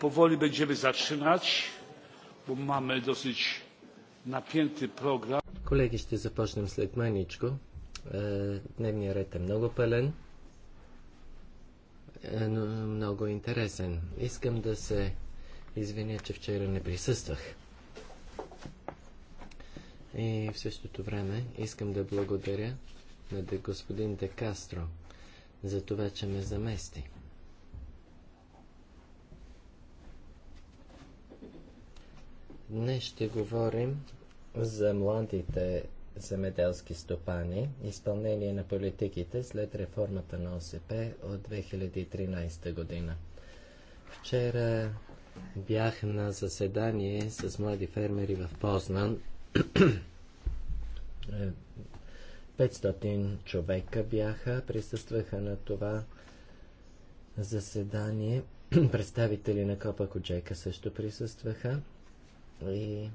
powoli będziemy zaczynać, bo mamy dosyć napięty program. Колеги, ще започнем след маничко. Дневният ред е много пълен, но много интересен. Искам да се извиня, че вчера не присъствах. И в същото време искам да благодаря на господин Де Кастро за това, че ме замести. Днес ще говорим за младите земеделски стопани, изпълнение на политиките след реформата на ОСП от 2013 година. Вчера бях на заседание с млади фермери в Познан. 500 човека бяха, присъстваха на това заседание. Представители на Копа Коджека също присъстваха. И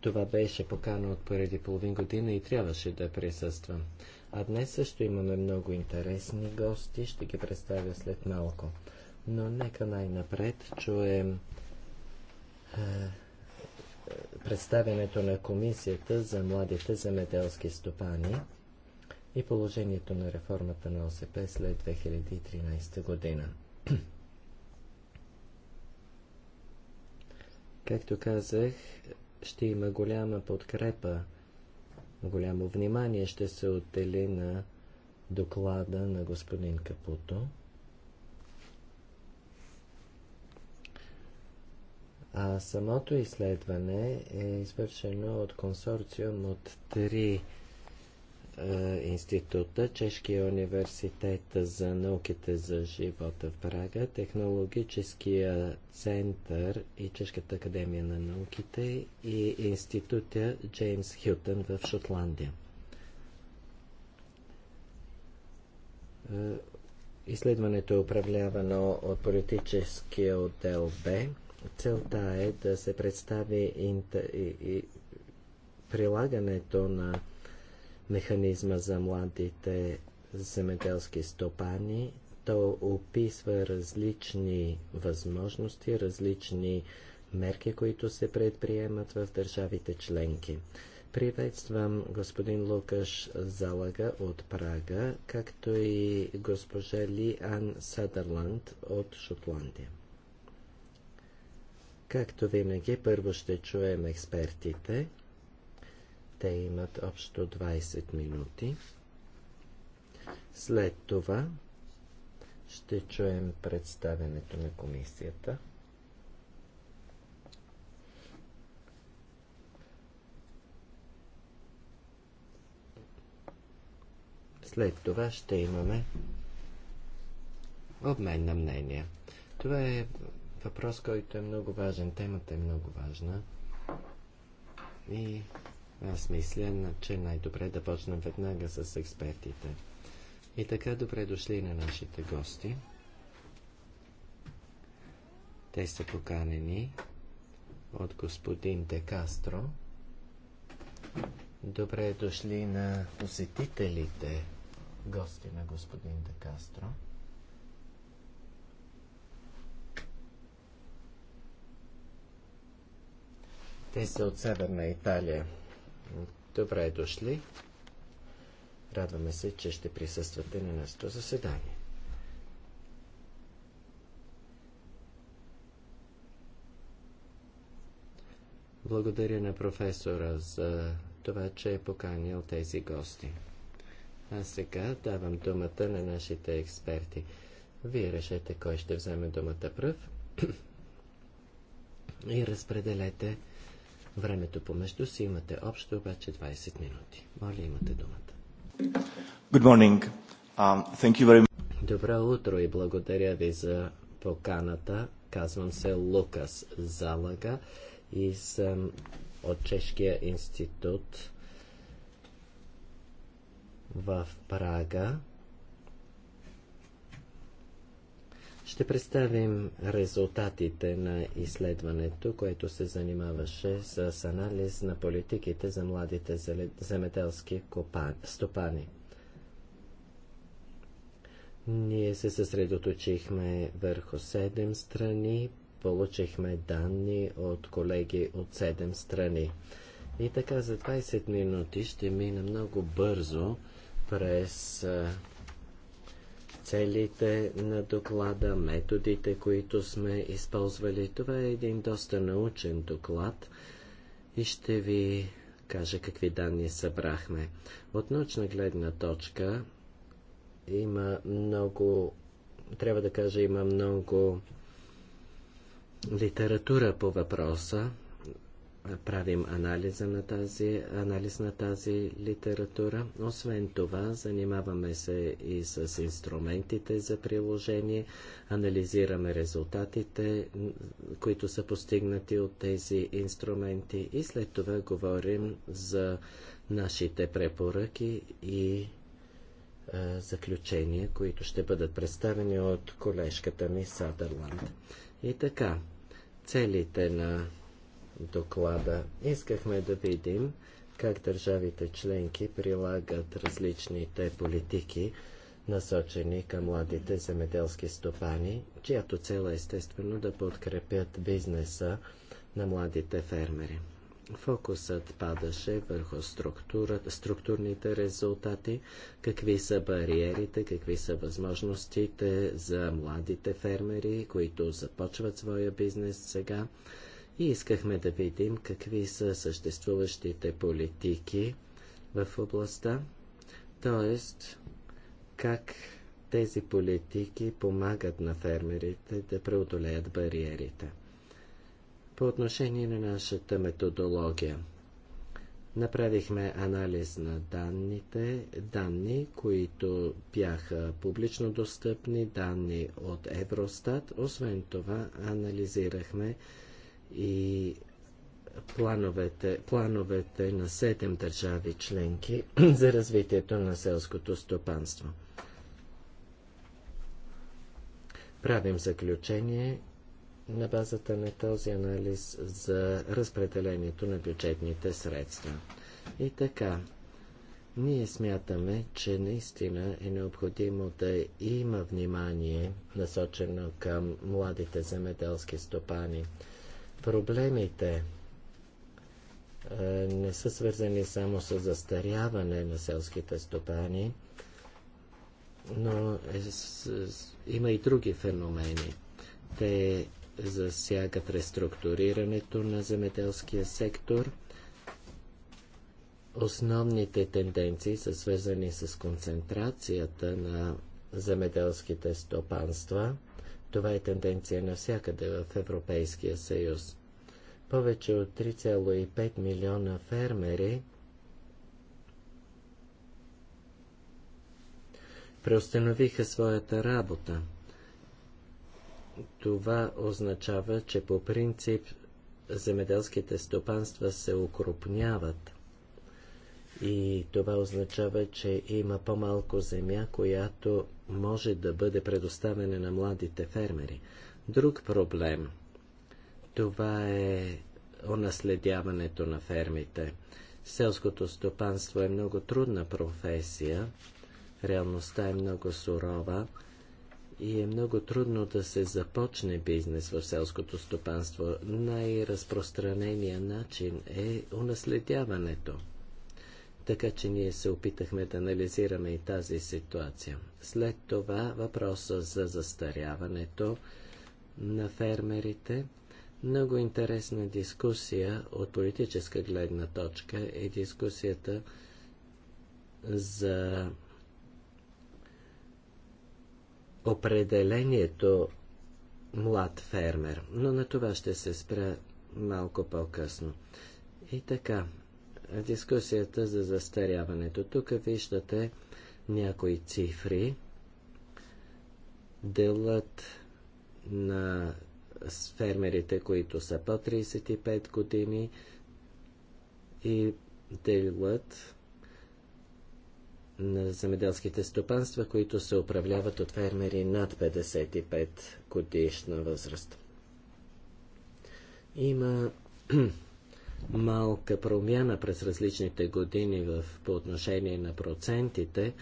това беше покана от преди половин година и трябваше да присъствам. А днес също имаме много интересни гости, ще ги представя след малко. Но нека най-напред чуем е, представянето на Комисията за младите земеделски стопани и положението на реформата на ОСП след 2013 година. Както казах, ще има голяма подкрепа, голямо внимание ще се отдели на доклада на господин Капуто. А самото изследване е извършено от консорциум от три е, института, Чешкия университет за науките за живота в Прага, Технологическия център и Чешката академия на науките и института Джеймс Хютън в Шотландия. Е, изследването е управлявано от политическия отдел Б. Целта е да се представи прилагането на механизма за младите земеделски стопани. То описва различни възможности, различни мерки, които се предприемат в държавите членки. Приветствам господин Лукаш Залага от Прага, както и госпожа Ли Ан Садърланд от Шотландия. Както винаги, първо ще чуем експертите. Те имат общо 20 минути. След това ще чуем представенето на комисията. След това ще имаме обмен на мнения. Това е въпрос, който е много важен. Темата е много важна. И аз мисля, че е най-добре да почнем веднага с експертите. И така добре дошли на нашите гости. Те са поканени от господин Де Кастро. Добре дошли на посетителите, гости на господин Де Кастро. Те са от Северна Италия. Добре дошли. Радваме се, че ще присъствате на нашето заседание. Благодаря на професора за това, че е поканил тези гости. А сега давам думата на нашите експерти. Вие решете кой ще вземе думата пръв и разпределете Времето помежду си имате общо обаче 20 минути. Моля, имате думата. Good morning. Um, thank you very much. Добро утро и благодаря ви за поканата. Казвам се Лукас Залага и съм от Чешкия институт в Прага. Ще представим резултатите на изследването, което се занимаваше с анализ на политиките за младите земеделски стопани. Ние се съсредоточихме върху 7 страни, получихме данни от колеги от 7 страни. И така за 20 минути ще мина много бързо през целите на доклада, методите, които сме използвали. Това е един доста научен доклад и ще ви кажа какви данни събрахме. От научна гледна точка има много, трябва да кажа, има много литература по въпроса правим анализа на тази, анализ на тази литература. Освен това, занимаваме се и с инструментите за приложение, анализираме резултатите, които са постигнати от тези инструменти и след това говорим за нашите препоръки и е, заключения, които ще бъдат представени от колежката ми Садърланд. И така, целите на доклада. Искахме да видим как държавите членки прилагат различните политики, насочени към младите земеделски стопани, чиято цел е естествено да подкрепят бизнеса на младите фермери. Фокусът падаше върху структурните резултати, какви са бариерите, какви са възможностите за младите фермери, които започват своя бизнес сега, и искахме да видим какви са съществуващите политики в областта, т.е. как тези политики помагат на фермерите да преодолеят бариерите. По отношение на нашата методология, направихме анализ на данните, данни, които бяха публично достъпни, данни от Евростат. Освен това, анализирахме и плановете, плановете на седем държави членки за развитието на селското стопанство. Правим заключение на базата на този анализ за разпределението на бюджетните средства. И така, ние смятаме, че наистина е необходимо да има внимание насочено към младите земеделски стопани – Проблемите не са свързани само с застаряване на селските стопани, но е, с, с, има и други феномени. Те засягат реструктурирането на земеделския сектор. Основните тенденции са свързани с концентрацията на земеделските стопанства – това е тенденция навсякъде в Европейския съюз. Повече от 3,5 милиона фермери преустановиха своята работа. Това означава, че по принцип земеделските стопанства се укрупняват. И това означава, че има по-малко земя, която може да бъде предоставена на младите фермери. Друг проблем това е онаследяването на фермите. Селското стопанство е много трудна професия, реалността е много сурова и е много трудно да се започне бизнес в селското стопанство. Най-разпространения начин е унаследяването. Така че ние се опитахме да анализираме и тази ситуация. След това въпроса за застаряването на фермерите. Много интересна дискусия от политическа гледна точка е дискусията за определението млад фермер, но на това ще се спра малко по-късно. И така, дискусията за застаряването. Тук виждате някои цифри. Делът на фермерите, които са по 35 години и делът на земеделските стопанства, които се управляват от фермери над 55 годишна възраст. Има малка промяна през различните години в, по отношение на процентите,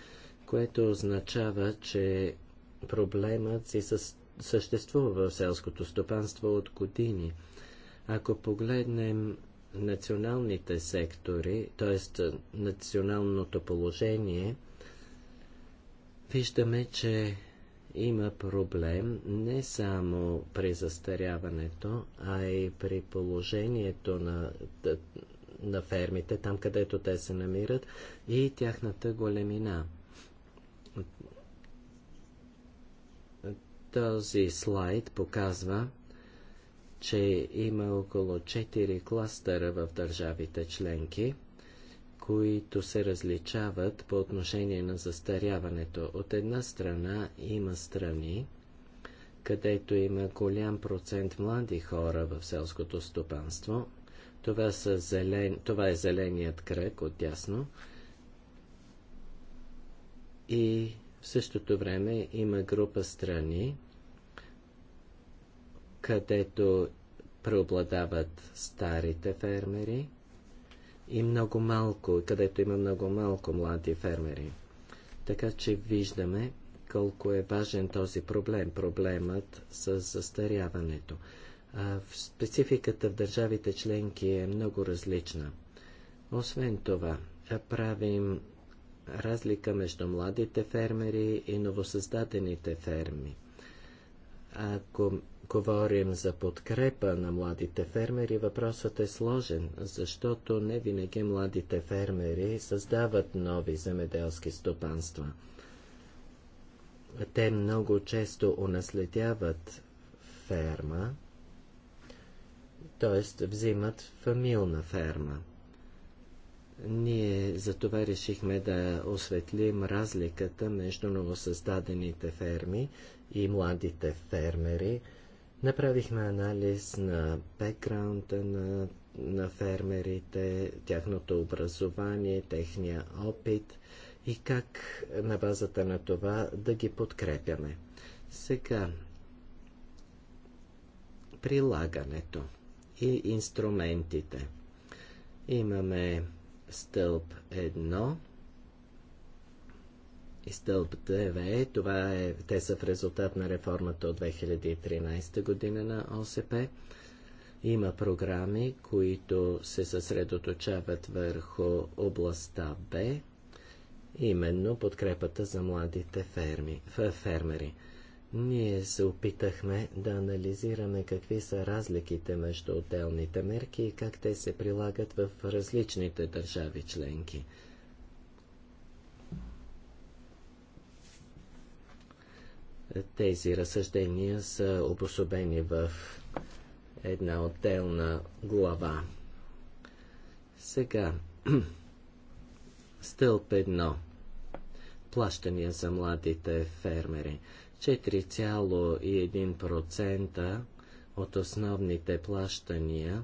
което означава, че проблемът си съществува в селското стопанство от години. Ако погледнем националните сектори, т.е. националното положение, виждаме, че има проблем не само при застаряването, а и при положението на, на фермите, там където те се намират и тяхната големина. Този слайд показва, че има около 4 кластера в държавите членки – които се различават по отношение на застаряването. От една страна има страни, където има голям процент млади хора в селското стопанство. Това, са зелен... Това е зеленият кръг от дясно. И в същото време има група страни, където преобладават старите фермери – и много малко, където има много малко млади фермери. Така че виждаме колко е важен този проблем, проблемът с застаряването. А в спецификата в държавите членки е много различна. Освен това, правим разлика между младите фермери и новосъздадените ферми. Ако говорим за подкрепа на младите фермери, въпросът е сложен, защото не винаги младите фермери създават нови земеделски стопанства. Те много често унаследяват ферма, т.е. взимат фамилна ферма. Ние за това решихме да осветлим разликата между новосъздадените ферми и младите фермери, Направихме анализ на бекграунда на, на фермерите, тяхното образование, техния опит и как на базата на това да ги подкрепяме. Сега, прилагането и инструментите. Имаме стълб и стълб е Това е, те са в резултат на реформата от 2013 година на ОСП. Има програми, които се съсредоточават върху областта Б, именно подкрепата за младите ферми, фермери. Ние се опитахме да анализираме какви са разликите между отделните мерки и как те се прилагат в различните държави членки. Тези разсъждения са обособени в една отделна глава. Сега, стълб едно. Плащания за младите фермери. 4,1% от основните плащания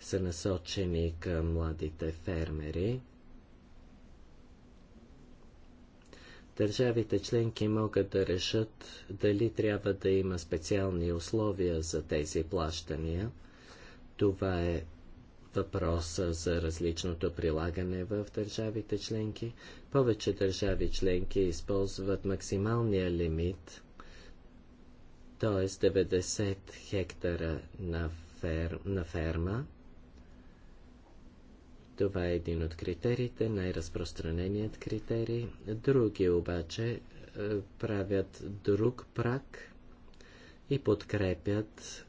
са насочени към младите фермери. Държавите членки могат да решат дали трябва да има специални условия за тези плащания. Това е въпроса за различното прилагане в държавите членки. Повече държави членки използват максималния лимит, т.е. 90 хектара на, фер... на ферма това е един от критериите, най-разпространеният критерий. Други обаче е, правят друг прак и подкрепят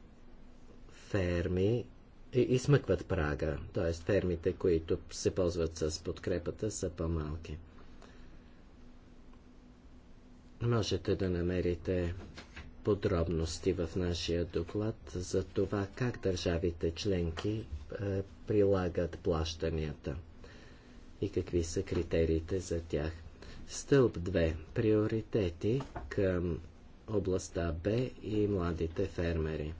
ферми и, и смъкват прага, т.е. фермите, които се ползват с подкрепата, са по-малки. Можете да намерите подробности в нашия доклад за това как държавите членки е, прилагат плащанията и какви са критериите за тях. Стълб 2. Приоритети към областта Б и младите фермери.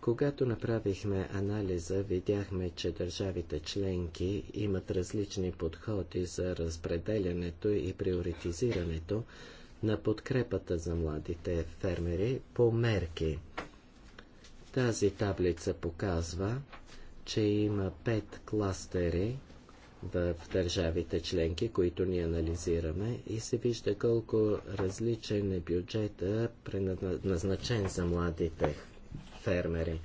Когато направихме анализа, видяхме, че държавите членки имат различни подходи за разпределянето и приоритизирането на подкрепата за младите фермери по мерки. Тази таблица показва, че има пет кластери в държавите членки, които ни анализираме и се вижда колко различен е бюджета предназначен за младите фермери.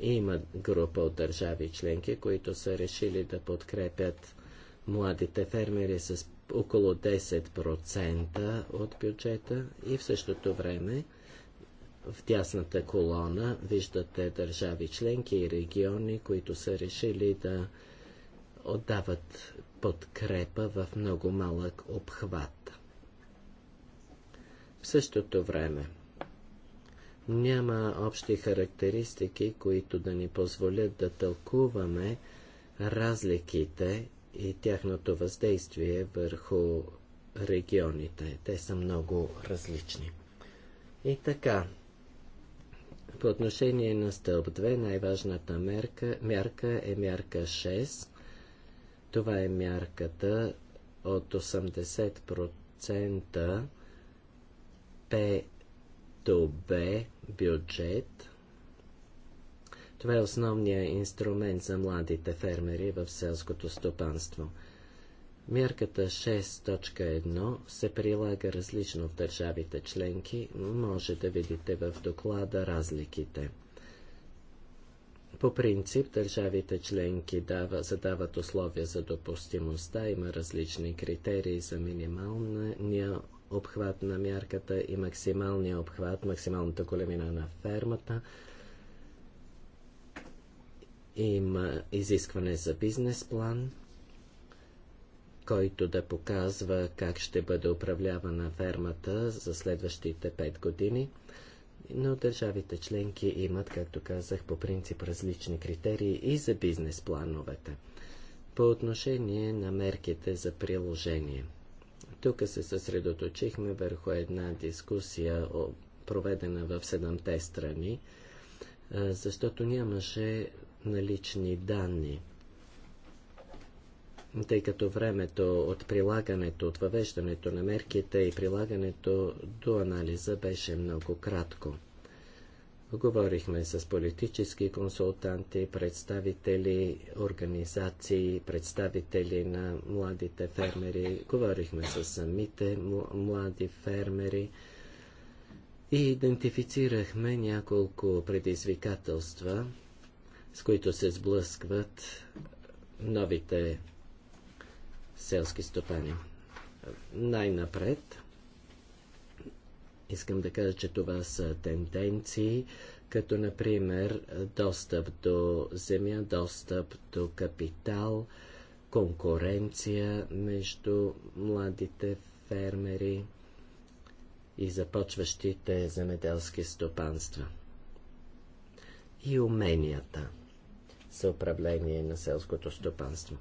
Има група от държави членки, които са решили да подкрепят младите фермери с около 10% от бюджета и в същото време в тясната колона виждате държави членки и региони, които са решили да отдават подкрепа в много малък обхват. В същото време няма общи характеристики, които да ни позволят да тълкуваме разликите и тяхното въздействие върху регионите. Те са много различни. И така, по отношение на стълб 2, най-важната мерка, мярка е мярка 6. Това е мярката от 80% P B бюджет – това е основният инструмент за младите фермери в селското стопанство. Мярката 6.1 се прилага различно в държавите членки, може да видите в доклада разликите. По принцип, държавите членки дава, задават условия за допустимостта, има различни критерии за минималния обхват на мярката и максималния обхват, максималната големина на фермата – има изискване за бизнес план, който да показва как ще бъде управлявана фермата за следващите 5 години. Но държавите членки имат, както казах, по принцип различни критерии и за бизнес плановете. По отношение на мерките за приложение. Тук се съсредоточихме върху една дискусия, проведена в седемте страни, защото нямаше на лични данни. Тъй като времето от прилагането, от въвеждането на мерките и прилагането до анализа беше много кратко. Говорихме с политически консултанти, представители, организации, представители на младите фермери. Говорихме с самите млади фермери и идентифицирахме няколко предизвикателства, с които се сблъскват новите селски стопани. Най-напред искам да кажа, че това са тенденции, като например достъп до земя, достъп до капитал, конкуренция между младите фермери и започващите земеделски стопанства и уменията – за управление на селското стопанство.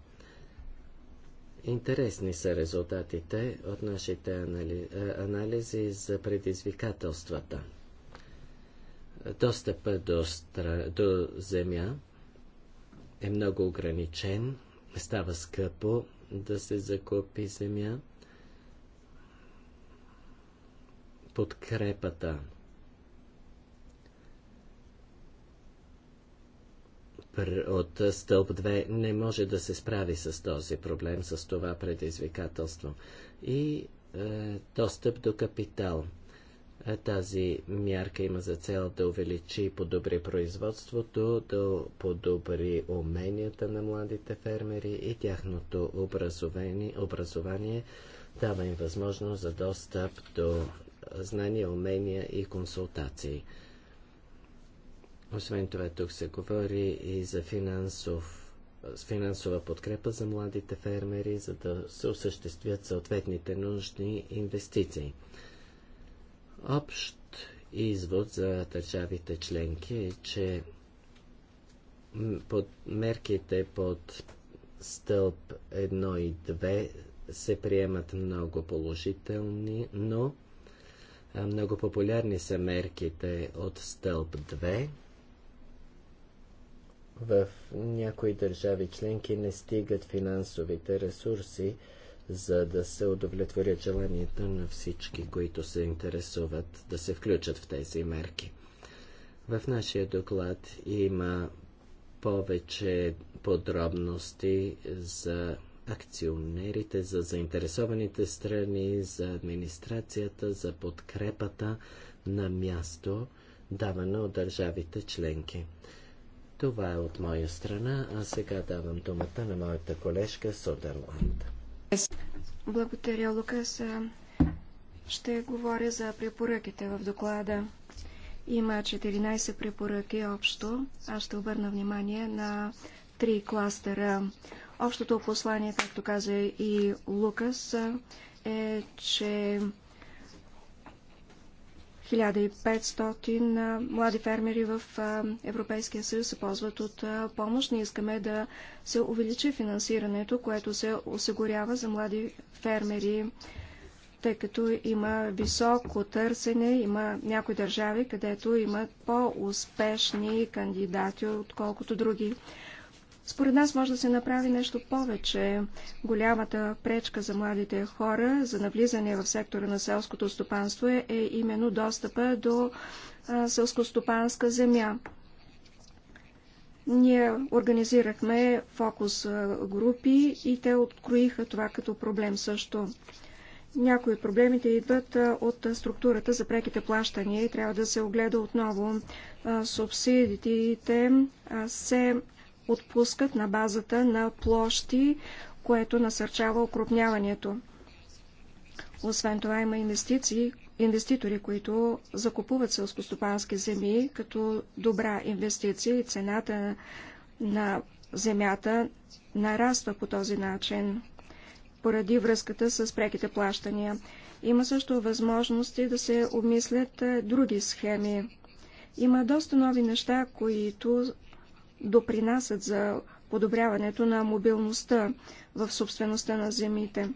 Интересни са резултатите от нашите анали... Е, анализи за предизвикателствата. Достъпът до, стра... до земя е много ограничен, става скъпо да се закупи земя. Подкрепата от стълб 2 не може да се справи с този проблем, с това предизвикателство. И е, достъп до капитал. Е, тази мярка има за цел да увеличи и подобри производството, да подобри уменията на младите фермери и тяхното образование, образование дава им възможност за достъп до е, знания, умения и консултации. Освен това, тук се говори и за финансов, финансова подкрепа за младите фермери, за да се осъществят съответните нужни инвестиции. Общ извод за държавите членки е, че под мерките под стълб 1 и 2 се приемат много положителни, но много популярни са мерките от стълб 2 в някои държави членки не стигат финансовите ресурси, за да се удовлетворят желанията на всички, които се интересуват да се включат в тези мерки. В нашия доклад има повече подробности за акционерите, за заинтересованите страни, за администрацията, за подкрепата на място, давана от държавите членки. Това е от моя страна, а сега давам думата на моята колежка Содерланд. Благодаря, Лукас. Ще говоря за препоръките в доклада. Има 14 препоръки общо. Аз ще обърна внимание на три кластера. Общото послание, както каза и Лукас, е, че 1500 млади фермери в Европейския съюз се ползват от помощ. Ние искаме да се увеличи финансирането, което се осигурява за млади фермери, тъй като има високо търсене, има някои държави, където имат по-успешни кандидати, отколкото други. Според нас може да се направи нещо повече. Голямата пречка за младите хора за навлизане в сектора на селското стопанство е, е именно достъпа до селскостопанска земя. Ние организирахме фокус групи и те откроиха това като проблем също. Някои от проблемите идват от структурата за преките плащания и трябва да се огледа отново. Субсидиите се отпускат на базата на площи, което насърчава окрупняването. Освен това има инвестиции, инвеститори, които закупуват селскостопански земи като добра инвестиция и цената на земята нараства по този начин, поради връзката с преките плащания. Има също възможности да се обмислят други схеми. Има доста нови неща, които допринасят за подобряването на мобилността в собствеността на земите.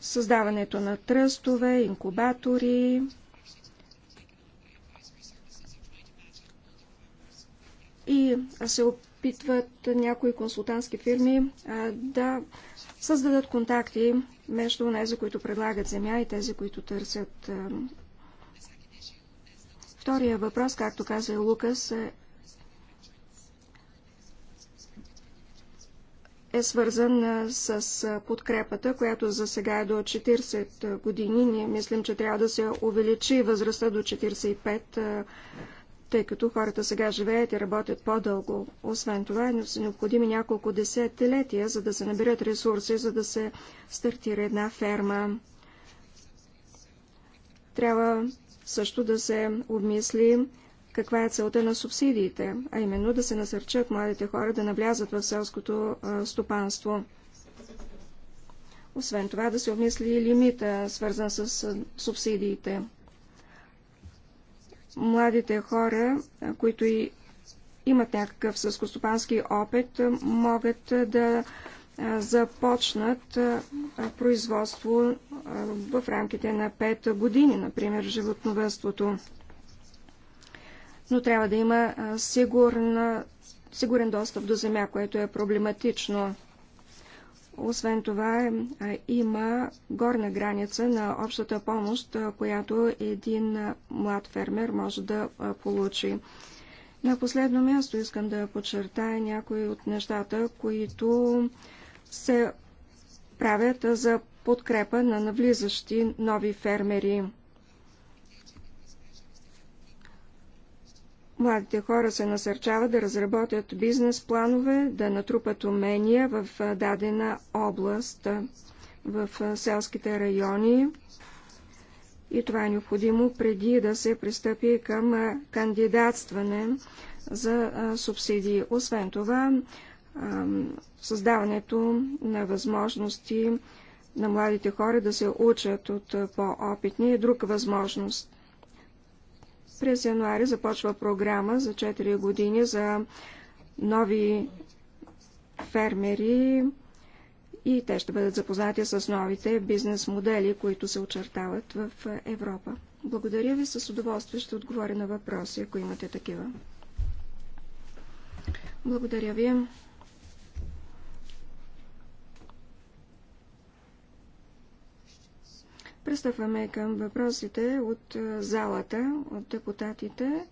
Създаването на тръстове, инкубатори, и се опитват някои консултантски фирми да създадат контакти между тези, които предлагат земя и тези, които търсят. Втория въпрос, както каза Лукас, е е свързан с подкрепата, която за сега е до 40 години. Ние мислим, че трябва да се увеличи възрастта до 45, тъй като хората сега живеят и работят по-дълго. Освен това, е са необходими няколко десетилетия, за да се наберат ресурси, за да се стартира една ферма. Трябва също да се обмисли каква е целта на субсидиите, а именно да се насърчат младите хора да навлязат в селското стопанство. Освен това да се обмисли и лимита, свързан с субсидиите. Младите хора, които и имат някакъв съскостопански опит, могат да започнат производство в рамките на 5 години, например, животновътството но трябва да има сигурна, сигурен достъп до земя, което е проблематично. Освен това, има горна граница на общата помощ, която един млад фермер може да получи. На последно място искам да подчертая някои от нещата, които се правят за подкрепа на навлизащи нови фермери. Младите хора се насърчават да разработят бизнес планове, да натрупат умения в дадена област, в селските райони. И това е необходимо преди да се пристъпи към кандидатстване за субсидии. Освен това, създаването на възможности на младите хора да се учат от по-опитни е друга възможност. През януари започва програма за 4 години за нови фермери и те ще бъдат запознати с новите бизнес модели, които се очертават в Европа. Благодаря ви, с удоволствие ще отговоря на въпроси, ако имате такива. Благодаря ви. Пристъпваме към въпросите от залата, от депутатите.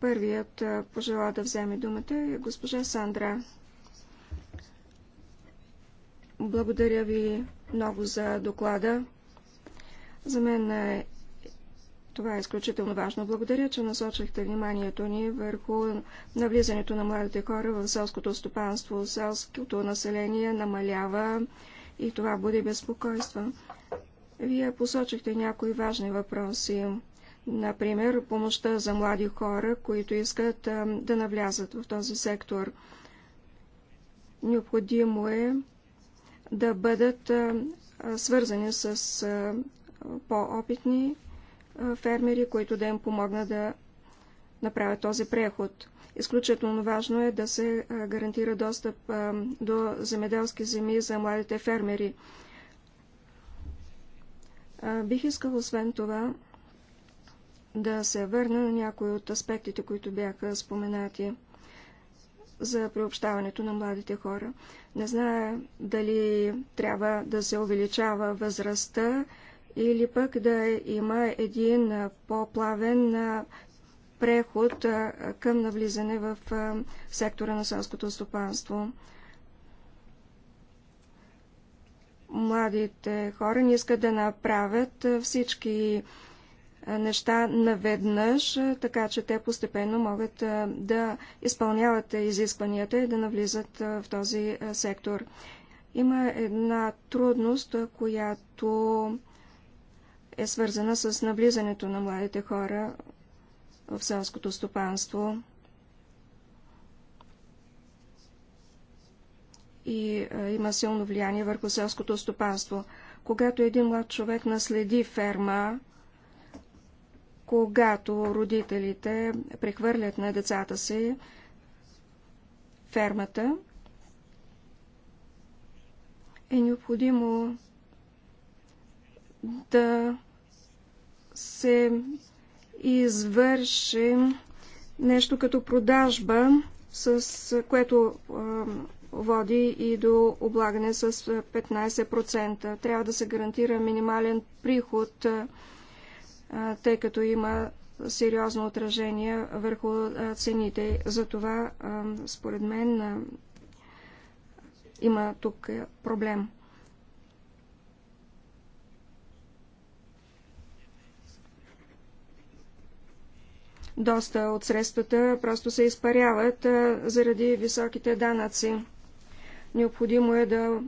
Първият пожела да вземе думата е госпожа Сандра. Благодаря ви много за доклада. За мен е това е изключително важно. Благодаря, че насочихте вниманието ни върху навлизането на младите хора в селското стопанство. Селското население намалява и това буди безпокойство. Вие посочихте някои важни въпроси. Например, помощта за млади хора, които искат а, да навлязат в този сектор. Необходимо е да бъдат а, свързани с по-опитни фермери, които да им помогнат да направят този преход. Изключително важно е да се гарантира достъп а, до земеделски земи за младите фермери. Бих искал освен това да се върна на някои от аспектите, които бяха споменати за приобщаването на младите хора. Не зная дали трябва да се увеличава възрастта или пък да има един по-плавен преход към навлизане в сектора на селското стопанство. младите хора не искат да направят всички неща наведнъж, така че те постепенно могат да изпълняват изискванията и да навлизат в този сектор. Има една трудност, която е свързана с навлизането на младите хора в селското стопанство. и има силно влияние върху селското стопанство. Когато един млад човек наследи ферма, когато родителите прехвърлят на децата си фермата, е необходимо да се извърши нещо като продажба, с което води и до облагане с 15%. Трябва да се гарантира минимален приход, тъй като има сериозно отражение върху цените. Затова, според мен, има тук е, проблем. Доста от средствата просто се изпаряват заради високите данъци. Необходимо е да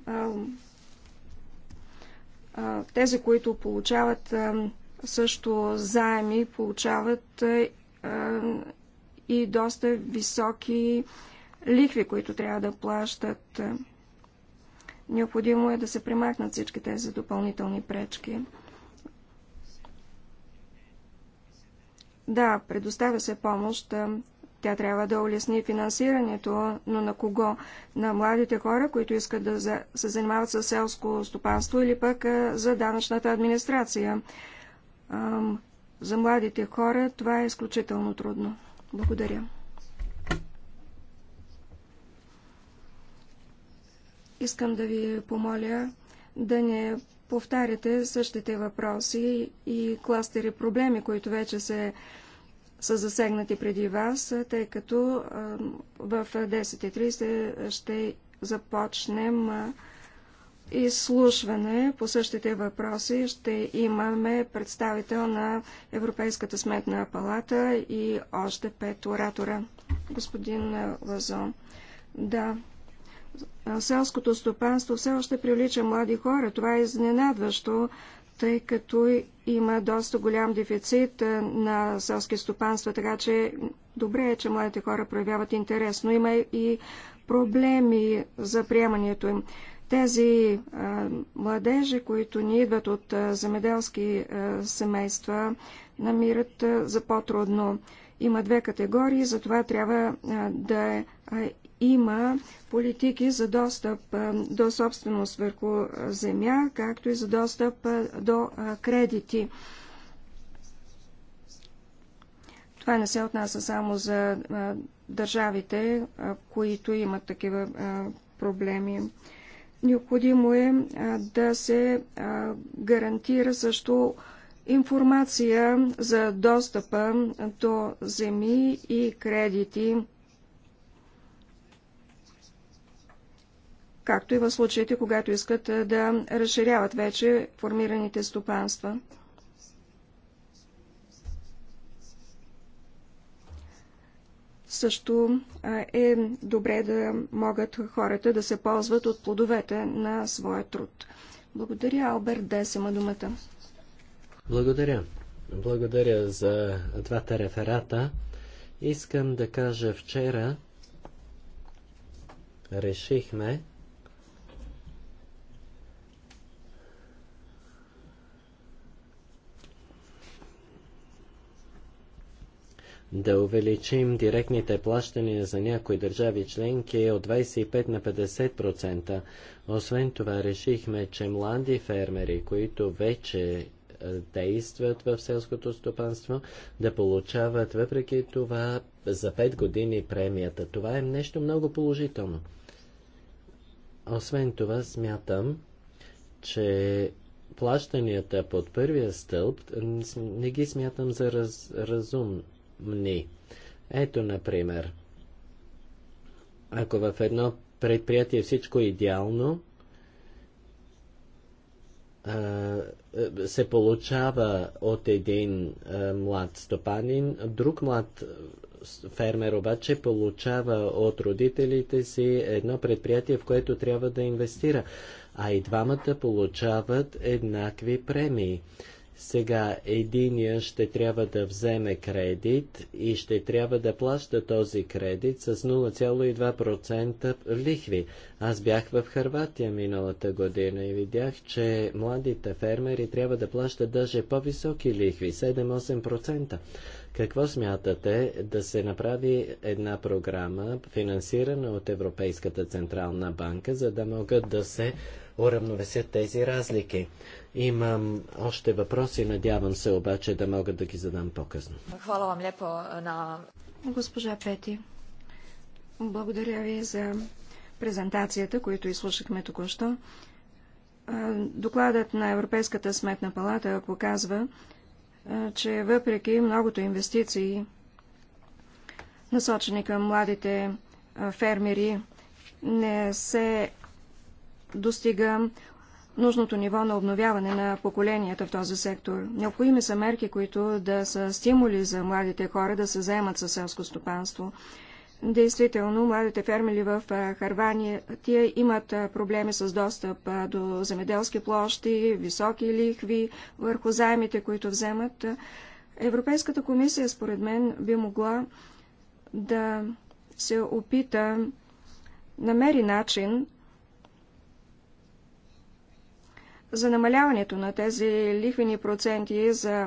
тези, които получават също заеми, получават и доста високи лихви, които трябва да плащат. Необходимо е да се примахнат всички тези допълнителни пречки. Да, предоставя се помощ тя трябва да улесни финансирането, но на кого? На младите хора, които искат да се занимават с селско стопанство или пък за данъчната администрация. За младите хора това е изключително трудно. Благодаря. Искам да ви помоля да не повтаряте същите въпроси и кластери проблеми, които вече се са засегнати преди вас, тъй като в 10.30 ще започнем изслушване по същите въпроси. Ще имаме представител на Европейската сметна палата и още пет оратора. Господин Лазон. Да. Селското стопанство все още привлича млади хора. Това е изненадващо тъй като има доста голям дефицит на селски стопанства, така че добре е, че младите хора проявяват интерес, но има и проблеми за приемането им. Тези а, младежи, които ни идват от а, земеделски а, семейства, намират а, за по-трудно. Има две категории, затова трябва а, да а, има политики за достъп до собственост върху земя, както и за достъп до кредити. Това не се отнася само за държавите, които имат такива проблеми. Необходимо е да се гарантира също информация за достъпа до земи и кредити както и в случаите, когато искат е, да разширяват вече формираните стопанства. Също е, е добре да могат хората да се ползват от плодовете на своя труд. Благодаря, Алберт Десема думата. Благодаря. Благодаря за двата реферата. Искам да кажа вчера решихме да увеличим директните плащания за някои държави членки от 25 на 50%. Освен това, решихме, че млади фермери, които вече е, действат в селското стопанство, да получават въпреки това за 5 години премията. Това е нещо много положително. Освен това, смятам, че плащанията под първия стълб не ги смятам за раз, разумно подобни. Ето, например, ако в едно предприятие всичко е идеално, се получава от един млад стопанин, друг млад фермер обаче получава от родителите си едно предприятие, в което трябва да инвестира, а и двамата получават еднакви премии. Сега единия ще трябва да вземе кредит и ще трябва да плаща този кредит с 0,2% лихви. Аз бях в Харватия миналата година и видях, че младите фермери трябва да плащат даже по-високи лихви 7-8%. Какво смятате да се направи една програма, финансирана от Европейската Централна банка, за да могат да се уравновесят тези разлики? Имам още въпроси, надявам се обаче да мога да ги задам по-късно. Хвала вам лепо на... Госпожа Пети, благодаря ви за презентацията, която изслушахме току-що. Докладът на Европейската сметна палата показва, че въпреки многото инвестиции, насочени към младите фермери, не се достига нужното ниво на обновяване на поколенията в този сектор. Необходими са мерки, които да са стимули за младите хора да се заемат със селско стопанство. Действително, младите фермери в Харвания тия имат проблеми с достъп до земеделски площи, високи лихви върху заемите, които вземат. Европейската комисия, според мен, би могла да се опита намери начин за намаляването на тези лихвени проценти за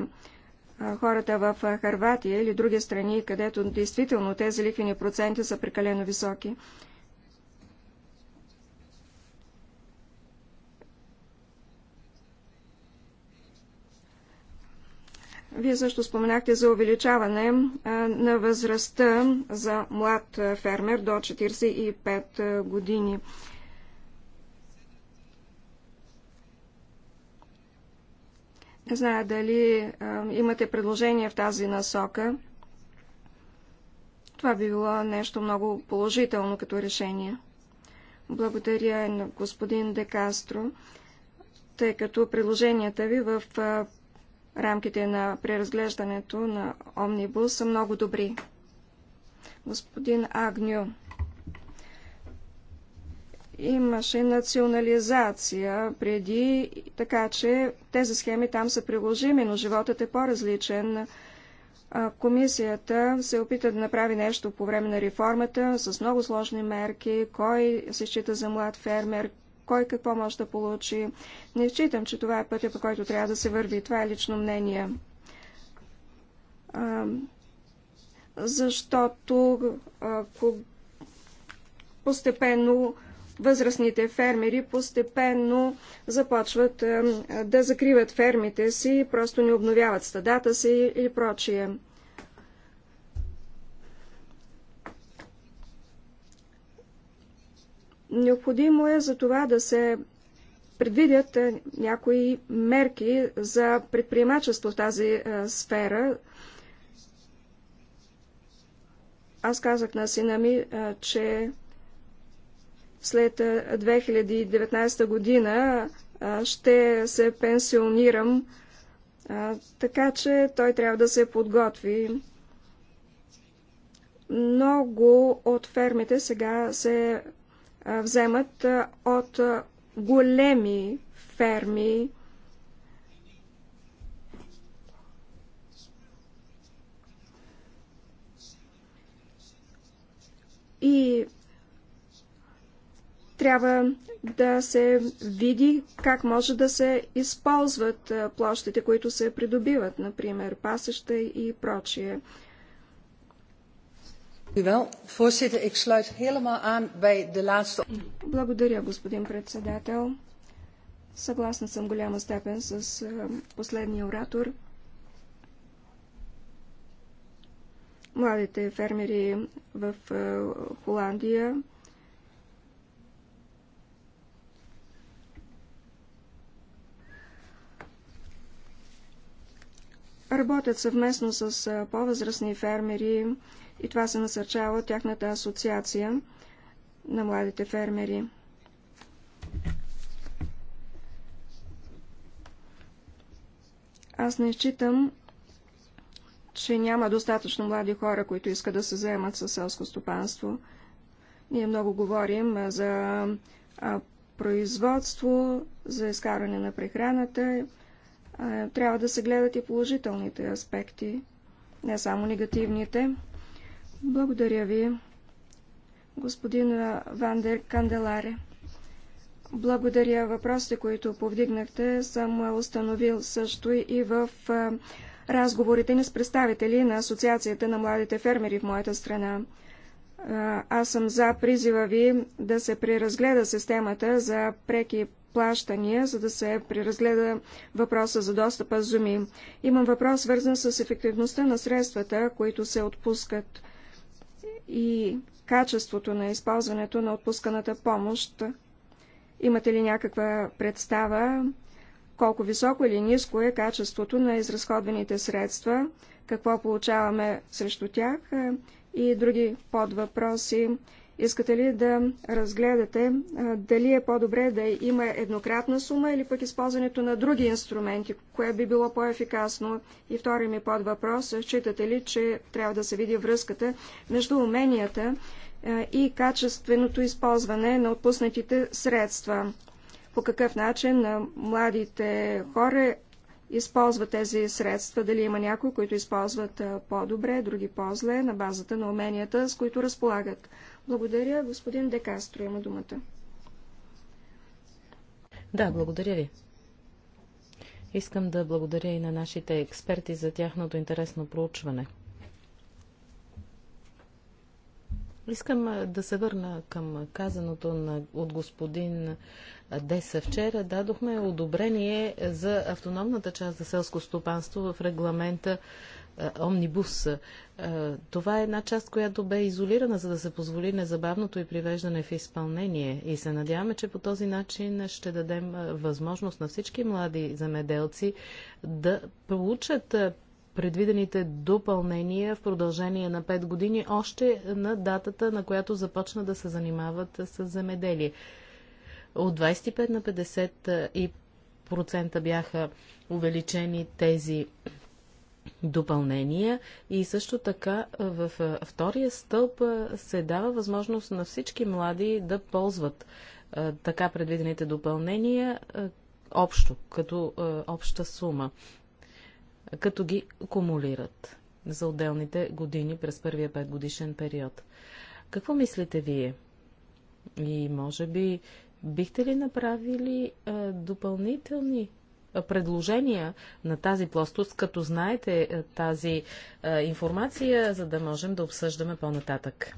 хората в Харватия или други страни, където действително тези лихвени проценти са прекалено високи. Вие също споменахте за увеличаване на възрастта за млад фермер до 45 години. Не зная дали а, имате предложение в тази насока. Това би било нещо много положително като решение. Благодаря на господин Де Кастро, тъй като предложенията ви в а, рамките на преразглеждането на Омнибус са много добри. Господин Агню, имаше национализация преди, така че тези схеми там са приложими, но животът е по-различен. Комисията се опита да направи нещо по време на реформата с много сложни мерки, кой се счита за млад фермер, кой какво може да получи. Не считам, че това е пътя, по който трябва да се върви. Това е лично мнение. Защото постепенно възрастните фермери постепенно започват е, да закриват фермите си, просто не обновяват стадата си или прочие. Необходимо е за това да се предвидят е, някои мерки за предприемачество в тази е, сфера. Аз казах на сина ми, че след 2019 година ще се пенсионирам, така че той трябва да се подготви. Много от фермите сега се вземат от големи ферми. И трябва да се види как може да се използват площите, които се придобиват, например пасеща и прочие. Благодаря, господин председател. Съгласна съм голяма степен с последния оратор. Младите фермери в Холандия работят съвместно с по-възрастни фермери и това се насърчава от тяхната асоциация на младите фермери. Аз не считам, че няма достатъчно млади хора, които искат да се заемат със селско стопанство. Ние много говорим за производство, за изкаране на прехраната трябва да се гледат и положителните аспекти, не само негативните. Благодаря ви, господин Вандер Канделаре. Благодаря въпросите, които повдигнахте, съм установил също и в разговорите ни с представители на Асоциацията на младите фермери в моята страна. Аз съм за призива ви да се преразгледа системата за преки плащания, за да се преразгледа въпроса за достъпа с Zoom. Имам въпрос, свързан с ефективността на средствата, които се отпускат и качеството на използването на отпусканата помощ. Имате ли някаква представа колко високо или ниско е качеството на изразходваните средства, какво получаваме срещу тях и други подвъпроси Искате ли да разгледате дали е по-добре да има еднократна сума или пък използването на други инструменти, кое би било по-ефикасно? И втори ми под въпрос, считате ли, че трябва да се види връзката между уменията и качественото използване на отпуснатите средства? По какъв начин младите хора използват тези средства, дали има някои, които използват по-добре, други по-зле, на базата на уменията, с които разполагат. Благодаря. Господин Декастро има думата. Да, благодаря ви. Искам да благодаря и на нашите експерти за тяхното интересно проучване. Искам да се върна към казаното на, от господин Деса. Вчера дадохме одобрение за автономната част за селско стопанство в регламента е, омнибус. Е, това е една част, която бе изолирана, за да се позволи незабавното и привеждане в изпълнение. И се надяваме, че по този начин ще дадем е, възможност на всички млади замеделци да получат предвидените допълнения в продължение на 5 години, още на датата, на която започна да се занимават с земеделие. От 25 на 50 и процента бяха увеличени тези допълнения и също така в втория стълб се дава възможност на всички млади да ползват така предвидените допълнения общо, като обща сума, като ги кумулират за отделните години през първия петгодишен период. Какво мислите вие? И може би бихте ли направили допълнителни предложения на тази плоскост, като знаете е, тази е, информация, за да можем да обсъждаме по-нататък.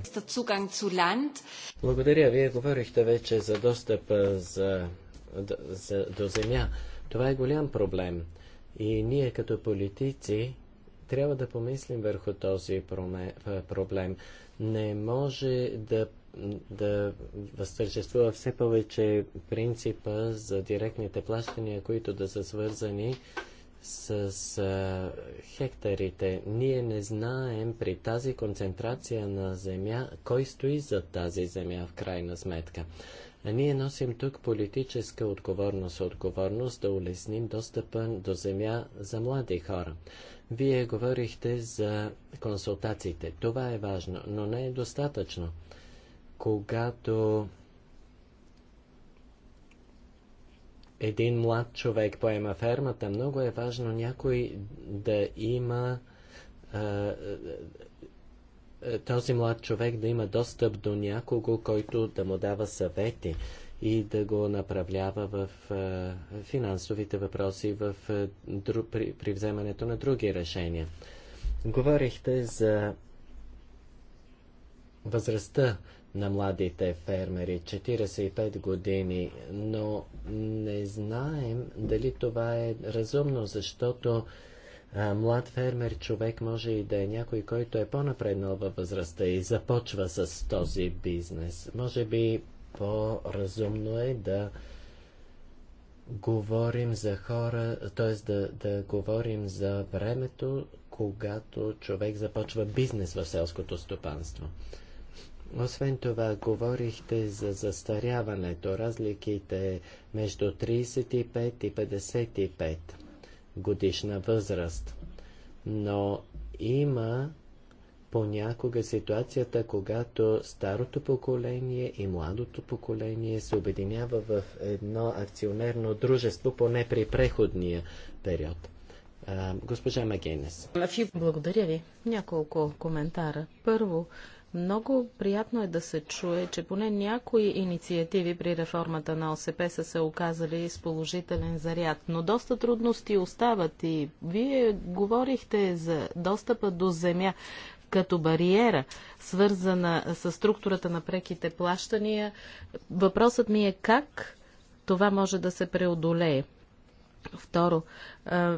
Благодаря. Вие говорихте вече за достъп е, за, за, до земя. Това е голям проблем. И ние като политици трябва да помислим върху този проблем. Не може да да възтържествува все повече принципа за директните плащания, които да са свързани с, а, хектарите. Ние не знаем при тази концентрация на земя, кой стои за тази земя в крайна сметка. А ние носим тук политическа отговорност, отговорност да улесним достъпа до земя за млади хора. Вие говорихте за консултациите. Това е важно, но не е достатъчно когато един млад човек поема фермата, много е важно някой да има този млад човек да има достъп до някого, който да му дава съвети и да го направлява в финансовите въпроси в, при, при вземането на други решения. Говорихте за възрастта на младите фермери 45 години, но не знаем дали това е разумно, защото а, млад фермер човек може и да е някой, който е по-напреднал във възрастта и започва с този бизнес. Може би по-разумно е да говорим за хора, т.е. Да, да говорим за времето, когато човек започва бизнес в селското стопанство. Освен това, говорихте за застаряването, разликите между 35 и 55 годишна възраст. Но има понякога ситуацията, когато старото поколение и младото поколение се обединява в едно акционерно дружество, поне при преходния период. А, госпожа Магенес. Благодаря ви. Няколко коментара. Първо, много приятно е да се чуе, че поне някои инициативи при реформата на ОСП са се оказали с положителен заряд, но доста трудности остават и вие говорихте за достъпа до земя като бариера, свързана с структурата на преките плащания. Въпросът ми е как това може да се преодолее. Второ,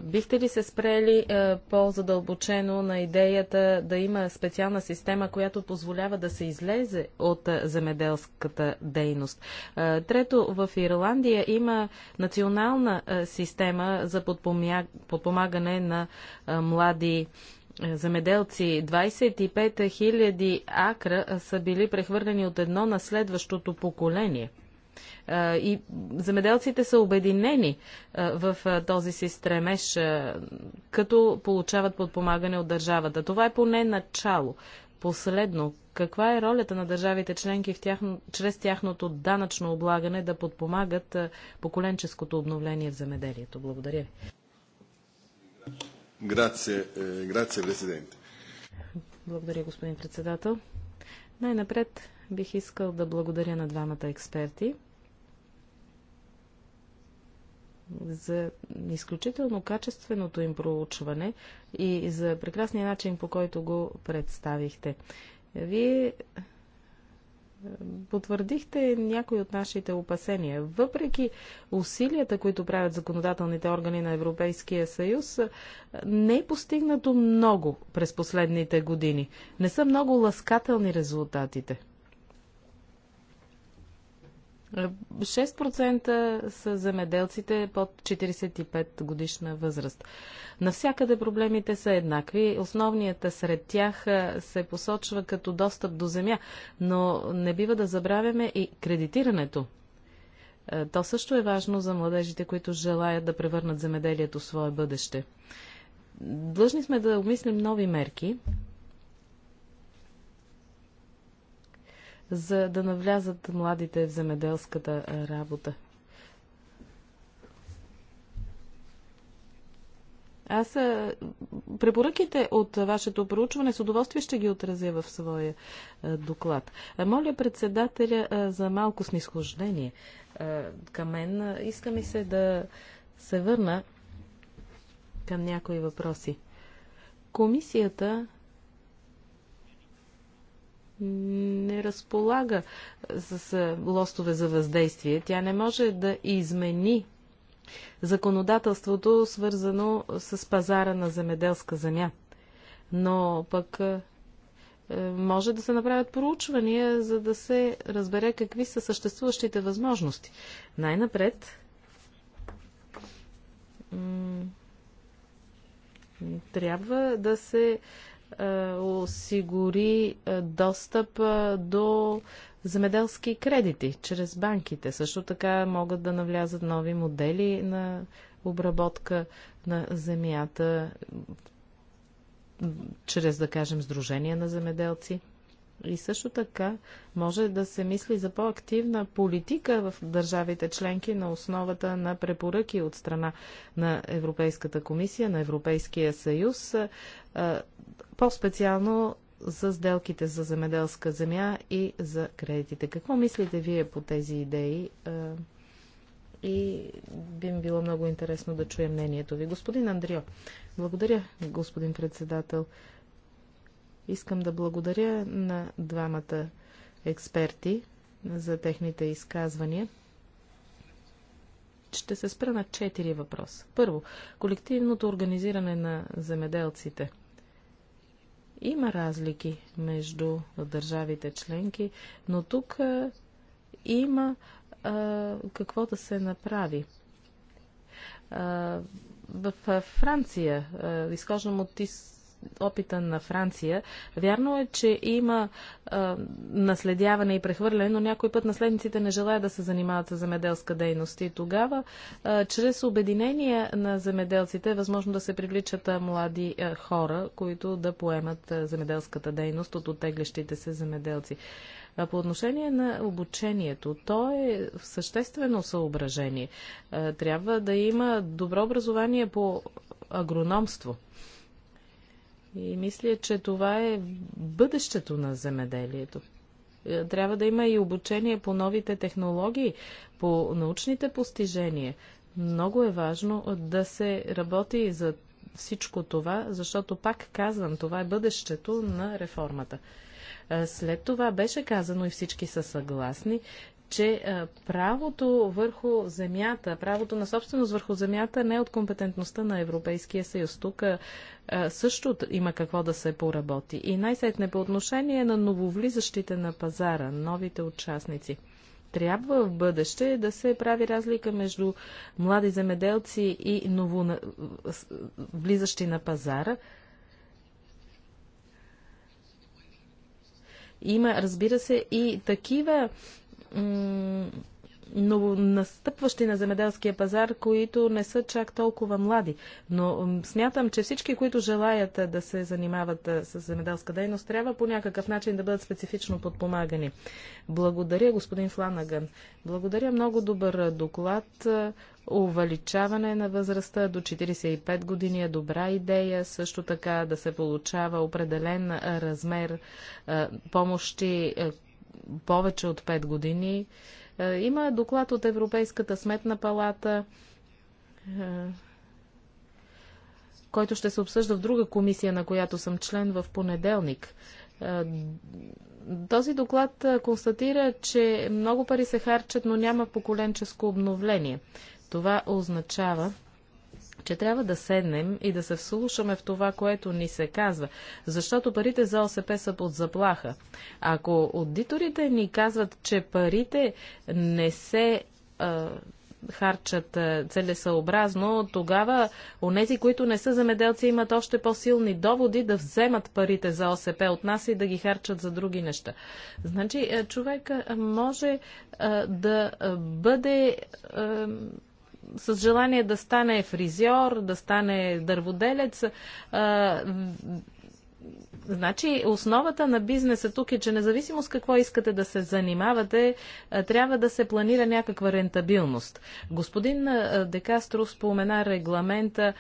бихте ли се спрели по-задълбочено на идеята да има специална система, която позволява да се излезе от земеделската дейност? Трето, в Ирландия има национална система за подпомагане на млади земеделци. 25 000 акра са били прехвърлени от едно на следващото поколение – и земеделците са обединени в този си стремеж, като получават подпомагане от държавата. Това е поне начало. Последно, каква е ролята на държавите членки в тяхно, чрез тяхното данъчно облагане да подпомагат поколенческото обновление в земеделието? Благодаря ви. Е, президент. Благодаря, господин председател. Най-напред бих искал да благодаря на двамата експерти за изключително качественото им проучване и за прекрасния начин, по който го представихте. Вие е, потвърдихте някои от нашите опасения. Въпреки усилията, които правят законодателните органи на Европейския съюз, е, не е постигнато много през последните години. Не са много ласкателни резултатите. 6% са земеделците под 45 годишна възраст. Навсякъде проблемите са еднакви. Основният сред тях се посочва като достъп до земя, но не бива да забравяме и кредитирането. То също е важно за младежите, които желаят да превърнат земеделието в свое бъдеще. Длъжни сме да обмислим нови мерки, за да навлязат младите в земеделската работа. Аз препоръките от вашето проучване с удоволствие ще ги отразя в своя доклад. Моля председателя за малко снисхождение към мен. Иска ми се да се върна към някои въпроси. Комисията не разполага с лостове за въздействие. Тя не може да измени законодателството, свързано с пазара на земеделска земя. Но пък е, е, може да се направят проучвания, за да се разбере какви са съществуващите възможности. Най-напред трябва да се е, осигури е, достъп е, до земеделски кредити чрез банките. Също така могат да навлязат нови модели на обработка на земята чрез, да кажем, Сдружение на земеделци. И също така може да се мисли за по-активна политика в държавите членки на основата на препоръки от страна на Европейската комисия, на Европейския съюз, по-специално за сделките за земеделска земя и за кредитите. Какво мислите вие по тези идеи? И би ми било много интересно да чуя мнението ви. Господин Андрио, благодаря, господин председател. Искам да благодаря на двамата експерти за техните изказвания. Ще се спра на четири въпроса. Първо, колективното организиране на земеделците. Има разлики между държавите членки, но тук а, има а, какво да се направи. А, в Франция, изхождам от опита на Франция. Вярно е, че има а, наследяване и прехвърляне, но някой път наследниците не желаят да се занимават с земеделска дейност. И тогава, а, чрез обединение на земеделците, е възможно да се привличат млади а, хора, които да поемат а, земеделската дейност от отеглящите се земеделци. А по отношение на обучението, то е съществено съображение. Трябва да има добро образование по агрономство. И мисля, че това е бъдещето на земеделието. Е, трябва да има и обучение по новите технологии, по научните постижения. Много е важно да се работи за всичко това, защото пак казвам, това е бъдещето на реформата. Е, след това беше казано и всички са съгласни, че правото върху земята, правото на собственост върху земята не е от компетентността на Европейския съюз. Тук също има какво да се поработи. И най-сетне по отношение на нововлизащите на пазара, новите участници трябва в бъдеще да се прави разлика между млади земеделци и ново влизащи на пазара. Има, разбира се, и такива но настъпващи на земеделския пазар, които не са чак толкова млади. Но смятам, че всички, които желаят да се занимават с земеделска дейност, трябва по някакъв начин да бъдат специфично подпомагани. Благодаря, господин Фланаган. Благодаря, много добър доклад. Увеличаване на възрастта до 45 години е добра идея. Също така да се получава определен размер помощи, повече от 5 години. Е, има доклад от Европейската сметна палата, е, който ще се обсъжда в друга комисия, на която съм член в понеделник. Е, този доклад констатира, че много пари се харчат, но няма поколенческо обновление. Това означава, че трябва да седнем и да се вслушаме в това, което ни се казва, защото парите за ОСП са под заплаха. Ако аудиторите ни казват, че парите не се а, харчат целесъобразно, тогава онези, които не са замеделци, имат още по-силни доводи да вземат парите за ОСП от нас и да ги харчат за други неща. Значи, човек може а, да бъде а, с желание да стане фризьор, да стане дърводелец. А, Значи, основата на бизнеса тук е, че независимо с какво искате да се занимавате, трябва да се планира някаква рентабилност. Господин Декастро спомена регламента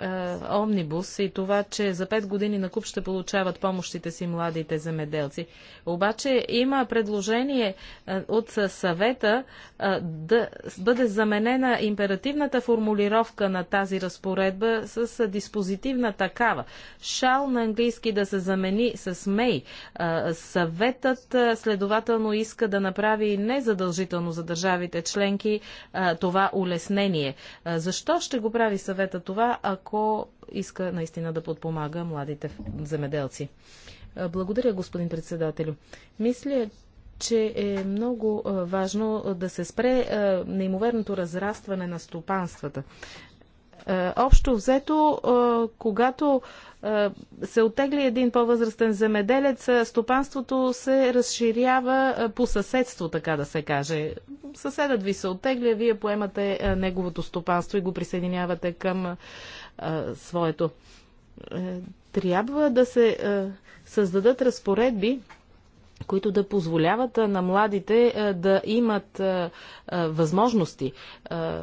е, омнибус и това, че за 5 години на куп ще получават помощите си младите земеделци. Обаче има предложение е, от съвета е, да бъде заменена императивната формулировка на тази разпоредба с диспозитивна такава. Шал на английски да се замени с МЕЙ. Съветът следователно иска да направи незадължително за държавите членки това улеснение. Защо ще го прави съвета това, ако иска наистина да подпомага младите земеделци. Благодаря, господин председателю. Мисля, че е много важно да се спре неимоверното разрастване на стопанствата. Е, общо взето, е, когато е, се отегли един по-възрастен земеделец, стопанството се разширява по съседство, така да се каже. Съседът ви се отегля, вие поемате неговото стопанство и го присъединявате към своето. Трябва да се създадат разпоредби, които да позволяват на младите да имат възможности.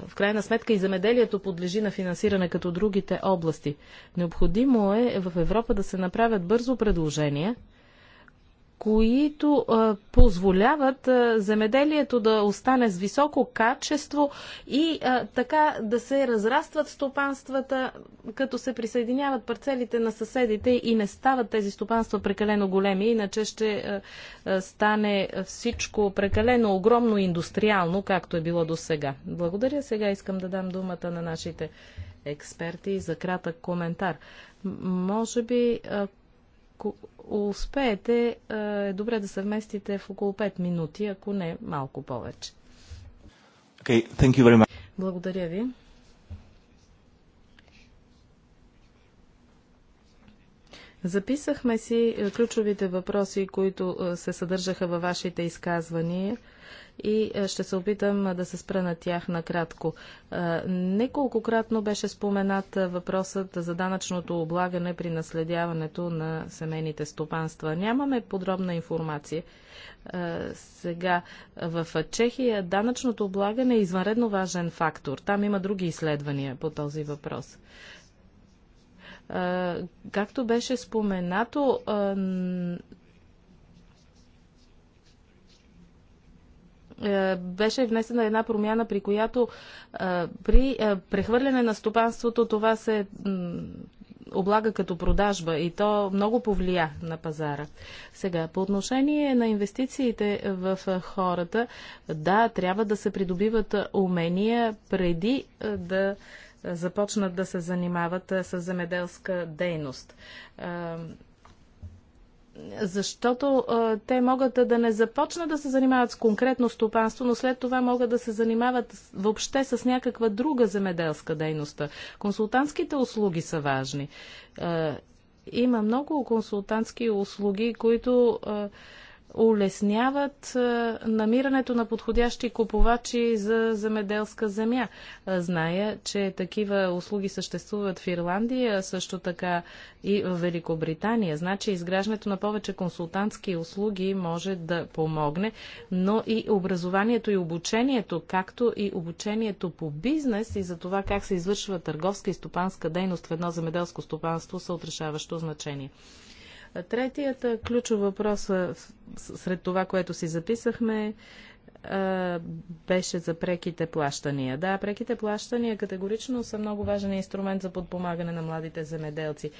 В крайна сметка и замеделието подлежи на финансиране като другите области. Необходимо е в Европа да се направят бързо предложения, които а, позволяват а, земеделието да остане с високо качество и а, така да се разрастват стопанствата, като се присъединяват парцелите на съседите и не стават тези стопанства прекалено големи, иначе ще а, а, стане всичко прекалено огромно индустриално, както е било до сега. Благодаря. Сега искам да дам думата на нашите експерти за кратък коментар. Може би, А, ако успеете, е добре да съвместите в около 5 минути, ако не малко повече. Okay, thank you very much. Благодаря ви. Записахме си е, ключовите въпроси, които е, се съдържаха във вашите изказвания и е, ще се опитам е, да се спра на тях накратко. Е, неколкократно беше споменат въпросът за данъчното облагане при наследяването на семейните стопанства. Нямаме подробна информация. Сега в Чехия данъчното облагане е извънредно важен фактор. Там има други изследвания по този въпрос както беше споменато, Е, беше внесена една промяна, при която е, при е, прехвърляне на стопанството това се облага като продажба и то много повлия на пазара. Сега, по отношение на инвестициите в хората, да, трябва да се придобиват умения преди да започнат да се занимават с земеделска дейност защото а, те могат да не започнат да се занимават с конкретно стопанство, но след това могат да се занимават въобще с някаква друга земеделска дейност. Консултантските услуги са важни. А, има много консултантски услуги, които а, улесняват намирането на подходящи купувачи за земеделска земя. Зная, че такива услуги съществуват в Ирландия, също така и в Великобритания. Значи изграждането на повече консултантски услуги може да помогне, но и образованието и обучението, както и обучението по бизнес и за това как се извършва търговска и стопанска дейност в едно земеделско стопанство са отрешаващо значение. Третият ключов въпрос сред това, което си записахме, беше за преките плащания. Да, преките плащания категорично са много важен инструмент за подпомагане на младите земеделци.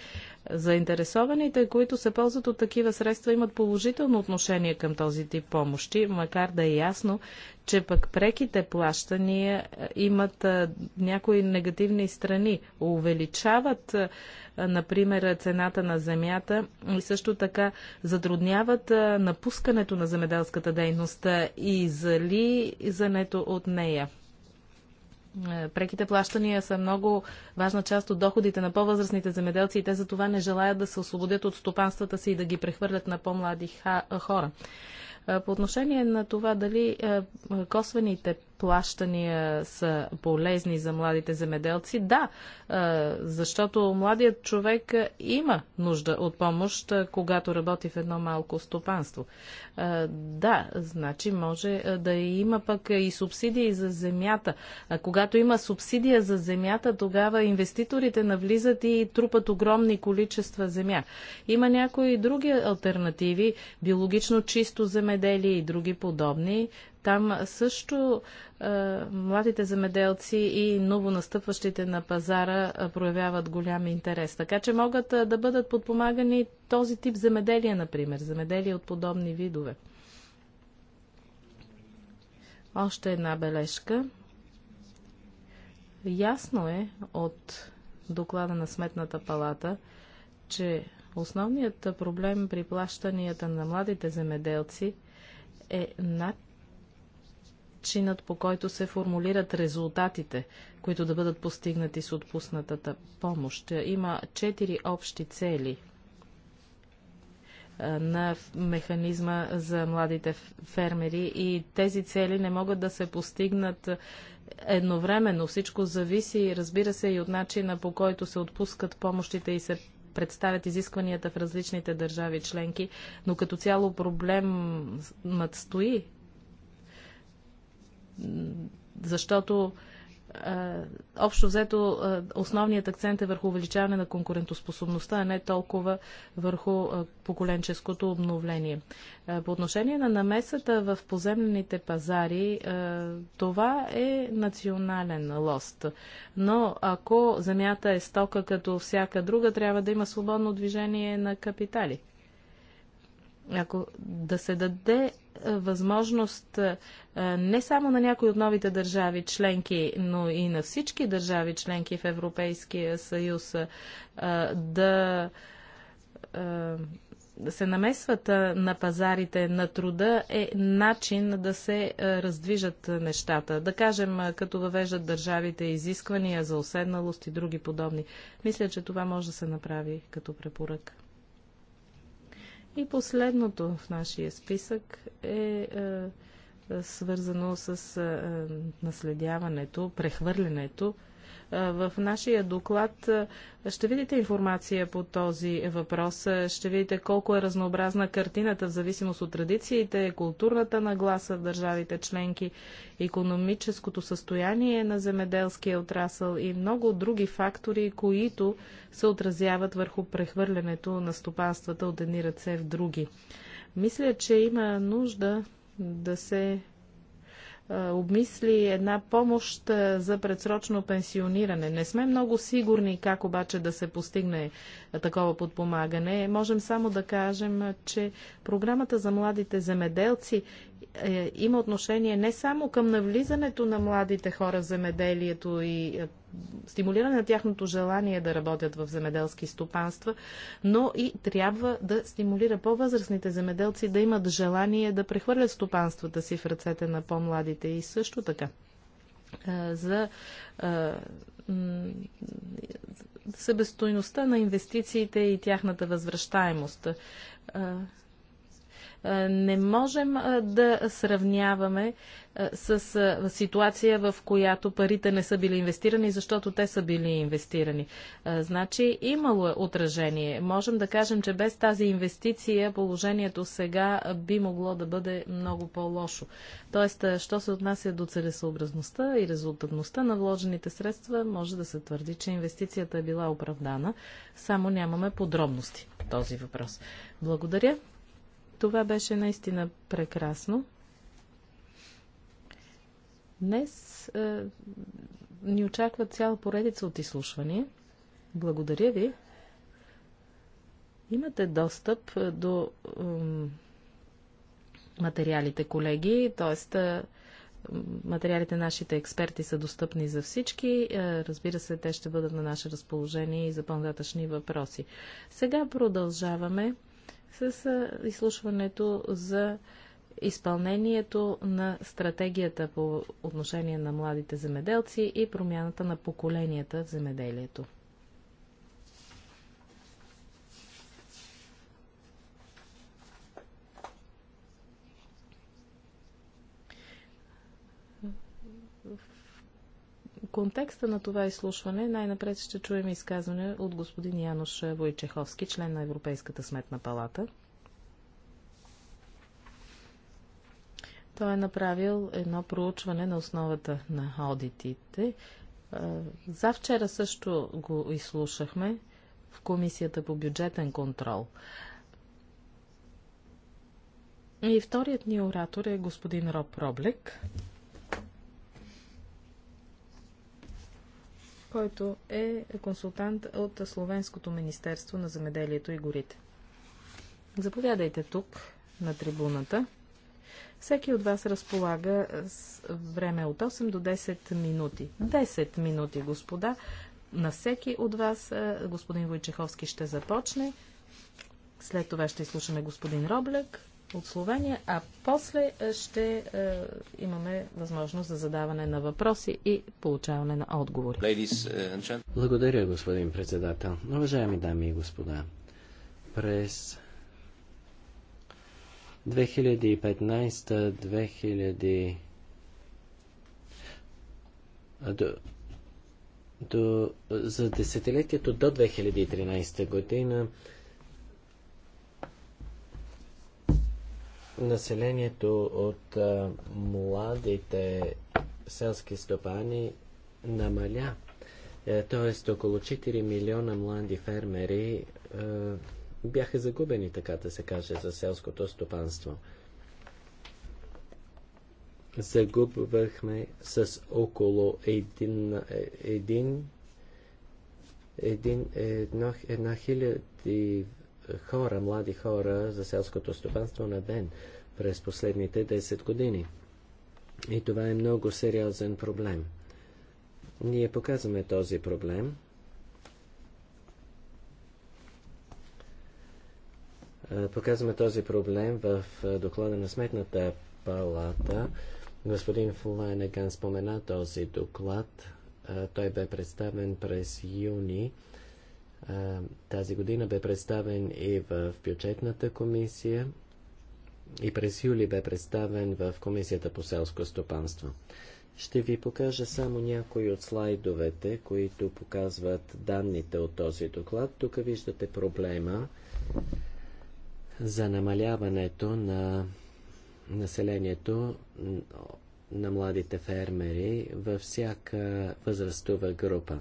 Заинтересованите, които се ползват от такива средства, имат положително отношение към този тип помощи, макар да е ясно, че пък преките плащания е, имат е, някои негативни страни. Увеличават, е, например, цената на земята и също така затрудняват напускането на земеделската дейност и зали зането от нея. Преките плащания са много важна част от доходите на по-възрастните земеделци и те за това не желаят да се освободят от стопанствата си и да ги прехвърлят на по-млади хора. Е, по отношение на това дали е, косвените плащания са полезни за младите земеделци? Да, защото младият човек има нужда от помощ, когато работи в едно малко стопанство. Да, значи може да има пък и субсидии за земята. Когато има субсидия за земята, тогава инвеститорите навлизат и трупат огромни количества земя. Има някои други альтернативи, биологично чисто земеделие и други подобни, там също младите земеделци и новонастъпващите на пазара проявяват голям интерес. Така че могат да бъдат подпомагани този тип земеделие, например, земеделие от подобни видове. Още една бележка. Ясно е от доклада на Сметната палата, че основният проблем при плащанията на младите земеделци е, над, начинът по който се формулират резултатите, които да бъдат постигнати с отпуснатата помощ. Има четири общи цели на механизма за младите фермери и тези цели не могат да се постигнат едновременно. Всичко зависи, разбира се, и от начина по който се отпускат помощите и се представят изискванията в различните държави членки, но като цяло проблемът стои защото общо взето основният акцент е върху увеличаване на конкурентоспособността, а не толкова върху поколенческото обновление. По отношение на намесата в поземлените пазари, това е национален лост. Но ако земята е стока като всяка друга, трябва да има свободно движение на капитали ако да се даде възможност не само на някои от новите държави членки, но и на всички държави членки в Европейския съюз да се намесват на пазарите на труда е начин да се раздвижат нещата. Да кажем, като въвеждат държавите изисквания за оседналост и други подобни. Мисля, че това може да се направи като препоръка. И последното в нашия списък е, е свързано с е, е, наследяването, прехвърлянето в нашия доклад ще видите информация по този въпрос. Ще видите колко е разнообразна картината в зависимост от традициите, културната нагласа в държавите членки, економическото състояние на земеделския отрасъл и много други фактори, които се отразяват върху прехвърлянето на стопанствата от едни ръце в други. Мисля, че има нужда да се обмисли една помощ за предсрочно пенсиониране. Не сме много сигурни как обаче да се постигне такова подпомагане. Можем само да кажем, че програмата за младите земеделци е, има отношение не само към навлизането на младите хора в земеделието и е, стимулиране на тяхното желание да работят в земеделски стопанства, но и трябва да стимулира по-възрастните земеделци да имат желание да прехвърлят стопанствата си в ръцете на по-младите и също така е, за събестойността на инвестициите и тяхната възвръщаемост. Е, не можем е, да сравняваме е, с ситуация, в която парите не са били инвестирани, защото те са били инвестирани. Значи имало е отражение. Можем да кажем, че без тази инвестиция положението сега би могло да бъде много по-лошо. Тоест, що се отнася до целесообразността и резултатността на вложените средства, може да се твърди, че инвестицията е била оправдана, само нямаме подробности този въпрос. Благодаря. Това беше наистина прекрасно. Днес е, ни очаква цяла поредица от изслушвания. Благодаря ви. Имате достъп е, до е, материалите, колеги, т.е. материалите нашите експерти са достъпни за всички. Е, разбира се, те ще бъдат на наше разположение и за по въпроси. Сега продължаваме с изслушването за изпълнението на стратегията по отношение на младите земеделци и промяната на поколенията в земеделието. контекста на това изслушване най-напред ще чуем изказване от господин Янош Войчеховски, член на Европейската сметна палата. Той е направил едно проучване на основата на аудитите. Завчера също го изслушахме в Комисията по бюджетен контрол. И вторият ни оратор е господин Роб Проблек. който е консултант от Словенското Министерство на земеделието и горите. Заповядайте тук, на трибуната. Всеки от вас разполага с време от 8 до 10 минути. 10 минути, господа. На всеки от вас господин Войчеховски ще започне. След това ще изслушаме господин Роблек, от Словения, а после е, ще е, имаме възможност за задаване на въпроси и получаване на отговори. Е, Благодаря, господин председател. Уважаеми дами и господа, през 2015-2000 до, до, за десетилетието до 2013 година населението от а, младите селски стопани намаля. Е, Тоест около 4 милиона млади фермери е, бяха загубени, така да се каже, за селското стопанство. Загубвахме с около 1 е, една хиляди хора, млади хора за селското стопанство на ден през последните 10 години. И това е много сериозен проблем. Ние показваме този проблем. Показваме този проблем в доклада на Сметната палата. Господин Фулайнеган спомена този доклад. Той бе представен през юни тази година бе представен и в бюджетната комисия и през юли бе представен в Комисията по селско стопанство. Ще ви покажа само някои от слайдовете, които показват данните от този доклад. Тук виждате проблема за намаляването на населението на младите фермери във всяка възрастова група.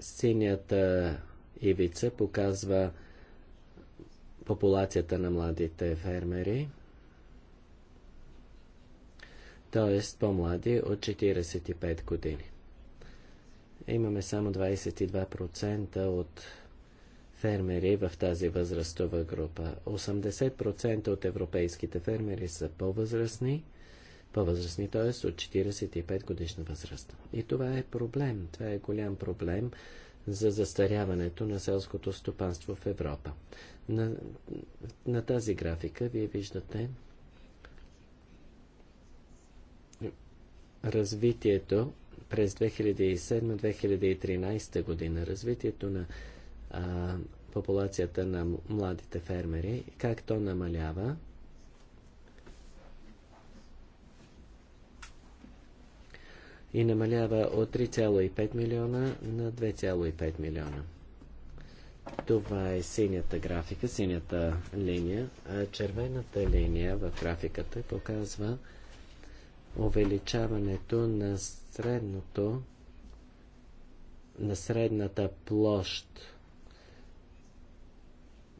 Синята ивица показва популацията на младите фермери, т.е. по-млади от 45 години. Имаме само 22% от фермери в тази възрастова група. 80% от европейските фермери са по-възрастни – по-възрастни, т.е. от 45 годишна възраст. И това е проблем, това е голям проблем за застаряването на селското стопанство в Европа. На, на тази графика вие виждате развитието през 2007-2013 година, развитието на а, популацията на младите фермери, как то намалява и намалява от 3,5 милиона на 2,5 милиона. Това е синята графика, синята линия. а Червената линия в графиката показва увеличаването на средното на средната площ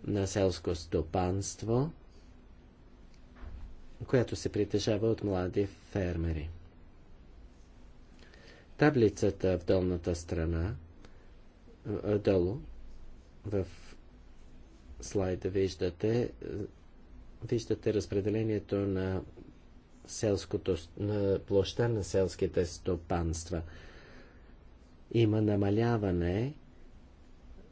на селско стопанство, която се притежава от млади фермери таблицата в долната страна, долу, в слайда виждате, виждате разпределението на селското, на площа на селските стопанства. Има намаляване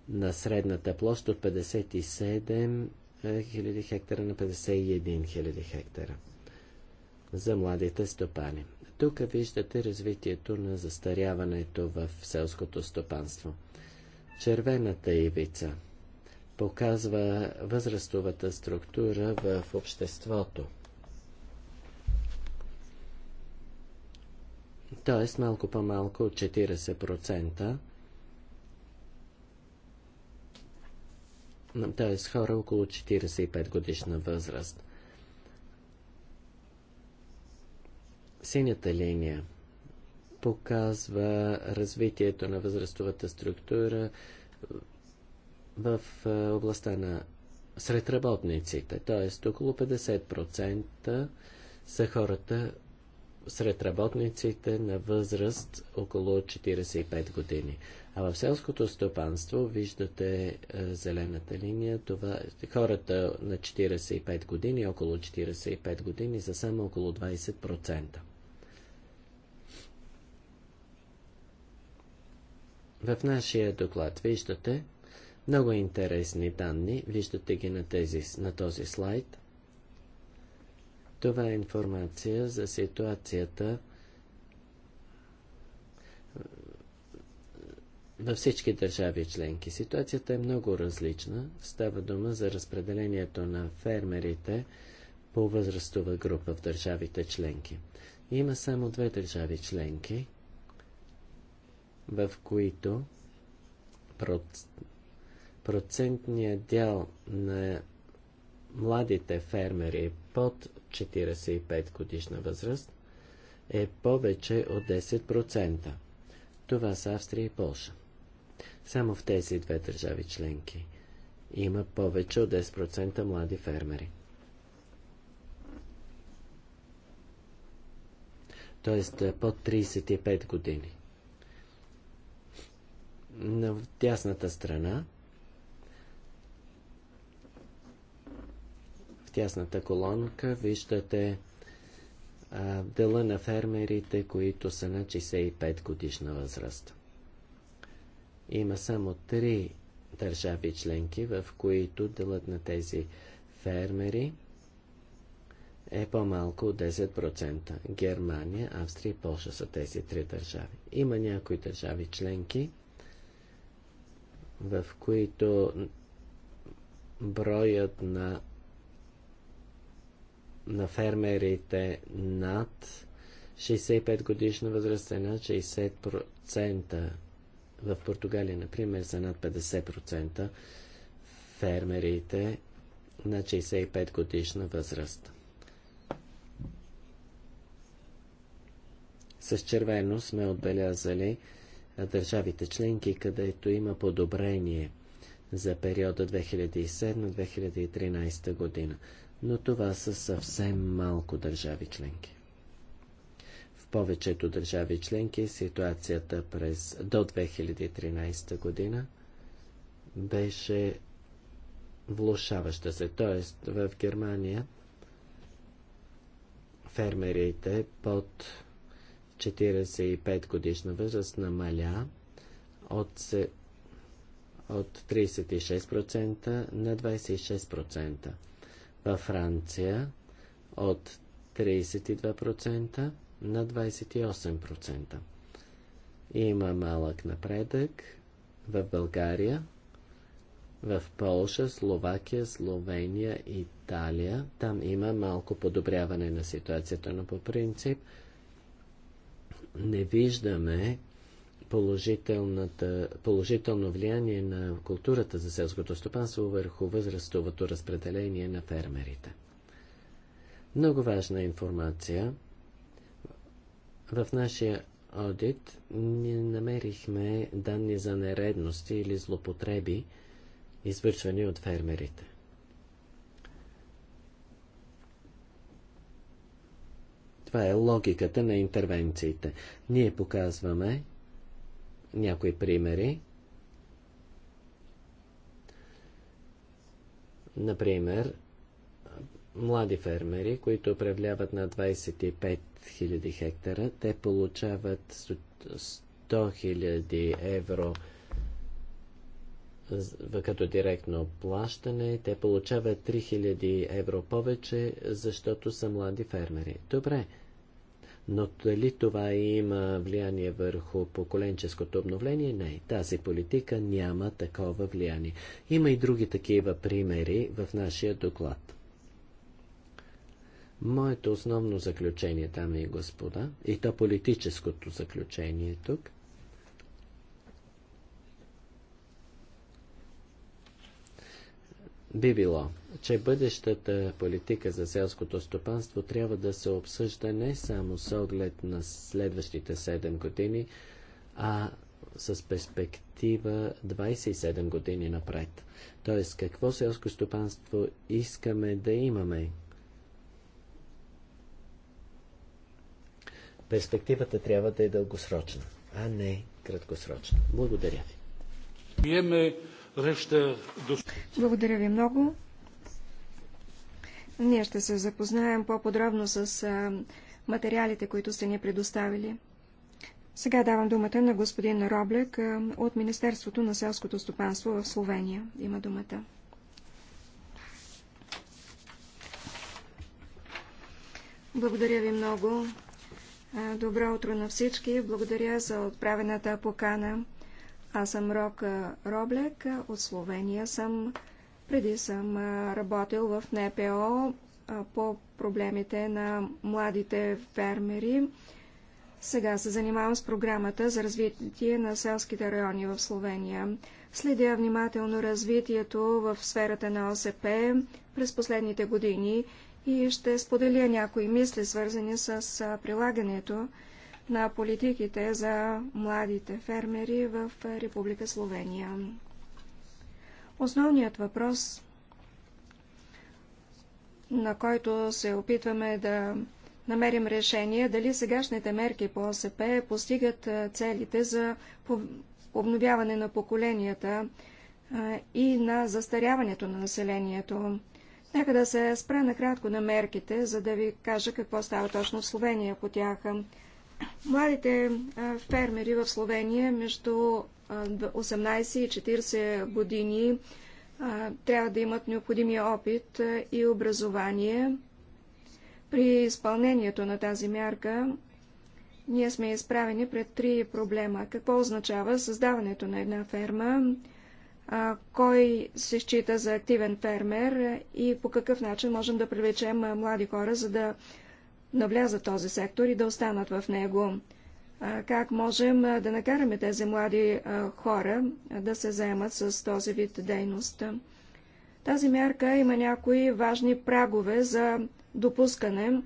на средната площ от 57 000 хектара на 51 000 хектара за младите стопани. Тук виждате развитието на застаряването в селското стопанство. Червената ивица показва възрастовата структура в обществото. Тоест малко по-малко от 40%. Тоест хора около 45 годишна възраст. Синята линия показва развитието на възрастовата структура в областта на сред работниците, т.е. около 50% са хората сред работниците на възраст около 45 години. А в селското стопанство виждате е, зелената линия. Това, хората на 45 години, около 45 години са само около 20%. В нашия доклад виждате много интересни данни, виждате ги на, тези, на този слайд. Това е информация за ситуацията във всички държави членки. Ситуацията е много различна. Става дума за разпределението на фермерите по възрастова група в държавите членки. Има само две държави членки – в които процентният дял на младите фермери под 45 годишна възраст е повече от 10%. Това са Австрия и Польша. Само в тези две държави членки има повече от 10% млади фермери. Тоест е под 35 години на тясната страна, в тясната колонка виждате а, дела на фермерите, които са на 65 годишна възраст. Има само три държави членки, в които делът на тези фермери е по-малко от 10%. Германия, Австрия и Польша са тези три държави. Има някои държави членки, в които броят на, на фермерите над 65 годишна възраст е над 60%. В Португалия, например, за над 50% фермерите на 65 годишна възраст. С червено сме отбелязали държавите членки, където има подобрение за периода 2007-2013 година. Но това са съвсем малко държави членки. В повечето държави членки ситуацията през до 2013 година беше влушаваща се. Тоест в Германия фермерите под 45 годишна възраст намаля от, от 36% на 26%. Във Франция от 32% на 28%. Има малък напредък в България, в Полша, Словакия, Словения, Италия. Там има малко подобряване на ситуацията, но по принцип – не виждаме положително влияние на културата за селското стопанство върху възрастовото разпределение на фермерите. Много важна информация. В нашия одит ни намерихме данни за нередности или злопотреби, извършвани от фермерите. Това е логиката на интервенциите. Ние показваме някои примери. Например, млади фермери, които управляват на 25 000 хектара, те получават 100 000 евро като директно плащане. Те получават 3000 евро повече, защото са млади фермери. Добре, но дали това има влияние върху поколенческото обновление? Не. Тази политика няма такова влияние. Има и други такива примери в нашия доклад. Моето основно заключение, дами и господа, и то политическото заключение тук, би било, че бъдещата политика за селското стопанство трябва да се обсъжда не само с оглед на следващите 7 години, а с перспектива 27 години напред. Тоест, какво селско стопанство искаме да имаме? Перспективата трябва да е дългосрочна, а не краткосрочна. Благодаря ви. Благодаря ви много. Ние ще се запознаем по-подробно с материалите, които сте ни предоставили. Сега давам думата на господин Роблек от Министерството на селското стопанство в Словения. Има думата. Благодаря ви много. Добро утро на всички. Благодаря за отправената покана. Аз съм Рок Роблек, от Словения съм. Преди съм работил в НПО по проблемите на младите фермери. Сега се занимавам с програмата за развитие на селските райони в Словения. Следя внимателно развитието в сферата на ОСП през последните години и ще споделя някои мисли, свързани с прилагането на политиките за младите фермери в Република Словения. Основният въпрос, на който се опитваме да намерим решение, е дали сегашните мерки по ОСП постигат целите за обновяване на поколенията и на застаряването на населението. Нека да се спра накратко на мерките, за да ви кажа какво става точно в Словения по тях. Младите фермери в Словения между 18 и 40 години трябва да имат необходимия опит и образование. При изпълнението на тази мярка ние сме изправени пред три проблема. Какво означава създаването на една ферма? Кой се счита за активен фермер и по какъв начин можем да привлечем млади хора, за да навлязат този сектор и да останат в него. Как можем да накараме тези млади хора да се заемат с този вид дейност? Тази мярка има някои важни прагове за допускане,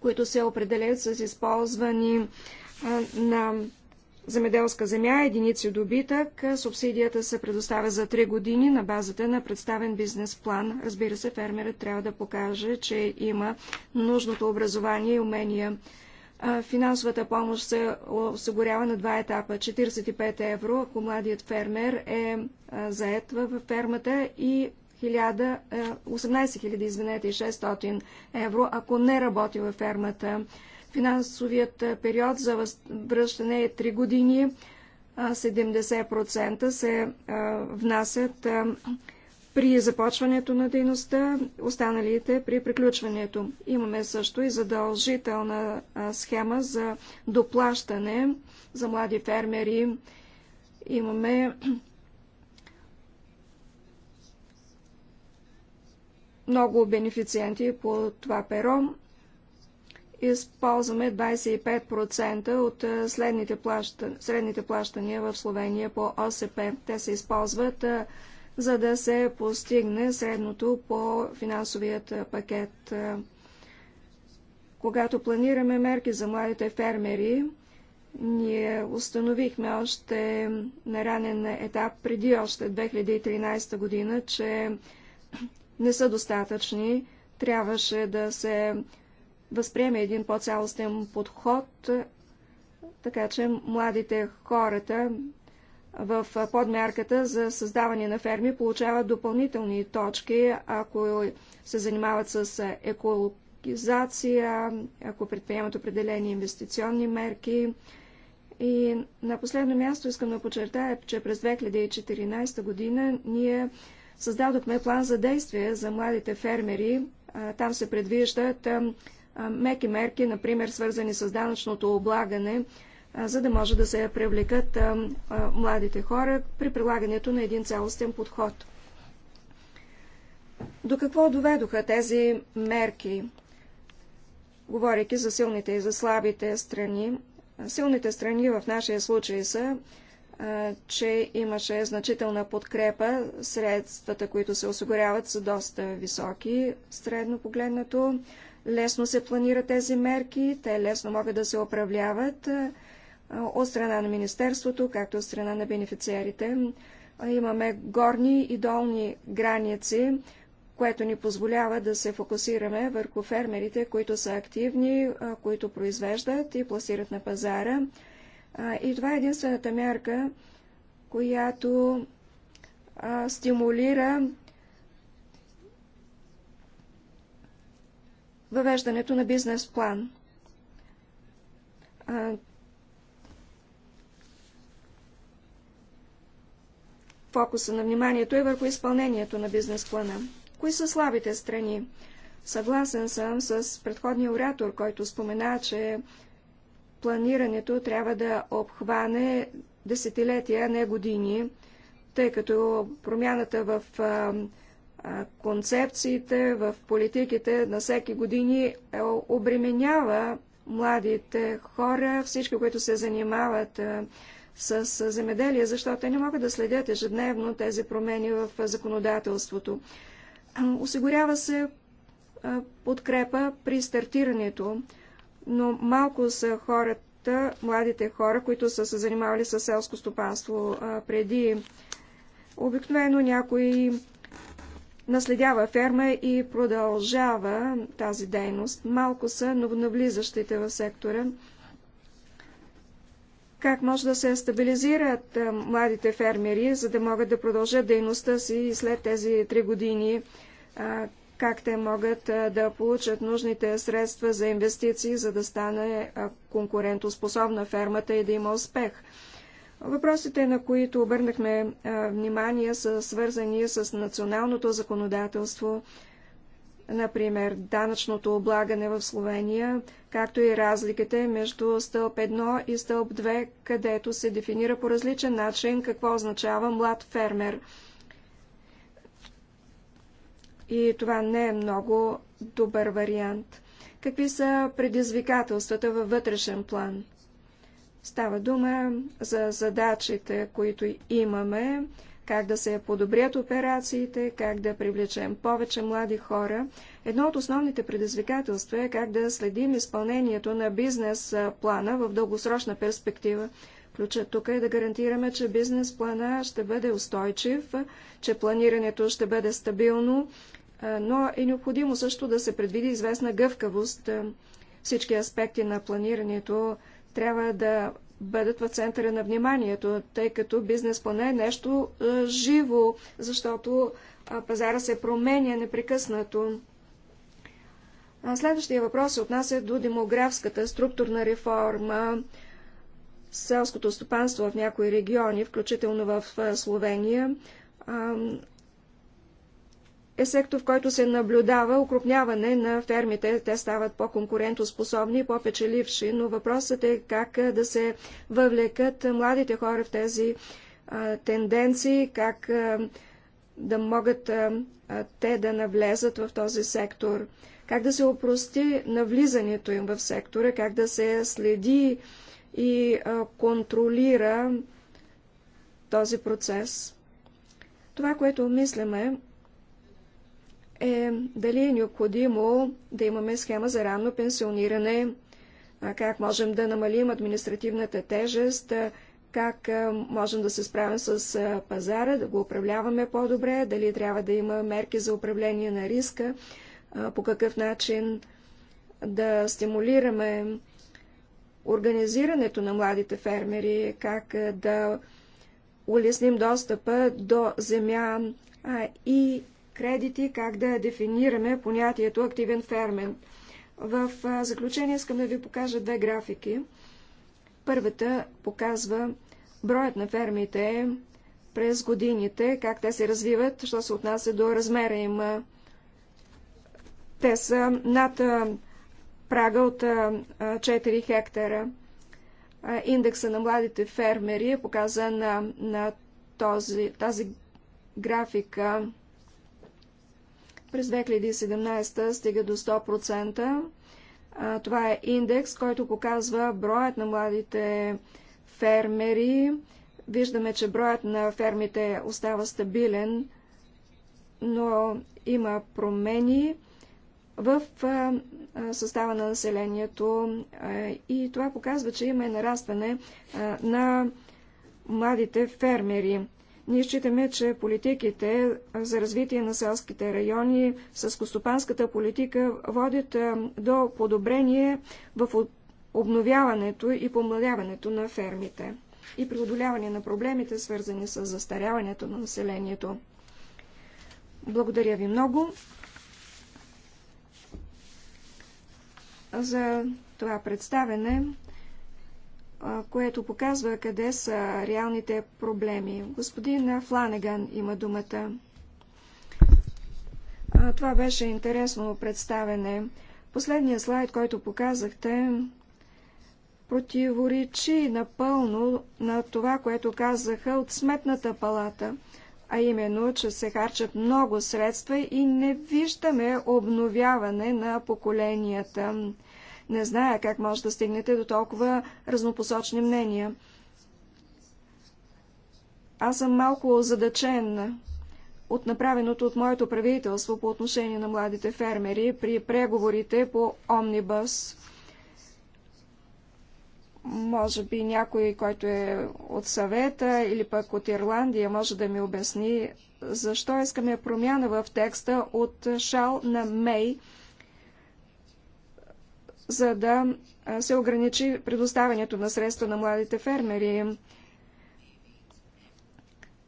които се определят с използвани на земеделска земя, единици добитък. Субсидията се предоставя за 3 години на базата на представен бизнес план. Разбира се, фермерът трябва да покаже, че има нужното образование и умения. Финансовата помощ се осигурява на два етапа. 45 евро, ако младият фермер е заед в фермата и 18 600 евро, ако не работи във фермата. Финансовият е, период за връщане е 3 години. 70% се е, внасят е, при започването на дейността, останалите при приключването. Имаме също и задължителна схема за доплащане за млади фермери. Имаме много бенефициенти по това перо използваме 25% от следните плащания, средните плащания в Словения по ОСП. Те се използват за да се постигне средното по финансовият пакет. Когато планираме мерки за младите фермери, ние установихме още на ранен етап, преди още 2013 година, че не са достатъчни. Трябваше да се възприеме един по-цялостен подход, така че младите хората в подмярката за създаване на ферми получават допълнителни точки, ако се занимават с екологизация, ако предприемат определени инвестиционни мерки. И на последно място искам да подчертая, че през 2014 година ние създадохме план за действие за младите фермери. Там се предвиждат меки мерки, например свързани с данъчното облагане, за да може да се привлекат младите хора при прилагането на един цялостен подход. До какво доведоха тези мерки? Говорейки за силните и за слабите страни, силните страни в нашия случай са, че имаше значителна подкрепа. Средствата, които се осигуряват, са доста високи, средно погледнато лесно се планират тези мерки, те лесно могат да се управляват от страна на Министерството, както от страна на бенефициарите. Имаме горни и долни граници, което ни позволява да се фокусираме върху фермерите, които са активни, които произвеждат и пласират на пазара. И това е единствената мярка, която стимулира въвеждането на бизнес план. Фокуса на вниманието е върху изпълнението на бизнес плана. Кои са слабите страни? Съгласен съм с предходния оратор, който спомена, че планирането трябва да обхване десетилетия, не години, тъй като промяната в концепциите в политиките на всеки години е, обременява младите хора, всички, които се занимават с земеделие, защото те не могат да следят ежедневно тези промени в законодателството. Осигурява се подкрепа при стартирането, но малко са хората, младите хора, които са се занимавали с селско стопанство преди. Обикновено някои наследява ферма и продължава тази дейност. Малко са новонавлизащите в сектора. Как може да се стабилизират младите фермери, за да могат да продължат дейността си и след тези три години? Как те могат да получат нужните средства за инвестиции, за да стане конкурентоспособна фермата и да има успех? Въпросите, на които обърнахме внимание, са свързани с националното законодателство, например данъчното облагане в Словения, както и разликите между стълб 1 и стълб 2, където се дефинира по различен начин какво означава млад фермер. И това не е много добър вариант. Какви са предизвикателствата във вътрешен план? Става дума за задачите, които имаме, как да се подобрят операциите, как да привлечем повече млади хора. Едно от основните предизвикателства е как да следим изпълнението на бизнес плана в дългосрочна перспектива. Ключът тук е да гарантираме, че бизнес плана ще бъде устойчив, че планирането ще бъде стабилно, но е необходимо също да се предвиди известна гъвкавост. Всички аспекти на планирането трябва да бъдат в центъра на вниманието, тъй като бизнес поне е нещо е, живо, защото пазара се променя непрекъснато. Следващия въпрос се отнася до демографската структурна реформа. Селското стопанство в някои региони, включително в е, Словения, е сектор, в който се наблюдава укрупняване на фермите. Те стават по-конкурентоспособни и по-печеливши, но въпросът е как да се въвлекат младите хора в тези а, тенденции, как а, да могат а, те да навлезат в този сектор, как да се опрости навлизането им в сектора, как да се следи и контролира този процес. Това, което мисляме, е дали е необходимо да имаме схема за ранно пенсиониране, как можем да намалим административната тежест, как можем да се справим с пазара, да го управляваме по-добре, дали трябва да има мерки за управление на риска, по какъв начин да стимулираме организирането на младите фермери, как да улесним достъпа до земя и кредити, как да дефинираме понятието активен фермен. В заключение искам да ви покажа две графики. Първата показва броят на фермите през годините, как те се развиват, що се отнася до размера им. Те са над прага от 4 хектара. Индекса на младите фермери е показан на, на този, тази графика през 2017 стига до 100%. Това е индекс, който показва броят на младите фермери. Виждаме, че броят на фермите остава стабилен, но има промени в състава на населението и това показва, че има нарастване на младите фермери. Ние считаме, че политиките за развитие на селските райони с костопанската политика водят до подобрение в обновяването и помладяването на фермите и преодоляване на проблемите, свързани с застаряването на населението. Благодаря ви много за това представене което показва къде са реалните проблеми. Господин Фланеган има думата. Това беше интересно представене. Последният слайд, който показахте, противоречи напълно на това, което казаха от Сметната палата, а именно, че се харчат много средства и не виждаме обновяване на поколенията. Не зная как може да стигнете до толкова разнопосочни мнения. Аз съм малко задачен от направеното от моето правителство по отношение на младите фермери при преговорите по Омнибъс. Може би някой, който е от съвета или пък от Ирландия, може да ми обясни защо искаме промяна в текста от шал на Мей за да се ограничи предоставянето на средства на младите фермери.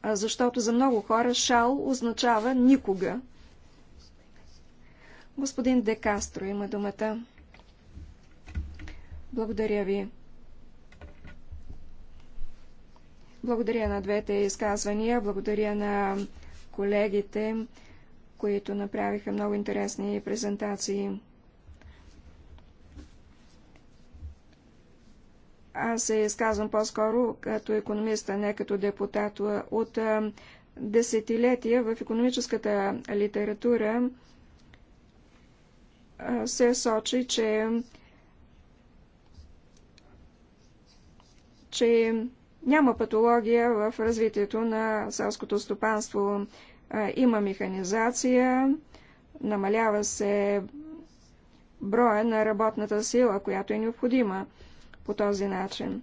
Защото за много хора шал означава никога. Господин Де Кастро, има думата. Благодаря ви. Благодаря на двете изказвания, благодаря на колегите, които направиха много интересни презентации. Аз се изказвам по-скоро като економист, а не като депутат. От десетилетия в економическата литература се сочи, че, че няма патология в развитието на селското стопанство. Има механизация, намалява се броя на работната сила, която е необходима по този начин.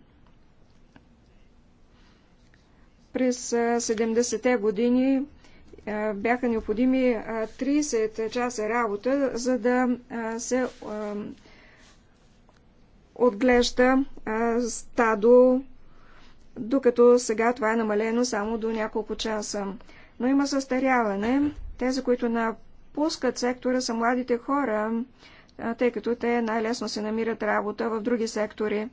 През 70-те години бяха необходими 30 часа работа, за да се отглежда стадо, докато сега това е намалено само до няколко часа. Но има състаряване. Тези, които напускат сектора, са младите хора тъй като те най-лесно се намират работа в други сектори.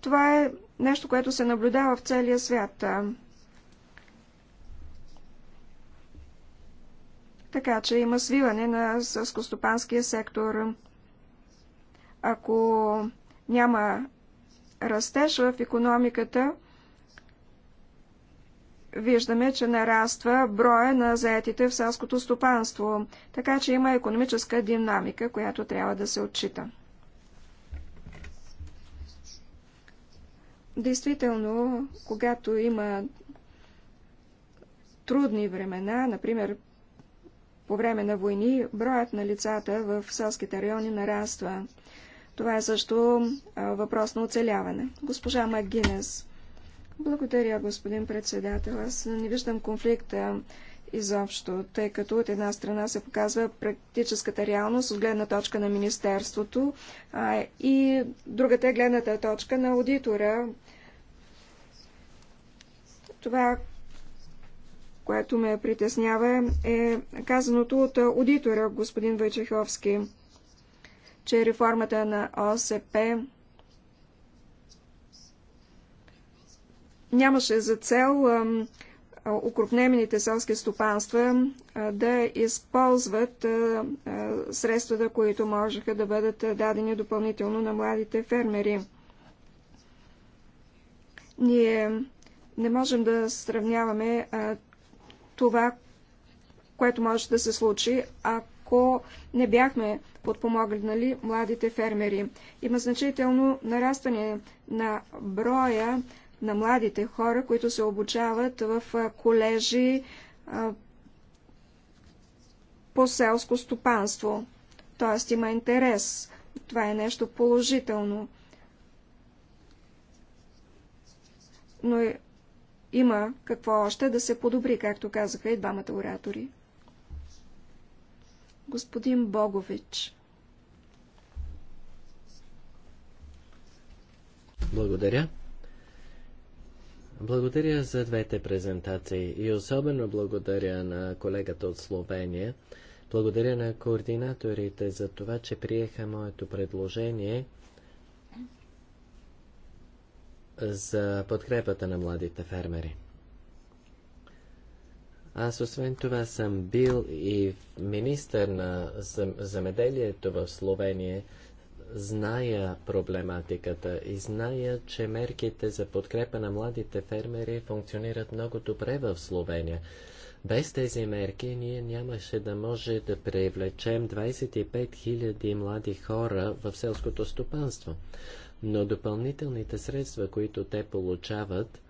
Това е нещо, което се наблюдава в целия свят. Така че има свиване на скостопанския сектор. Ако няма растеж в економиката, виждаме, че нараства броя на заетите в селското стопанство, така че има економическа динамика, която трябва да се отчита. Действително, когато има трудни времена, например по време на войни, броят на лицата в селските райони нараства. Това е също въпрос на оцеляване. Госпожа Магинес. Благодаря, господин председател. Аз не виждам конфликта изобщо, тъй като от една страна се показва практическата реалност от гледна точка на Министерството а, и другата е гледната точка на аудитора. Това, което ме притеснява, е казаното от аудитора, господин Вайчеховски, че реформата на ОСП нямаше за цел окрупнемените селски стопанства да използват средствата, които можеха да бъдат дадени допълнително на младите фермери. Ние не можем да сравняваме това, което може да се случи, ако не бяхме подпомогнали младите фермери. Има значително нарастване на броя на младите хора, които се обучават в колежи по селско стопанство. Тоест има интерес. Това е нещо положително. Но има какво още да се подобри, както казаха и двамата оратори. Господин Богович. Благодаря. Благодаря за двете презентации и особено благодаря на колегата от Словения. Благодаря на координаторите за това, че приеха моето предложение за подкрепата на младите фермери. Аз освен това съм бил и министър на земеделието в Словения зная проблематиката и зная, че мерките за подкрепа на младите фермери функционират много добре в Словения. Без тези мерки ние нямаше да може да привлечем 25 000 млади хора в селското стопанство. Но допълнителните средства, които те получават,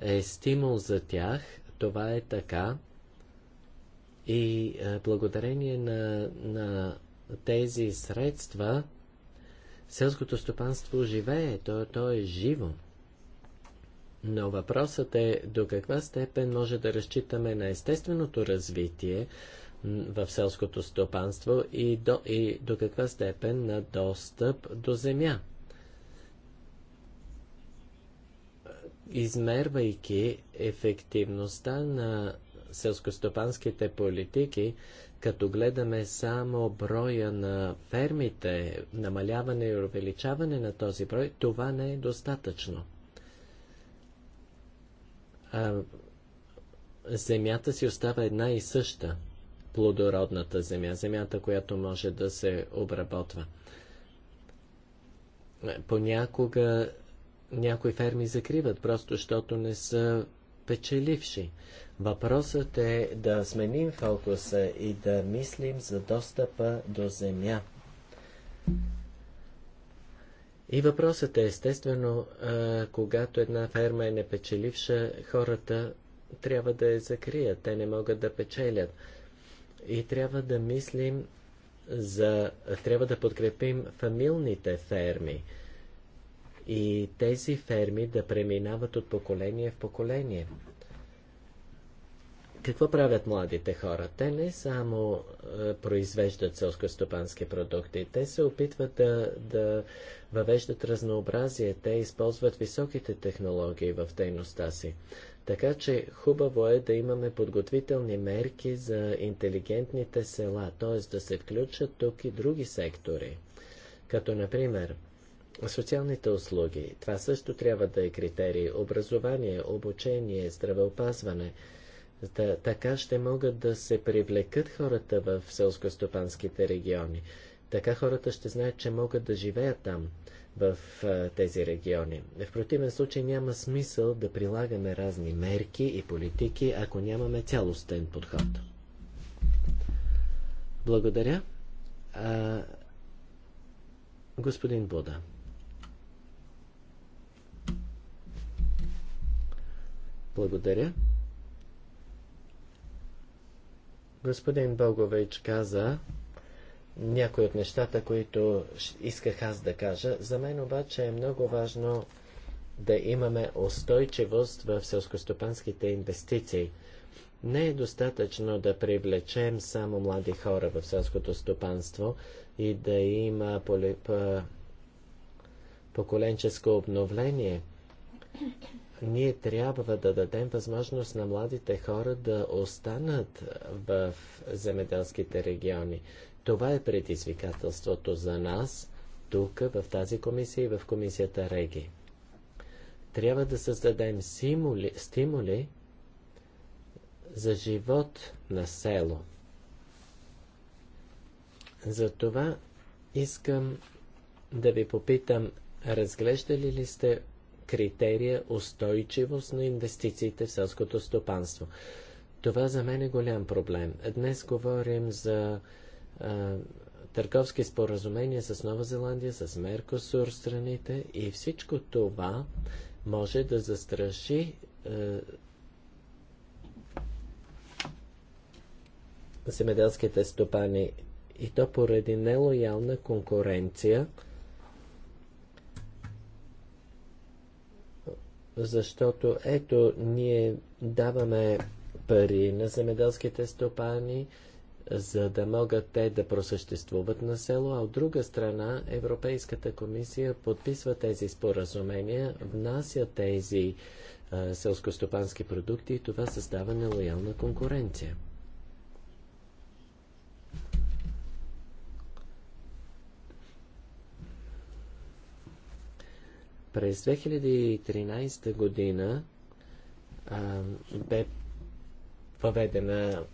е стимул за тях. Това е така. И благодарение на, на тези средства Селското стопанство живее, то, то е живо. Но въпросът е до каква степен може да разчитаме на естественото развитие в селското стопанство и до, и до каква степен на достъп до земя. Измервайки ефективността на селскостопанските политики, като гледаме само броя на фермите, намаляване и увеличаване на този брой, това не е достатъчно. А, земята си остава една и съща, плодородната земя, земята, която може да се обработва. Понякога някои ферми закриват, просто защото не са печеливши. Въпросът е да сменим фокуса и да мислим за достъпа до земя. И въпросът е естествено, когато една ферма е непечеливша, хората трябва да я закрият. Те не могат да печелят. И трябва да мислим за... Трябва да подкрепим фамилните ферми. И тези ферми да преминават от поколение в поколение. Какво правят младите хора? Те не само е, произвеждат селскостопански продукти, те се опитват да, да въвеждат разнообразие, те използват високите технологии в дейността си. Така че хубаво е да имаме подготвителни мерки за интелигентните села, т.е. да се включат тук и други сектори, като например социалните услуги. Това също трябва да е критерий. Образование, обучение, здравеопазване – да, така ще могат да се привлекат хората в селско-стопанските региони. Така хората ще знаят, че могат да живеят там, в а, тези региони. В противен случай няма смисъл да прилагаме разни мерки и политики, ако нямаме цялостен подход. Благодаря. А, господин Буда. Благодаря. Господин Бългович каза някои от нещата, които исках аз да кажа. За мен обаче е много важно да имаме устойчивост в селскостопанските инвестиции. Не е достатъчно да привлечем само млади хора в селското стопанство и да има поколенческо обновление – ние трябва да дадем възможност на младите хора да останат в земеделските региони. Това е предизвикателството за нас, тук, в тази комисия и в комисията Реги. Трябва да създадем стимули, стимули за живот на село. Затова искам да ви попитам, разглеждали ли сте критерия устойчивост на инвестициите в селското стопанство. Това за мен е голям проблем. Днес говорим за а, търговски споразумения с Нова Зеландия, с Меркосур страните и всичко това може да застраши а, земеделските стопани и то поради нелоялна конкуренция защото ето ние даваме пари на земеделските стопани, за да могат те да просъществуват на село, а от друга страна Европейската комисия подписва тези споразумения, внася тези селскостопански продукти и това създава нелоялна конкуренция. През 2013 година а, бе въведена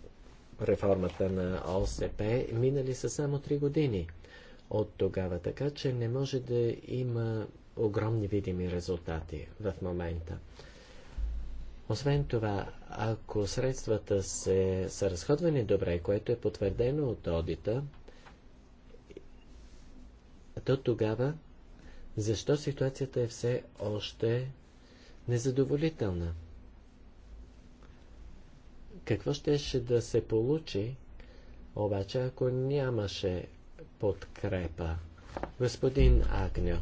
реформата на ОСП. Минали са само 3 години от тогава, така че не може да има огромни видими резултати в момента. Освен това, ако средствата се, са разходвани добре, което е потвърдено от одита, то тогава защо ситуацията е все още незадоволителна. Какво щеше да се получи, обаче, ако нямаше подкрепа? Господин Агньо.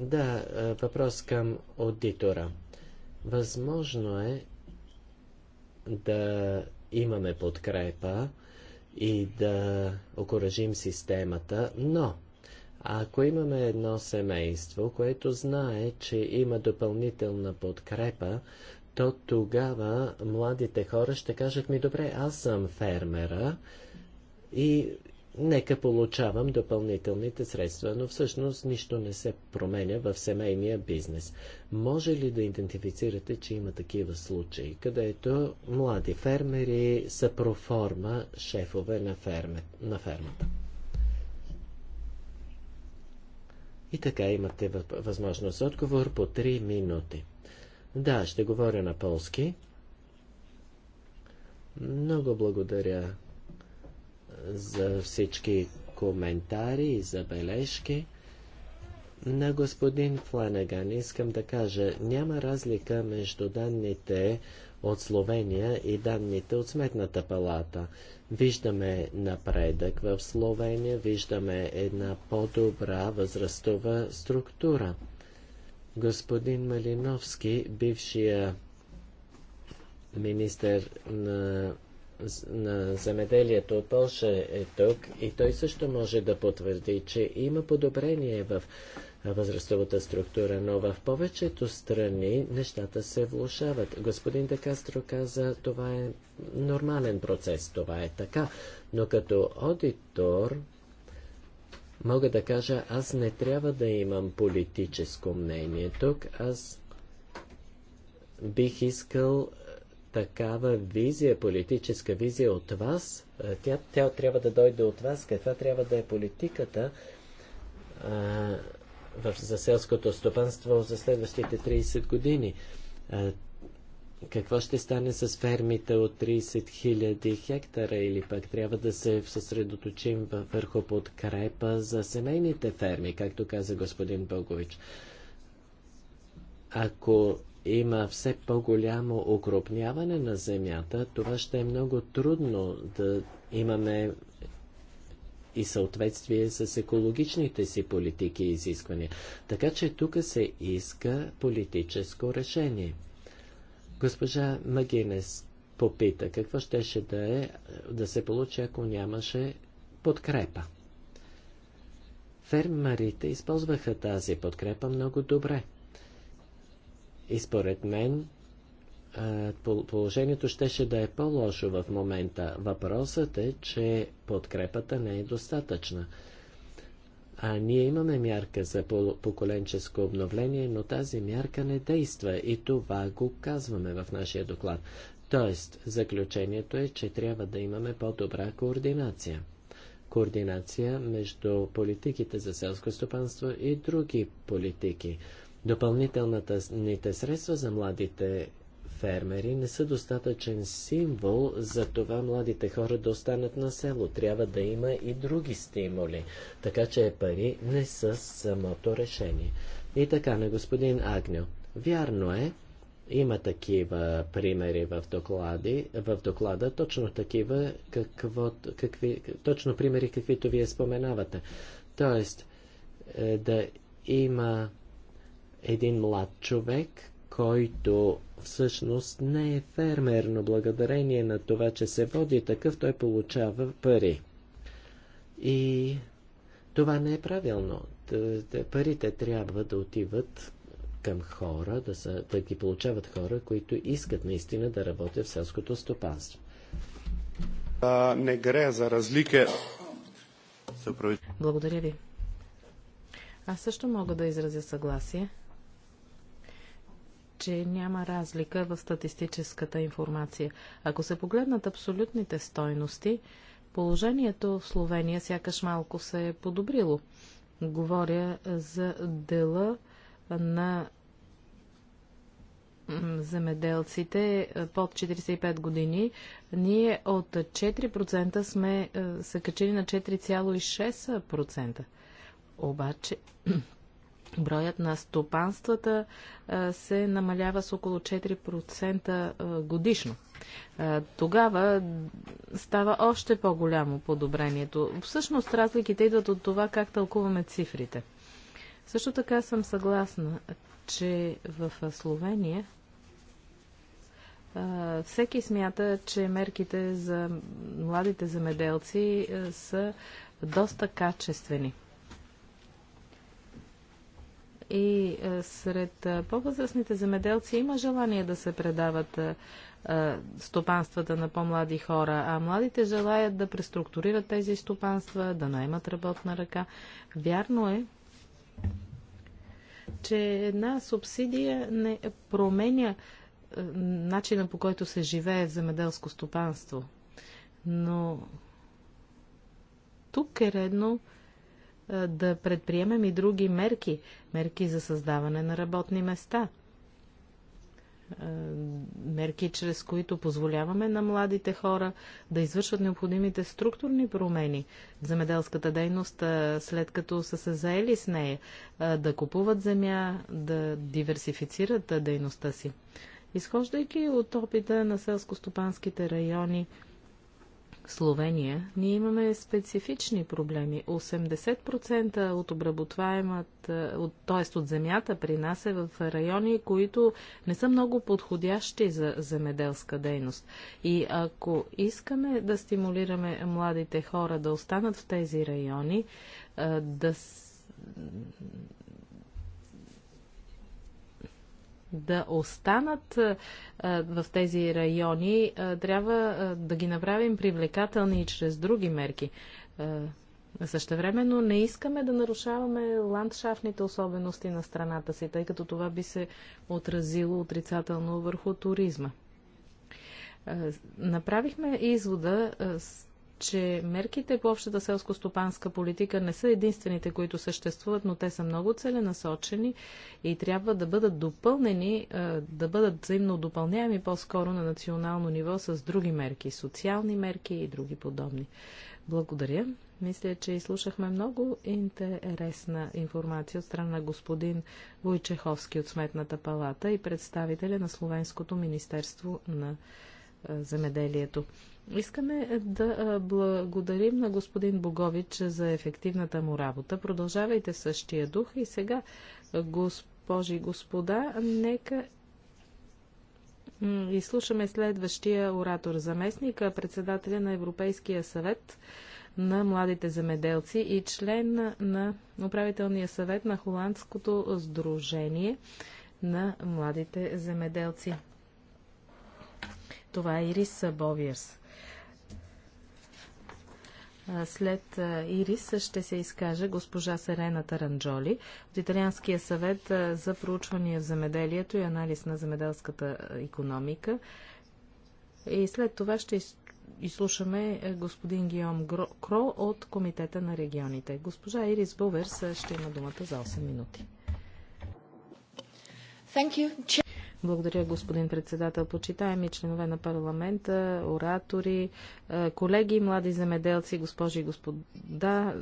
Да, е, въпрос към аудитора. Възможно е да имаме подкрепа и да окоръжим системата, но ако имаме едно семейство, което знае, че има допълнителна подкрепа, то тогава младите хора ще кажат ми, добре, аз съм фермера и нека получавам допълнителните средства, но всъщност нищо не се променя в семейния бизнес. Може ли да идентифицирате, че има такива случаи, където млади фермери са проформа шефове на, ферме, на фермата? И така имате възможност за отговор по 3 минути. Да, ще говоря на полски. Много благодаря за всички коментари и забележки. На господин Фланаган искам да кажа, няма разлика между данните от Словения и данните от Сметната палата. Виждаме напредък в Словения, виждаме една по-добра възрастова структура. Господин Малиновски, бившия министър на, на земеделието от Польша е тук и той също може да потвърди, че има подобрение в възрастовата структура, но в повечето страни нещата се влушават. Господин Декастро каза, това е нормален процес, това е така, но като аудитор мога да кажа, аз не трябва да имам политическо мнение тук, аз бих искал е, такава визия, политическа визия от вас, е, тя, тя трябва да дойде от вас, каква трябва да е политиката, в, за селското стопанство за следващите 30 години. какво ще стане с фермите от 30 000 хектара или пък трябва да се съсредоточим върху подкрепа за семейните ферми, както каза господин Бългович. Ако има все по-голямо укропняване на земята, това ще е много трудно да имаме и съответствие с екологичните си политики и изисквания. Така че тук се иска политическо решение. Госпожа Магинес попита какво щеше да е да се получи, ако нямаше подкрепа. Фермарите използваха тази подкрепа много добре. И според мен е, положението щеше да е по-лошо в момента. Въпросът е, че подкрепата не е достатъчна. А ние имаме мярка за поколенческо обновление, но тази мярка не действа и това го казваме в нашия доклад. Тоест, заключението е, че трябва да имаме по-добра координация. Координация между политиките за селско стопанство и други политики. Допълнителните средства за младите фермери не са достатъчен символ за това младите хора да останат на село. Трябва да има и други стимули, така че пари не са самото решение. И така на господин Агнио. Вярно е, има такива примери в, доклади, в доклада, точно такива, какво, какви, точно примери, каквито вие споменавате. Тоест, е, да има един млад човек, който всъщност не е фермер, но благодарение на това, че се води такъв, той получава пари. И това не е правилно. Парите трябва да отиват към хора, да, са, да ги получават хора, които искат наистина да работят в селското стопанство. не гре за разлика. Благодаря ви. Аз също мога да изразя съгласие че няма разлика в статистическата информация. Ако се погледнат абсолютните стойности, положението в Словения сякаш малко се е подобрило. Говоря за дела на земеделците е, под 45 години, ние от 4% сме е, се качили на 4,6%. Обаче Броят на стопанствата се намалява с около 4% годишно. Тогава става още по-голямо подобрението. Всъщност разликите идват от това как тълкуваме цифрите. Също така съм съгласна, че в Словения всеки смята, че мерките за младите земеделци са доста качествени и е, сред е, по-възрастните земеделци има желание да се предават е, стопанствата на по-млади хора, а младите желаят да преструктурират тези стопанства, да наемат работна ръка. Вярно е, че една субсидия не променя начина по който се живее в земеделско стопанство. Но тук е редно да предприемем и други мерки. Мерки за създаване на работни места. Мерки, чрез които позволяваме на младите хора да извършват необходимите структурни промени в земеделската дейност, след като са се заели с нея, да купуват земя, да диверсифицират дейността си. Изхождайки от опита на селско-стопанските райони, Словения, ние имаме специфични проблеми. 80% от обработваемата, от, т.е. от земята при нас е в райони, които не са много подходящи за земеделска дейност. И ако искаме да стимулираме младите хора да останат в тези райони, да да останат в тези райони, трябва да ги направим привлекателни и чрез други мерки. Същевременно не искаме да нарушаваме ландшафтните особености на страната си, тъй като това би се отразило отрицателно върху туризма. Направихме извода че мерките по общата селско-стопанска политика не са единствените, които съществуват, но те са много целенасочени и трябва да бъдат допълнени, да бъдат взаимно допълняеми по-скоро на национално ниво с други мерки, социални мерки и други подобни. Благодаря. Мисля, че изслушахме много интересна информация от страна на господин Войчеховски от Сметната палата и представителя на Словенското министерство на земеделието. Искаме е, да е, благодарим на господин Богович за ефективната му работа. Продължавайте същия дух и сега, е, госпожи и господа, нека изслушаме следващия оратор, заместник, председателя на Европейския съвет на младите земеделци и член на управителния съвет на Холандското сдружение на младите земеделци. Това е Ирис Бовиерс. След Ирис ще се изкаже госпожа Серена Таранджоли от Италианския съвет за проучвания в земеделието и анализ на земеделската економика. И след това ще изслушаме господин Гиом Кро от Комитета на регионите. Госпожа Ирис Буверс ще има думата за 8 минути. Thank you, благодаря, господин председател. Почитаеми членове на парламента, оратори, е, колеги, млади земеделци, госпожи и господа,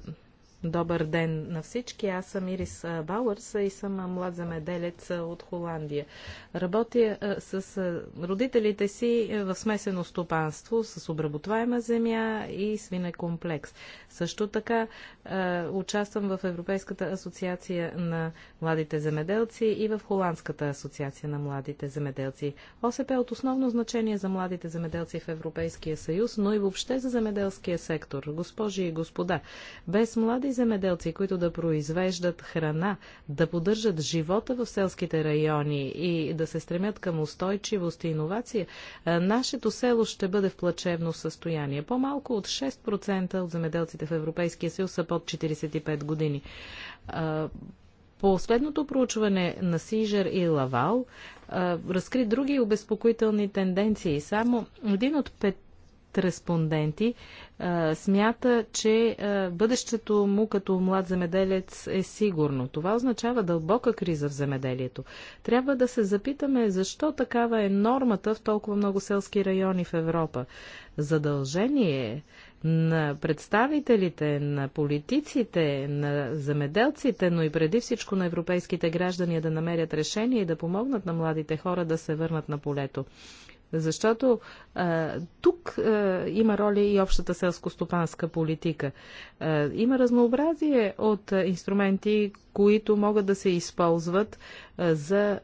Добър ден на всички. Аз съм Ирис Бауърс и съм млад замеделец от Холандия. Работя с родителите си в смесено стопанство с обработваема земя и свинекомплекс. Също така участвам в Европейската асоциация на младите земеделци и в Холандската асоциация на младите земеделци. ОСП е от основно значение за младите земеделци в Европейския съюз, но и въобще за земеделския сектор. Госпожи и господа, без млади млади земеделци, които да произвеждат храна, да поддържат живота в селските райони и да се стремят към устойчивост и иновация, нашето село ще бъде в плачевно състояние. По-малко от 6% от земеделците в Европейския съюз са под 45 години. По последното проучване на Сижер и Лавал разкри други обезпокоителни тенденции. Само един от пет респонденти а, смята, че а, бъдещето му като млад земеделец е сигурно. Това означава дълбока криза в земеделието. Трябва да се запитаме защо такава е нормата в толкова много селски райони в Европа. Задължение на представителите, на политиците, на замеделците, но и преди всичко на европейските граждани е да намерят решение и да помогнат на младите хора да се върнат на полето. Защото а, тук а, има роля и общата селско-стопанска политика. А, има разнообразие от а, инструменти, които могат да се използват а, за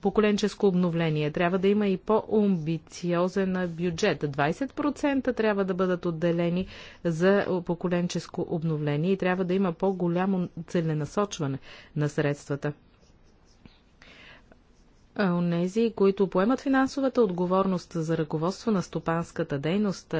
поколенческо обновление. Трябва да има и по-амбициозен бюджет. 20% трябва да бъдат отделени за поколенческо обновление и трябва да има по-голямо целенасочване на средствата онези, които поемат финансовата отговорност за ръководство на стопанската дейност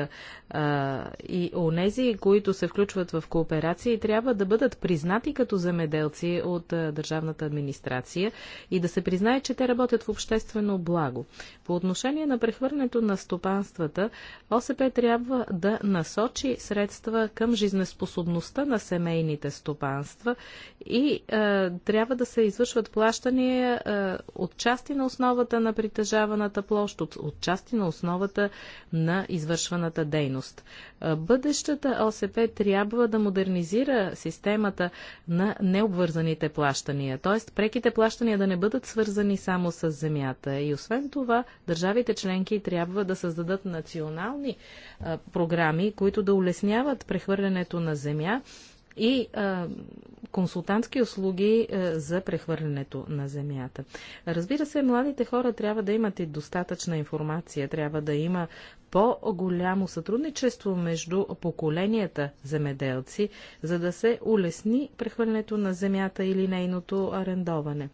а, и онези, които се включват в кооперации, трябва да бъдат признати като земеделци от а, държавната администрация и да се признае, че те работят в обществено благо. По отношение на прехвърнето на стопанствата, ОСП трябва да насочи средства към жизнеспособността на семейните стопанства и а, трябва да се извършват плащания от части отчасти на основата на притежаваната площ, от отчасти на основата на извършваната дейност. Бъдещата ОСП трябва да модернизира системата на необвързаните плащания, т.е. преките плащания да не бъдат свързани само с земята. И освен това, държавите членки трябва да създадат национални а, програми, които да улесняват прехвърлянето на земя и а, консултантски услуги е, за прехвърлянето на земята. Разбира се, младите хора трябва да имат и достатъчна информация, трябва да има по-голямо сътрудничество между поколенията земеделци, за да се улесни прехвърлянето на земята или нейното арендоване.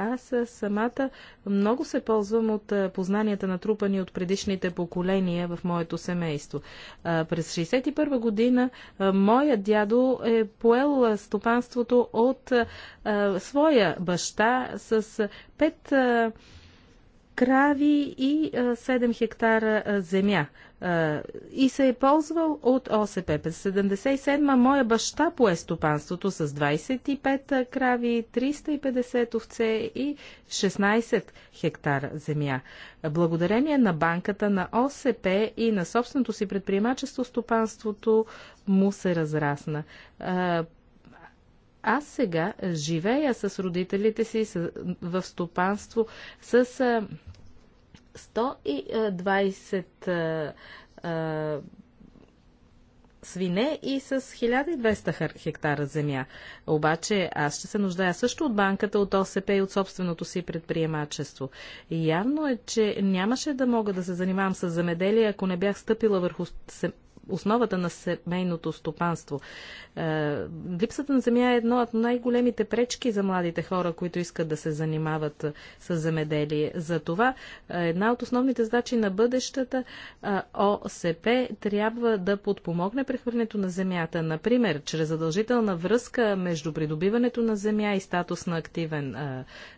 Аз самата много се ползвам от познанията натрупани от предишните поколения в моето семейство. През 1961 година моя дядо е поел стопанството от своя баща с пет крави и 7 хектара земя. И се е ползвал от ОСП. През 77-ма моя баща пое стопанството с 25 крави, 350 овце и 16 хектара земя. Благодарение на банката на ОСП и на собственото си предприемачество стопанството му се разрасна. Аз сега живея с родителите си в стопанство с 120 а, свине и с 1200 хектара земя. Обаче аз ще се нуждая също от банката, от ОСП и от собственото си предприемачество. И явно е, че нямаше да мога да се занимавам с замеделие, ако не бях стъпила върху основата на семейното стопанство. Е, липсата на земя е едно от най-големите пречки за младите хора, които искат да се занимават е, с земеделие. Затова е, една от основните задачи на бъдещата ОСП трябва да подпомогне прехвърлянето на земята, например, чрез задължителна връзка между придобиването на земя и статус на активен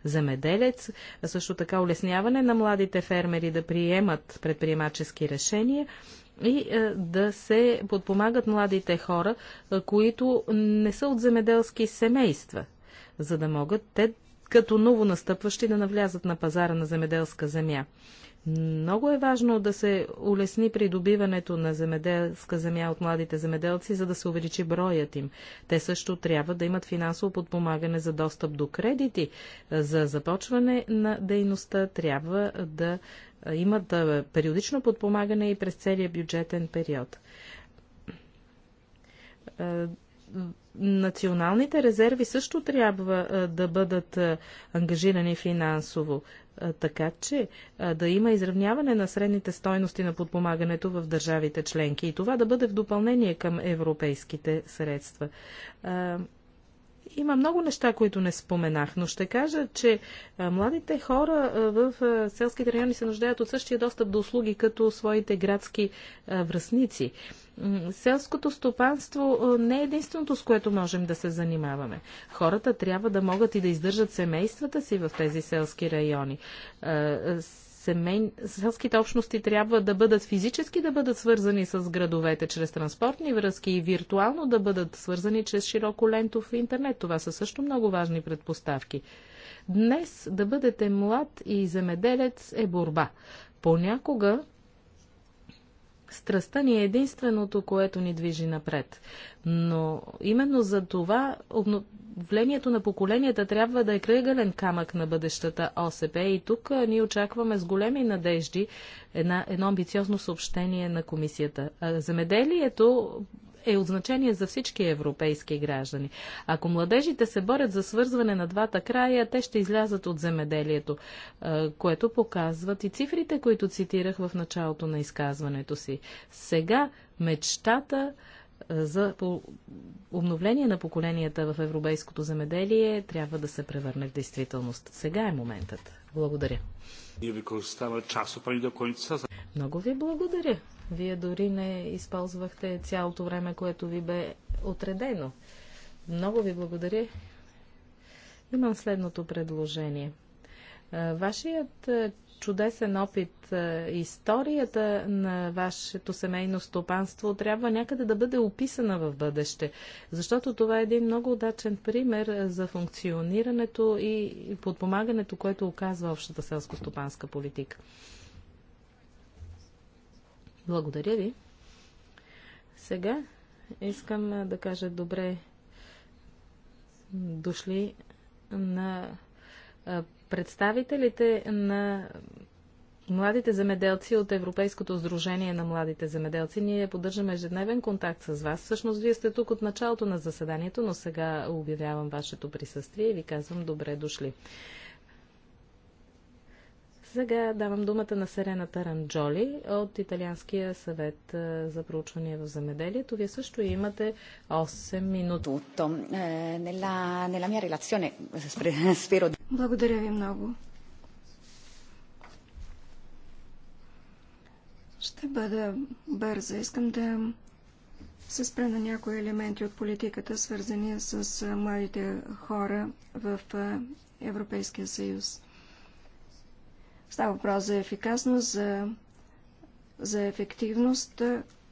земеделец, също така улесняване на младите фермери да приемат предприемачески решения, и е, да се подпомагат младите хора, е, които не са от земеделски семейства, за да могат те като ново настъпващи да навлязат на пазара на земеделска земя. Много е важно да се улесни придобиването на земеделска земя от младите земеделци, за да се увеличи броят им. Те също трябва да имат финансово подпомагане за достъп до кредити. Е, за започване на дейността трябва да имат периодично подпомагане и през целия бюджетен период. Националните резерви също трябва да бъдат ангажирани финансово, така че да има изравняване на средните стойности на подпомагането в държавите членки и това да бъде в допълнение към европейските средства. Има много неща, които не споменах, но ще кажа, че младите хора в селските райони се нуждаят от същия достъп до услуги, като своите градски връзници. Селското стопанство не е единственото, с което можем да се занимаваме. Хората трябва да могат и да издържат семействата си в тези селски райони семей... селските общности трябва да бъдат физически да бъдат свързани с градовете чрез транспортни връзки и виртуално да бъдат свързани чрез широко лентов интернет. Това са също много важни предпоставки. Днес да бъдете млад и земеделец е борба. Понякога Страстта ни е единственото, което ни движи напред. Но именно за това обновлението на поколенията трябва да е кръгален камък на бъдещата ОСП и тук ние очакваме с големи надежди една, едно амбициозно съобщение на комисията. Земеделието е от значение за всички европейски граждани. Ако младежите се борят за свързване на двата края, те ще излязат от земеделието, което показват и цифрите, които цитирах в началото на изказването си. Сега мечтата за обновление на поколенията в европейското земеделие трябва да се превърне в действителност. Сега е моментът. Благодаря. Много ви благодаря. Вие дори не използвахте цялото време, което ви бе отредено. Много ви благодаря. Имам следното предложение. Вашият чудесен опит, историята на вашето семейно стопанство трябва някъде да бъде описана в бъдеще, защото това е един много удачен пример за функционирането и подпомагането, което оказва общата селско-стопанска политика. Благодаря ви. Сега искам да кажа добре дошли на представителите на младите земеделци от Европейското сдружение на младите земеделци. Ние поддържаме ежедневен контакт с вас. Всъщност, вие сте тук от началото на заседанието, но сега обявявам вашето присъствие и ви казвам добре дошли. Сега давам думата на Серена Таранджоли от Италианския съвет за проучване в земеделието. Вие също имате 8 минути. Е, Благодаря ви много. Ще бъда бърза. Искам да се спре на някои елементи от политиката, свързани с младите хора в Европейския съюз. Става въпрос за ефикасност, за, за ефективност,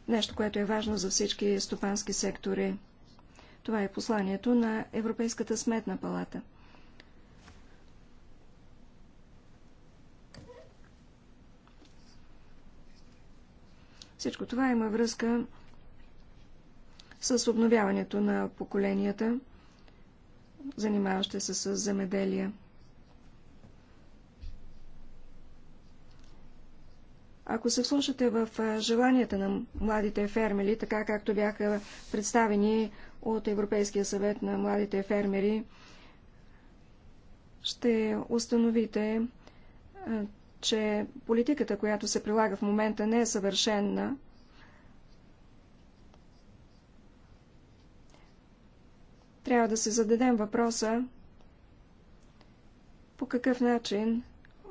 нещо, което е важно за всички стопански сектори. Това е посланието на Европейската сметна палата. Всичко това има връзка с обновяването на поколенията, занимаващи се с земеделие. Ако се вслушате в желанията на младите фермери, така както бяха представени от Европейския съвет на младите фермери, ще установите, че политиката, която се прилага в момента, не е съвършенна. Трябва да се зададем въпроса по какъв начин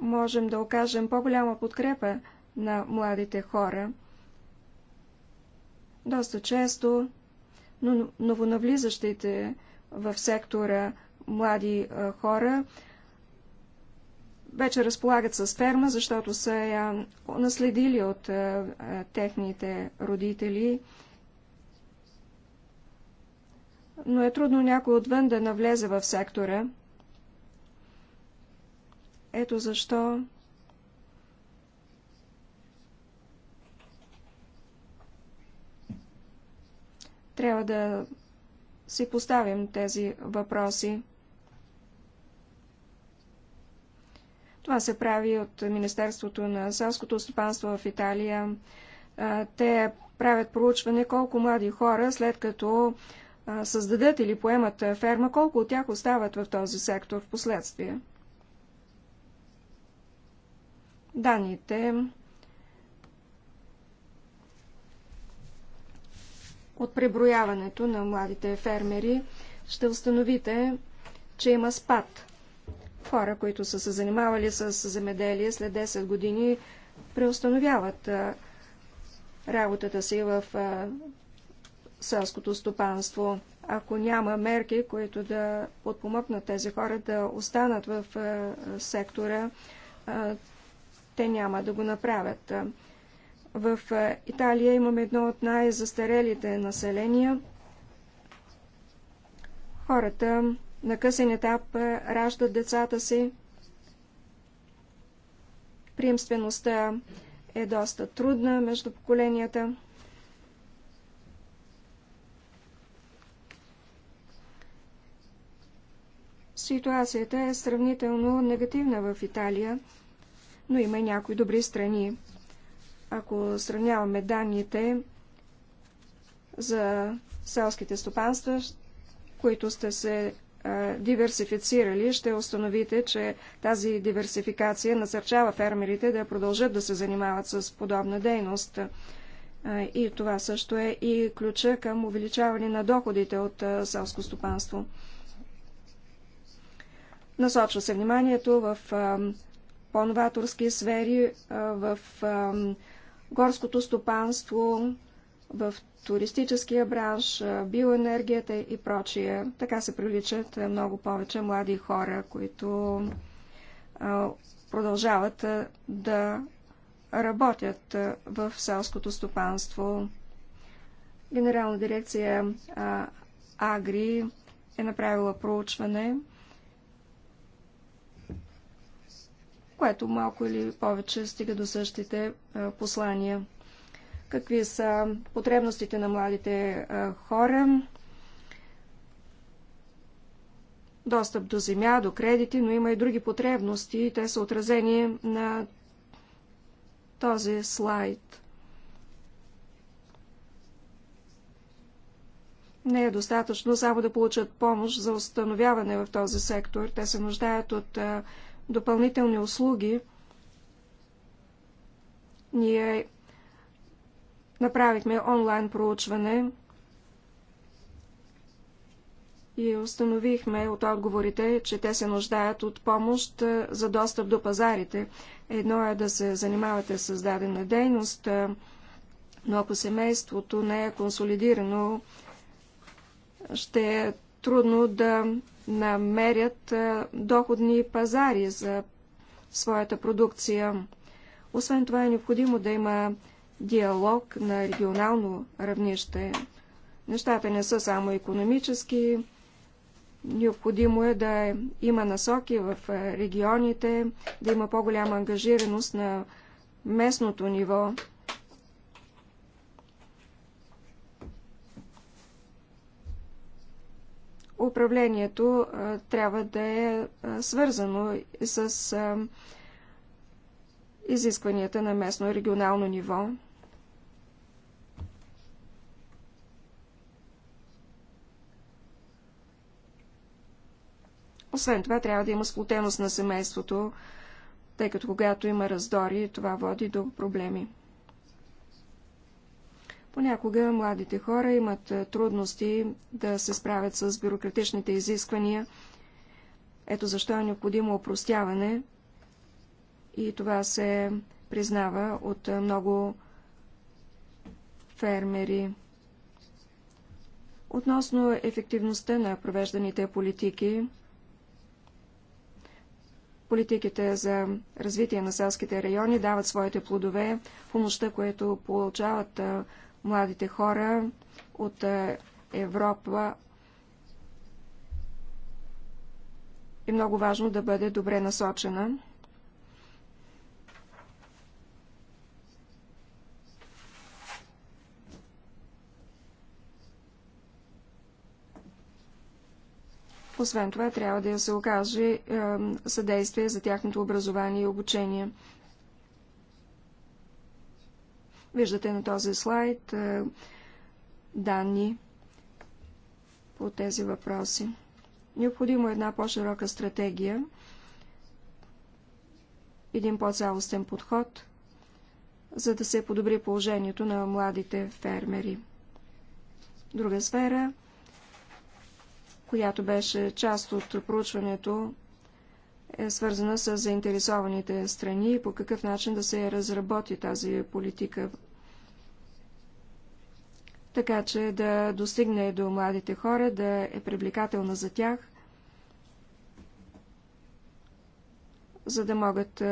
можем да окажем по-голяма подкрепа на младите хора. Доста често но новонавлизащите в сектора млади хора вече разполагат с ферма, защото са я наследили от техните родители. Но е трудно някой отвън да навлезе в сектора. Ето защо Трябва да си поставим тези въпроси. Това се прави от Министерството на селското стопанство в Италия. Те правят проучване колко млади хора, след като създадат или поемат ферма, колко от тях остават в този сектор в последствие. Данните от преброяването на младите фермери, ще установите, че има спад. Хора, които са се занимавали с земеделие след 10 години, преустановяват работата си в селското стопанство. Ако няма мерки, които да подпомогнат тези хора да останат в сектора, те няма да го направят. В е, Италия имаме едно от най-застарелите населения. Хората на късен етап е, раждат децата си. Приемствеността е доста трудна между поколенията. Ситуацията е сравнително негативна в Италия, но има и някои добри страни. Ако сравняваме данните за селските стопанства, които сте се диверсифицирали, ще установите, че тази диверсификация насърчава фермерите да продължат да се занимават с подобна дейност. И това също е и ключа към увеличаване на доходите от селско стопанство. Насочва се вниманието в по-новаторски сфери, в горското стопанство, в туристическия бранш, биоенергията и прочие. Така се привличат много повече млади хора, които продължават да работят в селското стопанство. Генерална дирекция Агри е направила проучване което малко или повече стига до същите е, послания. Какви са потребностите на младите е, хора? Достъп до земя, до кредити, но има и други потребности те са отразени на този слайд. Не е достатъчно само да получат помощ за установяване в този сектор. Те се нуждаят от е, допълнителни услуги. Ние направихме онлайн проучване и установихме от отговорите, че те се нуждаят от помощ за достъп до пазарите. Едно е да се занимавате с дадена дейност, но ако семейството не е консолидирано, ще е трудно да намерят доходни пазари за своята продукция. Освен това е необходимо да има диалог на регионално равнище. Нещата не са само економически, необходимо е да има насоки в регионите, да има по-голяма ангажираност на местното ниво. управлението трябва да е свързано с изискванията на местно и регионално ниво. Освен това, трябва да има сплотеност на семейството, тъй като когато има раздори, това води до проблеми. Понякога младите хора имат е, трудности да се справят с бюрократичните изисквания. Ето защо е необходимо опростяване и това се признава от е, много фермери. Относно ефективността на провежданите политики, политиките за развитие на селските райони дават своите плодове. Помощта, което получават е, младите хора от е, Европа е много важно да бъде добре насочена. Освен това, трябва да се окаже е, съдействие за тяхното образование и обучение. Виждате на този слайд е, данни по тези въпроси. Необходимо е една по-широка стратегия, един по-цялостен подход, за да се подобри положението на младите фермери. Друга сфера, която беше част от проучването е свързана с заинтересованите страни и по какъв начин да се разработи тази политика, така че да достигне до младите хора, да е привлекателна за тях, за да могат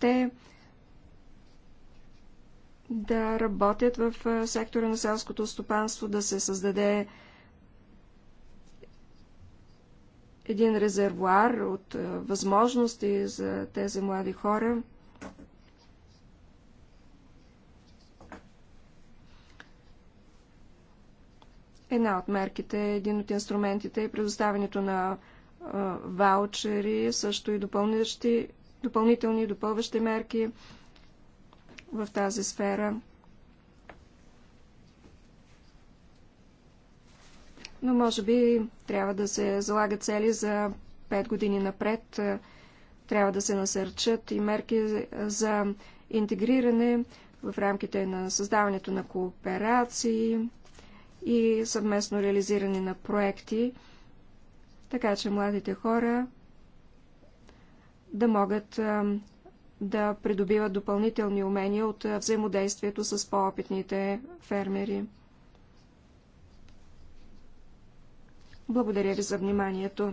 те да работят в сектора на селското стопанство, да се създаде един резервуар от е, възможности за тези млади хора. Една от мерките, един от инструментите е предоставянето на е, ваучери, също и допълнителни допълващи мерки в тази сфера. но може би трябва да се залагат цели за 5 години напред. Трябва да се насърчат и мерки за интегриране в рамките на създаването на кооперации и съвместно реализиране на проекти, така че младите хора да могат да придобиват допълнителни умения от взаимодействието с по-опитните фермери. Благодаря ви за вниманието.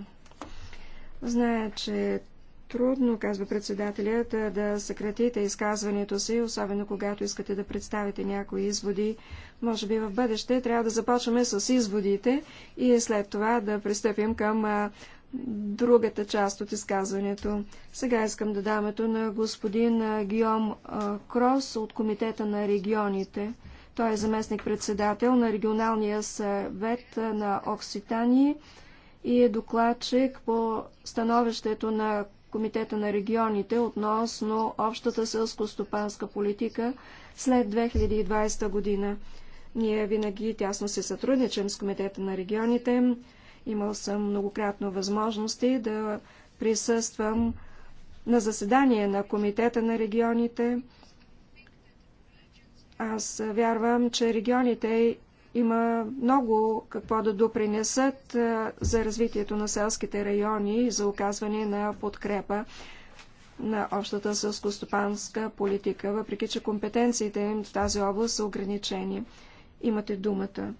Зная, че трудно, казва председателят, е да съкратите изказването си, особено когато искате да представите някои изводи. Може би в бъдеще трябва да започваме с изводите и след това да пристъпим към другата част от изказването. Сега искам да дам ето на господин Гиом Крос от Комитета на регионите. Той е заместник-председател на регионалния съвет на Окситани и е докладчик по становището на Комитета на регионите относно общата селско-стопанска политика след 2020 година. Ние винаги тясно се сътрудничам с Комитета на регионите. Имал съм многократно възможности да присъствам на заседание на Комитета на регионите аз вярвам, че регионите има много какво да допринесат за развитието на селските райони и за оказване на подкрепа на общата сълскостопанска политика, въпреки че компетенциите им в тази област са ограничени. Имате думата.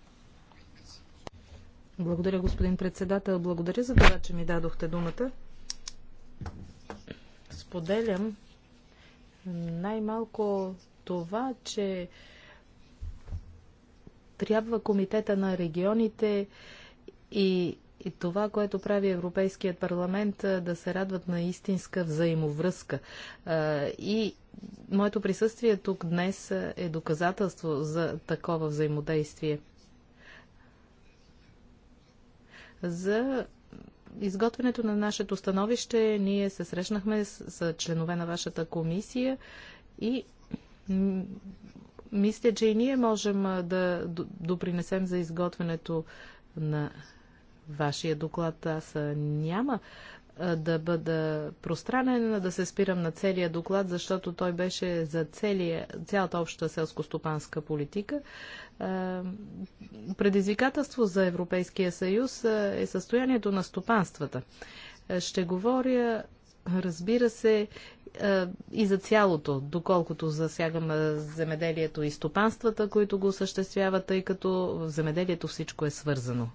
Благодаря, господин председател. Благодаря за това, че ми дадохте думата. Споделям най-малко това, че трябва Комитета на регионите и, и това, което прави Европейският парламент, да се радват на истинска взаимовръзка. И моето присъствие тук днес е доказателство за такова взаимодействие. За изготвянето на нашето становище ние се срещнахме с, с членове на вашата комисия и мисля, че и ние можем да допринесем за изготвянето на вашия доклад. Аз няма да бъда пространен, да се спирам на целия доклад, защото той беше за целия, цялата обща селско-стопанска политика. Предизвикателство за Европейския съюз е състоянието на стопанствата. Ще говоря, разбира се, е, и за цялото, доколкото засягаме земеделието и стопанствата, които го осъществяват, тъй като в земеделието всичко е свързано.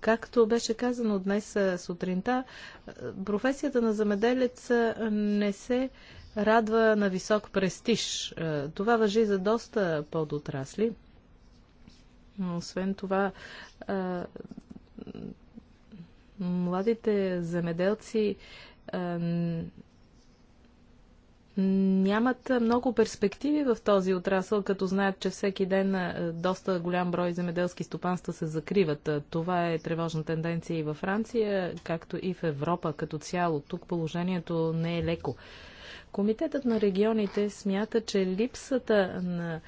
Както беше казано днес е, сутринта, е, професията на земеделец не се радва на висок престиж. Това въжи за доста подотрасли. Освен това, младите земеделци а, нямат много перспективи в този отрасъл, като знаят, че всеки ден доста голям брой земеделски стопанства се закриват. Това е тревожна тенденция и във Франция, както и в Европа като цяло. Тук положението не е леко. Комитетът на регионите смята, че липсата на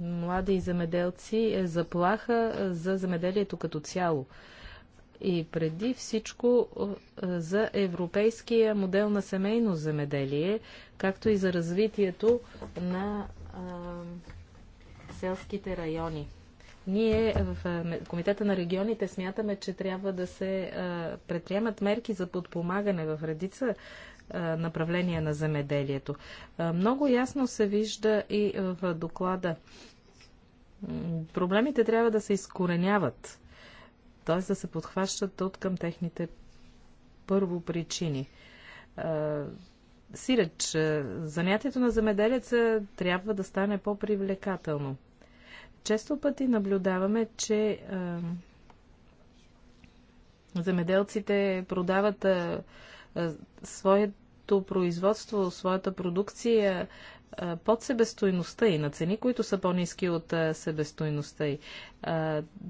млади земеделци е заплаха е, за земеделието като цяло. И преди всичко е, за европейския модел на семейно земеделие, както и за развитието на а, селските райони. Ние в Комитета на регионите смятаме, че трябва да се предприемат мерки за подпомагане в редица направления на земеделието. Много ясно се вижда и в доклада. Проблемите трябва да се изкореняват, т.е. да се подхващат от към техните първо причини. Сиреч, занятието на земеделеца трябва да стане по-привлекателно. Често пъти наблюдаваме, че земеделците продават е, своето производство, своята продукция е, под себестойността и на цени, които са по-низки от е, себестойността и.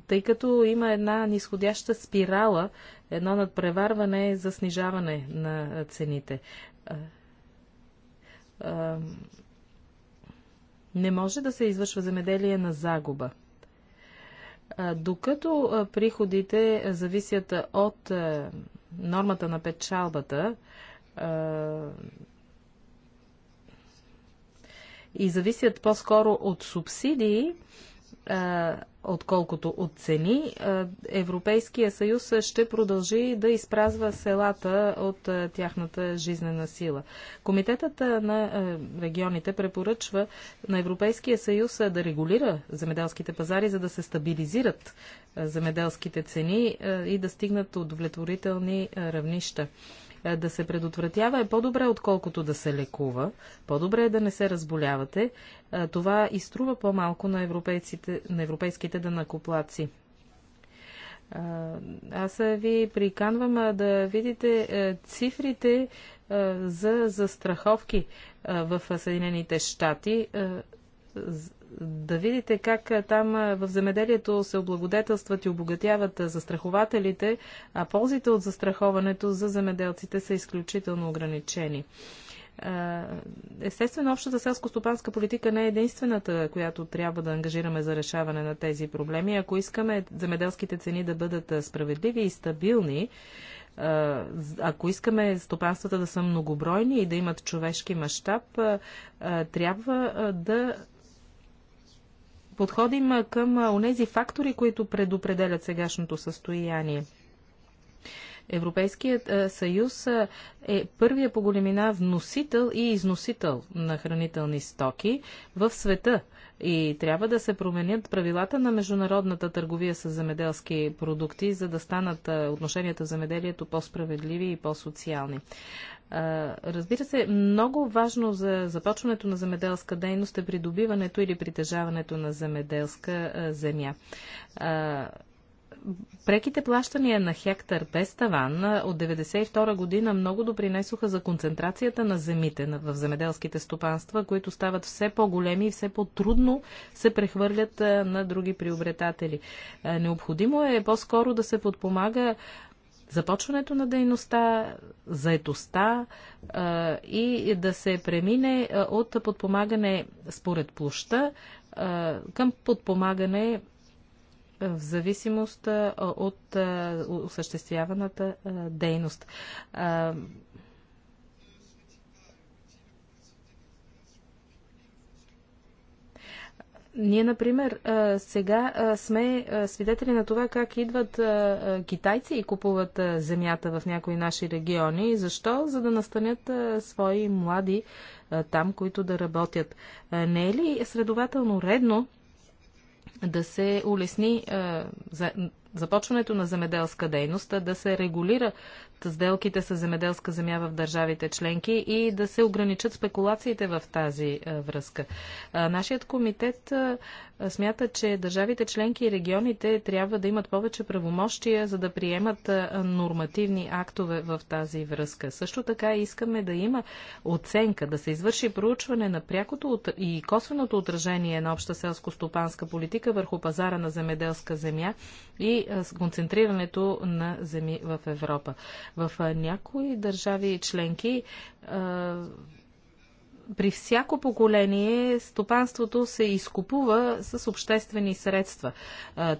Тъй като има една нисходяща спирала, едно надпреварване за снижаване на цените. Не може да се извършва земеделие на загуба. Докато приходите зависят от нормата на печалбата и зависят по-скоро от субсидии, отколкото от цени, Европейския съюз ще продължи да изпразва селата от тяхната жизнена сила. Комитетът на регионите препоръчва на Европейския съюз да регулира земеделските пазари, за да се стабилизират земеделските цени и да стигнат удовлетворителни равнища. Е, да се предотвратява е по-добре, отколкото да се лекува. По-добре е да не се разболявате. Е, това изтрува по-малко на, европейците, на европейските данакоплаци. Е, аз ви приканвам да видите цифрите за застраховки в Съединените щати да видите как там в земеделието се облагодетелстват и обогатяват застрахователите, а ползите от застраховането за земеделците са изключително ограничени. Естествено, общата селско-стопанска политика не е единствената, която трябва да ангажираме за решаване на тези проблеми. Ако искаме земеделските цени да бъдат справедливи и стабилни, ако искаме стопанствата да са многобройни и да имат човешки мащаб, трябва да подходим към онези фактори, които предопределят сегашното състояние. Европейският съюз е първия по големина вносител и износител на хранителни стоки в света и трябва да се променят правилата на международната търговия с земеделски продукти, за да станат отношенията в земеделието по-справедливи и по-социални. Разбира се, много важно за започването на земеделска дейност е придобиването или притежаването на земеделска земя. Преките плащания на хектар без таван от 1992 година много допринесоха за концентрацията на земите в земеделските стопанства, които стават все по-големи и все по-трудно се прехвърлят на други приобретатели. Необходимо е по-скоро да се подпомага започването на дейността, заетостта и да се премине от подпомагане според площа към подпомагане в зависимост от осъществяваната дейност. Ние, например, сега сме свидетели на това как идват китайци и купуват земята в някои наши региони. Защо? За да настанят свои млади там, които да работят. Не е ли следователно редно да се улесни започването на земеделска дейност, да се регулира сделките с земеделска земя в държавите членки и да се ограничат спекулациите в тази е, връзка. Нашият комитет е, смята, че държавите членки и регионите трябва да имат повече правомощия, за да приемат е, нормативни актове в тази връзка. Също така искаме да има оценка, да се извърши проучване на прякото и косвеното отражение на обща селско-стопанска политика върху пазара на земеделска земя и концентрирането на земи в Европа. В някои държави и членки при всяко поколение стопанството се изкупува с обществени средства.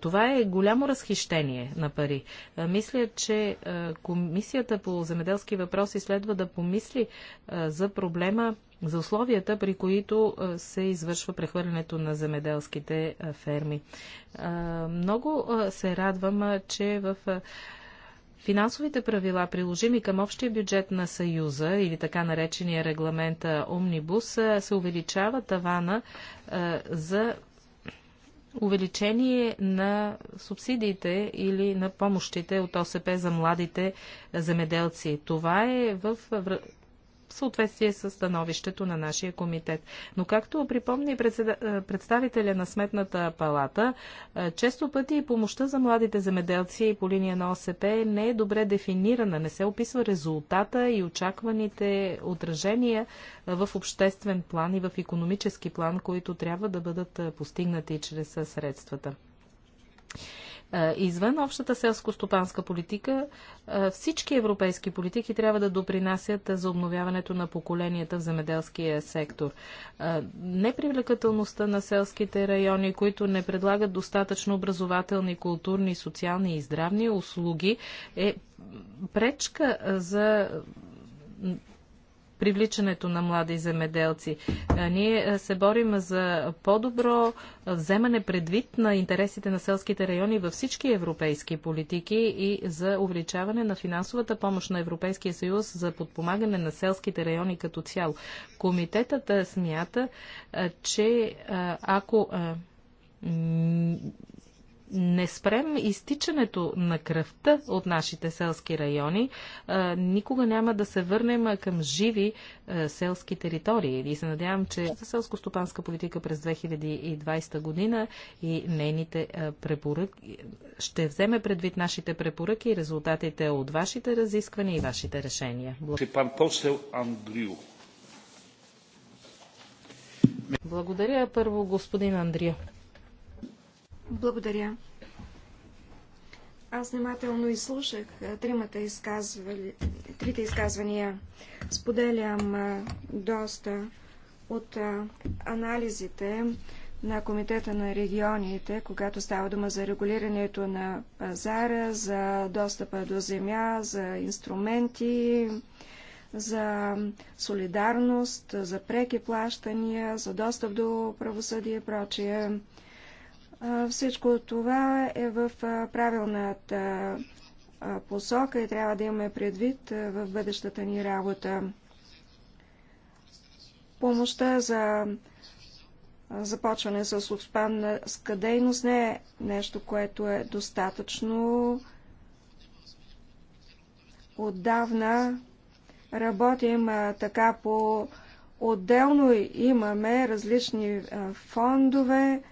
Това е голямо разхищение на пари. Мисля, че Комисията по земеделски въпроси следва да помисли за проблема за условията, при които се извършва прехвърлянето на земеделските ферми. Много се радвам, че в Финансовите правила, приложими към общия бюджет на Съюза или така наречения регламента Омнибус, се увеличава тавана за увеличение на субсидиите или на помощите от ОСП за младите земеделци. Това е в в съответствие с становището на нашия комитет. Но както припомни е, представителя на Сметната палата, е, често пъти и помощта за младите земеделци и по линия на ОСП не е добре дефинирана, не се описва резултата и очакваните отражения е, в обществен план и в економически план, които трябва да бъдат постигнати чрез средствата. Е, извън общата селско-стопанска политика, е, всички европейски политики трябва да допринасят за обновяването на поколенията в земеделския сектор. Е, непривлекателността на селските райони, които не предлагат достатъчно образователни, културни, социални и здравни услуги, е пречка за привличането на млади земеделци. Ние се борим за по-добро вземане предвид на интересите на селските райони във всички европейски политики и за увеличаване на финансовата помощ на Европейския съюз за подпомагане на селските райони като цяло. Комитетът смята, че ако не спрем изтичането на кръвта от нашите селски райони, никога няма да се върнем към живи селски територии. И се надявам, че за селско-стопанска политика през 2020 година и нейните препоръки ще вземе предвид нашите препоръки и резултатите от вашите разисквания и вашите решения. Благодаря. Значи, Благодаря първо господин Андрия. Благодаря. Аз внимателно изслушах тримата изказвали, трите изказвания. Споделям доста от анализите на Комитета на регионите, когато става дума за регулирането на пазара, за достъпа до земя, за инструменти, за солидарност, за преки плащания, за достъп до правосъдие и прочие. Всичко това е в правилната посока и трябва да имаме предвид в бъдещата ни работа. Помощта за започване с отспанска дейност не е нещо, което е достатъчно. Отдавна работим така по отделно имаме различни фондове,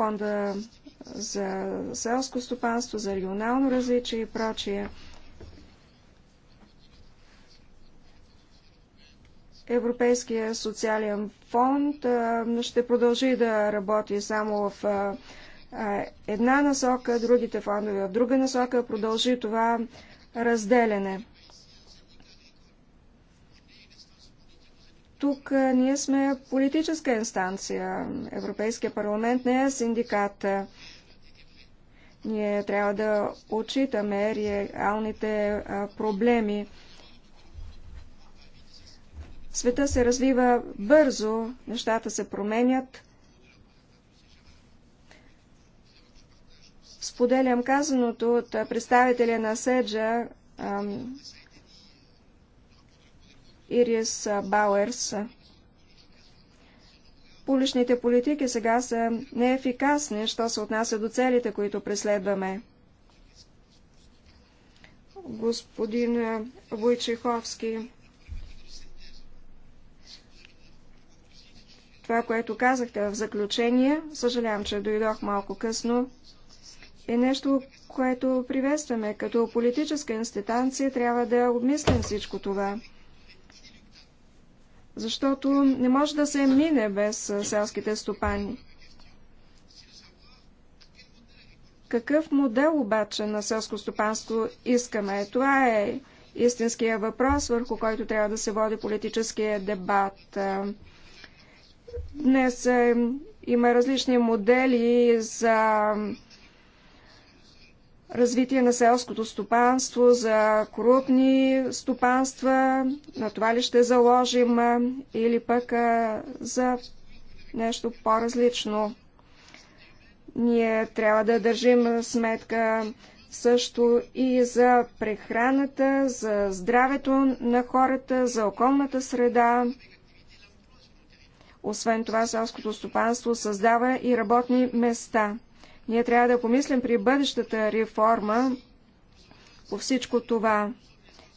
фонда за селско стопанство, за регионално различие и прочие. Европейския социален фонд ще продължи да работи само в една насока, другите фондове в друга насока, продължи това разделяне. Тук ние сме политическа инстанция. Европейския парламент не е синдикат. Ние трябва да отчитаме реалните проблеми. Света се развива бързо, нещата се променят. Споделям казаното от представителя на Седжа Ирис Бауерс. Публичните политики сега са неефикасни, що се отнася до целите, които преследваме. Господин Войчеховски, това, което казахте в заключение, съжалявам, че дойдох малко късно, е нещо, което приветстваме. Като политическа инститанция трябва да обмислим всичко това защото не може да се мине без селските стопани. Какъв модел обаче на селско стопанство искаме? Това е истинския въпрос, върху който трябва да се води политическия дебат. Днес има различни модели за развитие на селското стопанство, за крупни стопанства, на това ли ще заложим или пък за нещо по-различно. Ние трябва да държим сметка също и за прехраната, за здравето на хората, за околната среда. Освен това, селското стопанство създава и работни места – ние трябва да помислим при бъдещата реформа по всичко това.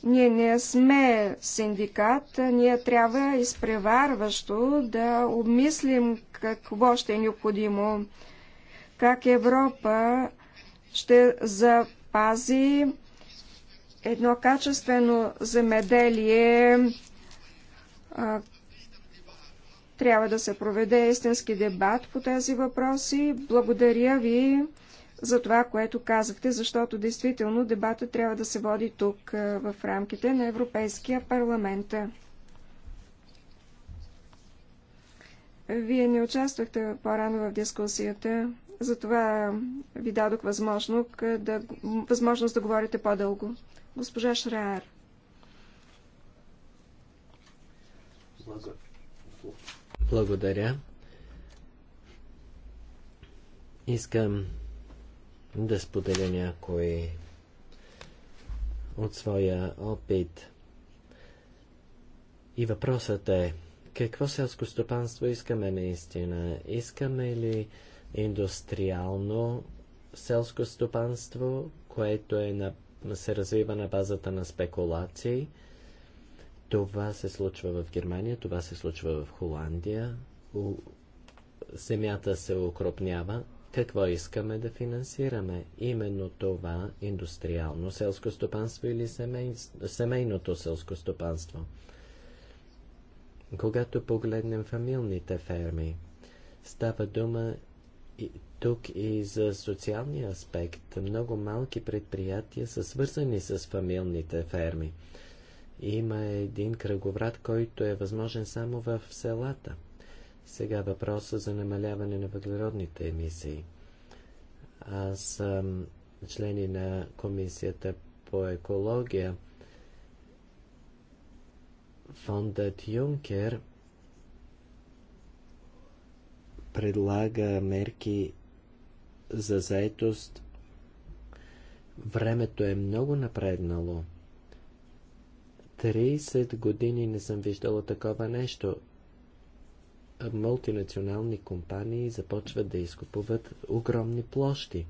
Ние не сме синдикат, ние трябва изпреварващо да обмислим какво ще е необходимо, как Европа ще запази едно качествено земеделие, трябва да се проведе истински дебат по тези въпроси. Благодаря ви за това, което казахте, защото действително дебата трябва да се води тук, е, в рамките на Европейския парламент. Вие не участвахте по-рано в дискусията, затова ви дадох възможност да, възможност да говорите по-дълго. Госпожа Шраер. Благодаря. Искам да споделя някои от своя опит. И въпросът е, какво селско стопанство искаме наистина? Искаме ли индустриално селско стопанство, което е на, се развива на базата на спекулации – това се случва в Германия, това се случва в Холандия. У... Земята се укропнява. Какво искаме да финансираме? Именно това индустриално селско стопанство или семей... семейното селско стопанство. Когато погледнем фамилните ферми, става дума и тук и за социалния аспект. Много малки предприятия са свързани с фамилните ферми има един кръговрат, който е възможен само в селата. Сега въпроса за намаляване на въглеродните емисии. Аз съм члени на Комисията по екология. Фондът Юнкер предлага мерки за заетост. Времето е много напреднало. 30 години не съм виждала такова нещо. Мултинационални компании започват да изкупуват огромни площи.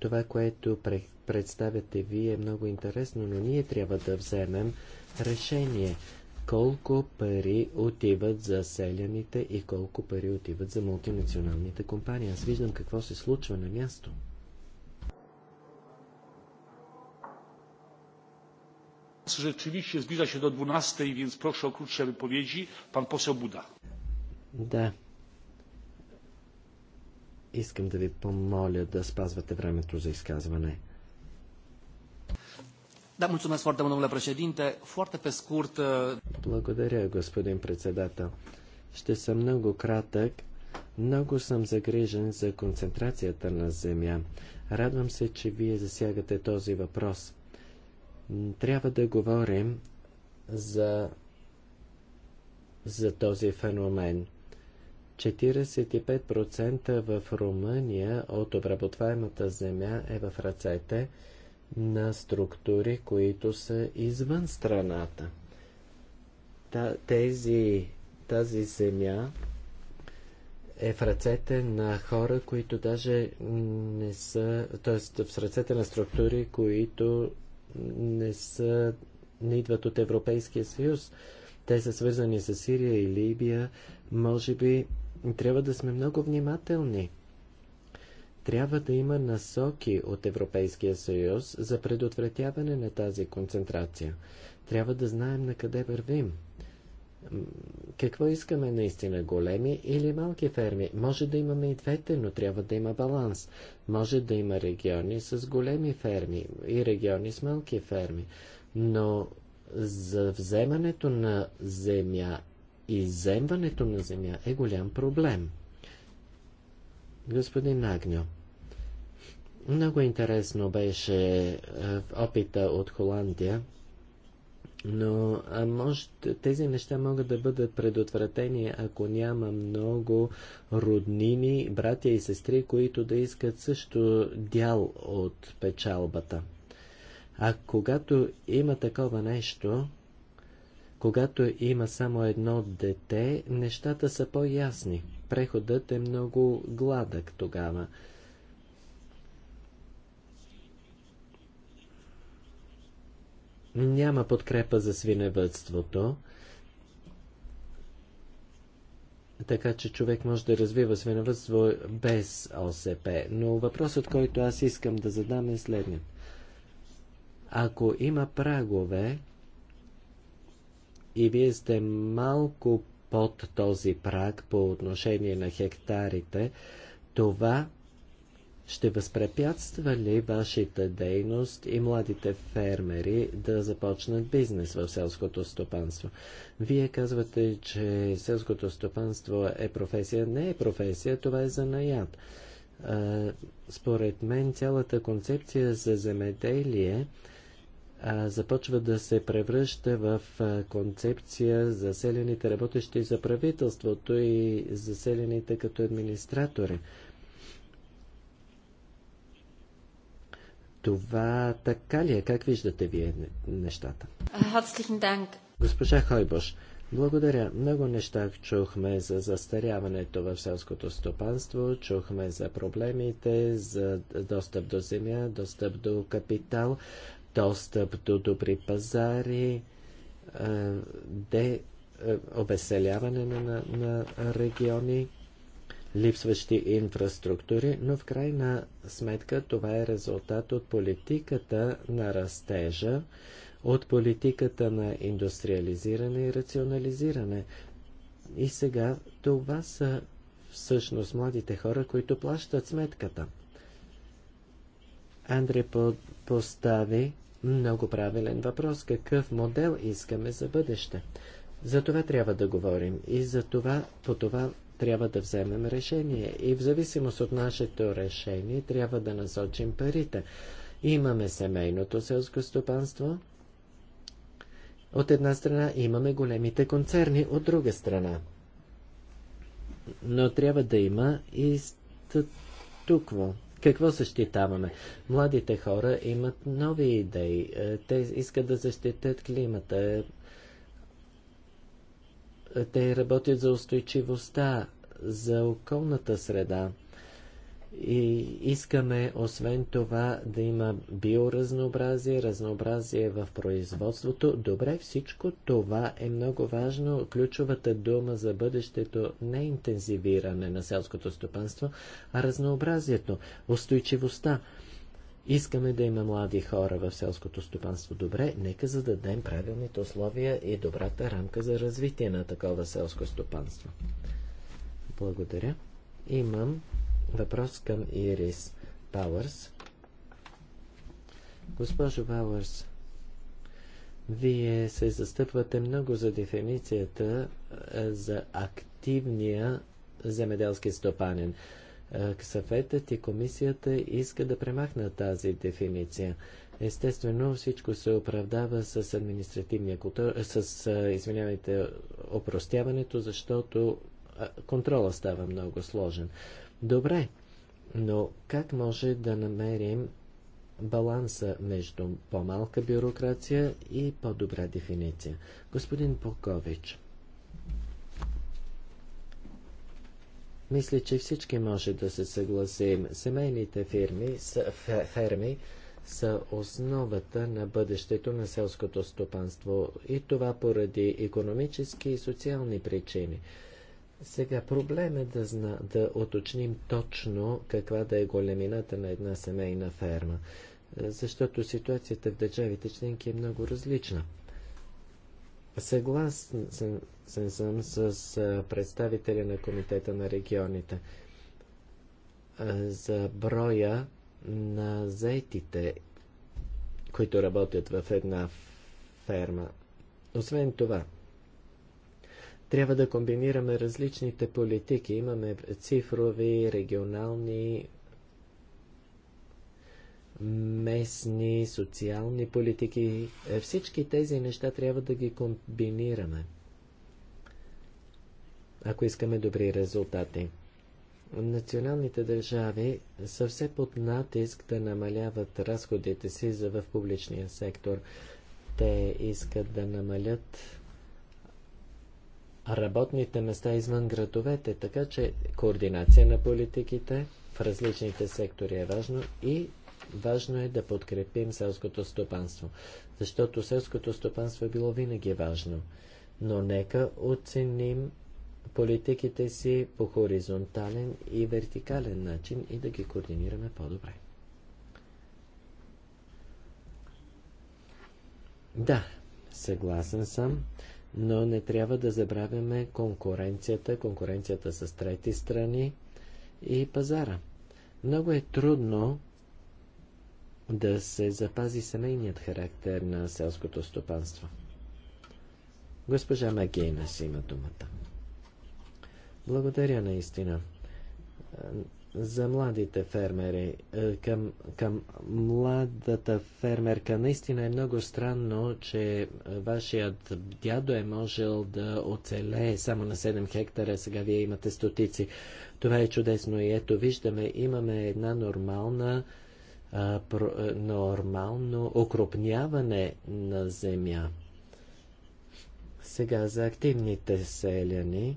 Това, което представяте вие е много интересно, но ние трябва да вземем решение колко пари отиват за селяните и колко пари отиват за мултинационалните компании. Аз виждам какво се случва на място. rzeczywiście zbliża się do 12, więc proszę o krótsze wypowiedzi. Pan poseł Buda. Да. Искам да ви помоля да спазвате времето за изказване. Благодаря, господин председател. Ще съм много кратък. Много съм загрижен за концентрацията на земя. Радвам се, че вие засягате този въпрос. Трябва да говорим за, за този феномен. 45% в Румъния от обработваемата земя е в ръцете на структури, които са извън страната. Та, тези, тази земя е в ръцете на хора, които даже не са, т.е. в ръцете на структури, които не, са, не идват от Европейския съюз. Те са свързани с Сирия и Либия. Може би трябва да сме много внимателни. Трябва да има насоки от Европейския съюз за предотвратяване на тази концентрация. Трябва да знаем на къде вървим какво искаме наистина, големи или малки ферми? Може да имаме и двете, но трябва да има баланс. Може да има региони с големи ферми и региони с малки ферми. Но за вземането на земя и земването на земя е голям проблем. Господин Нагньо, много интересно беше е, опита от Холандия но а може, тези неща могат да бъдат предотвратени, ако няма много роднини, братя и сестри, които да искат също дял от печалбата. А когато има такова нещо, когато има само едно дете, нещата са по-ясни. Преходът е много гладък тогава. Няма подкрепа за свиневътството. Така че човек може да развива свиневътство без ОСП. Но въпросът, който аз искам да задам е следният. Ако има прагове и вие сте малко под този праг по отношение на хектарите, това ще възпрепятства ли вашата дейност и младите фермери да започнат бизнес в селското стопанство? Вие казвате, че селското стопанство е професия. Не е професия, това е занаят. Според мен цялата концепция за земеделие започва да се превръща в концепция за селените работещи за правителството и заселените като администратори. Това така ли е? Как виждате вие нещата? Госпожа Хойбош, благодаря. Много неща чухме за застаряването в селското стопанство, чухме за проблемите, за достъп до земя, достъп до капитал, достъп до добри пазари, е, де, е, обеселяване на, на, на региони липсващи инфраструктури, но в крайна сметка това е резултат от политиката на растежа, от политиката на индустриализиране и рационализиране. И сега това са всъщност младите хора, които плащат сметката. Андре по постави много правилен въпрос. Какъв модел искаме за бъдеще? За това трябва да говорим и за това, по това трябва да вземем решение. И в зависимост от нашето решение трябва да насочим парите. Имаме семейното селско стопанство. От една страна имаме големите концерни, от друга страна. Но трябва да има и статукво. Какво защитаваме? Младите хора имат нови идеи. Те искат да защитят климата, е, те работят за устойчивостта, за околната среда. И искаме, освен това, да има биоразнообразие, разнообразие в производството. Добре, всичко това е много важно. Ключовата дума за бъдещето не е интензивиране на селското стопанство, а разнообразието, устойчивостта. Искаме да има млади хора в селското стопанство. Добре, нека зададем правилните условия и добрата рамка за развитие на такова селско стопанство. Благодаря. Имам въпрос към Ирис Пауърс. Госпожо Пауърс, вие се застъпвате много за дефиницията за активния земеделски стопанин. Е, съветът и комисията иска да премахнат тази дефиниция. Естествено, всичко се оправдава с административния контрол, е, с, е, извинявайте, опростяването, защото контрола става много сложен. Добре, но как може да намерим баланса между по-малка бюрокрация и по-добра дефиниция? Господин Покович. Мисля, че всички може да се съгласим. Семейните фирми, са, ферми са основата на бъдещето на селското стопанство и това поради економически и социални причини. Сега проблем е да, зна, да оточним точно каква да е големината на една семейна ферма, защото ситуацията в държавите членки е много различна. Съгласен съм, с представителя на Комитета на регионите за броя на заетите, които работят в една ферма. Освен това, трябва да комбинираме различните политики. Имаме цифрови, регионални местни, социални политики. Е, всички тези неща трябва да ги комбинираме, ако искаме добри резултати. Националните държави са все под натиск да намаляват разходите си за в публичния сектор. Те искат да намалят работните места извън градовете, така че координация на политиките в различните сектори е важно и Важно е да подкрепим селското стопанство, защото селското стопанство е било винаги важно. Но нека оценим политиките си по хоризонтален и вертикален начин и да ги координираме по-добре. Да, съгласен съм, но не трябва да забравяме конкуренцията, конкуренцията с трети страни и пазара. Много е трудно да се запази семейният характер на селското стопанство. Госпожа Магейна си има думата. Благодаря наистина. За младите фермери, е, към, към младата фермерка, наистина е много странно, че вашият дядо е можел да оцелее само на 7 хектара, сега вие имате стотици. Това е чудесно и ето виждаме, имаме една нормална а, про, нормално окрупняване на земя. Сега за активните селяни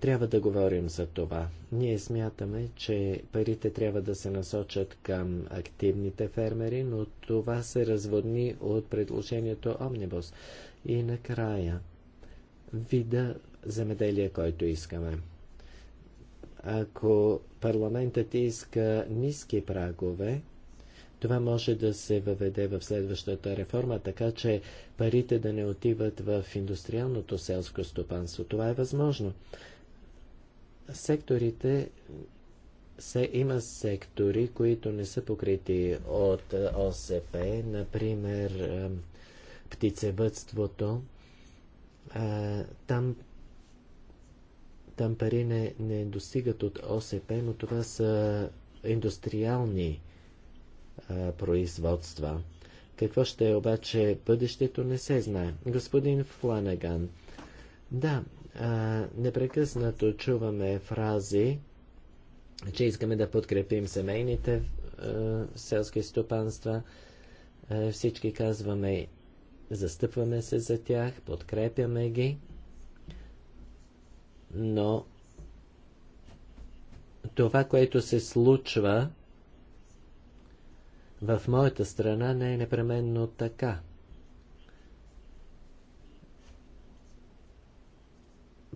трябва да говорим за това. Ние смятаме, че парите трябва да се насочат към активните фермери, но това се разводни от предложението Омнибус. И накрая, вида земеделие, който искаме. Ако парламентът иска ниски прагове, това може да се въведе в следващата реформа, така че парите да не отиват в индустриалното селско стопанство. Това е възможно. Секторите се, има сектори, които не са покрити от е, ОСП, например е, птицевътството. Е, там, там пари не, не достигат от ОСП, но това са индустриални а, производства. Какво ще е обаче бъдещето не се знае. Господин Фланаган, да, а, непрекъснато чуваме фрази, че искаме да подкрепим семейните а, селски стопанства. всички казваме, застъпваме се за тях, подкрепяме ги, но това, което се случва, в моята страна не е непременно така.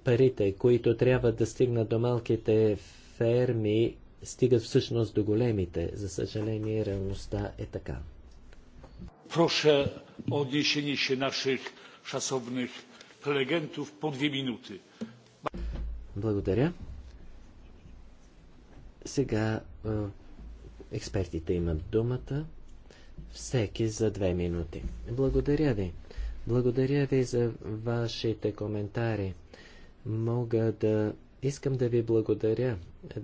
Парите, които трябва да стигнат до малките ферми, стигат всъщност до големите. За съжаление, реалността е така. Проша o odniesienie się naszych szacownych prelegentów po Благодаря. Сега е, Експертите имат думата. Всеки за две минути. Благодаря ви. Благодаря ви за вашите коментари. Мога да... Искам да ви благодаря.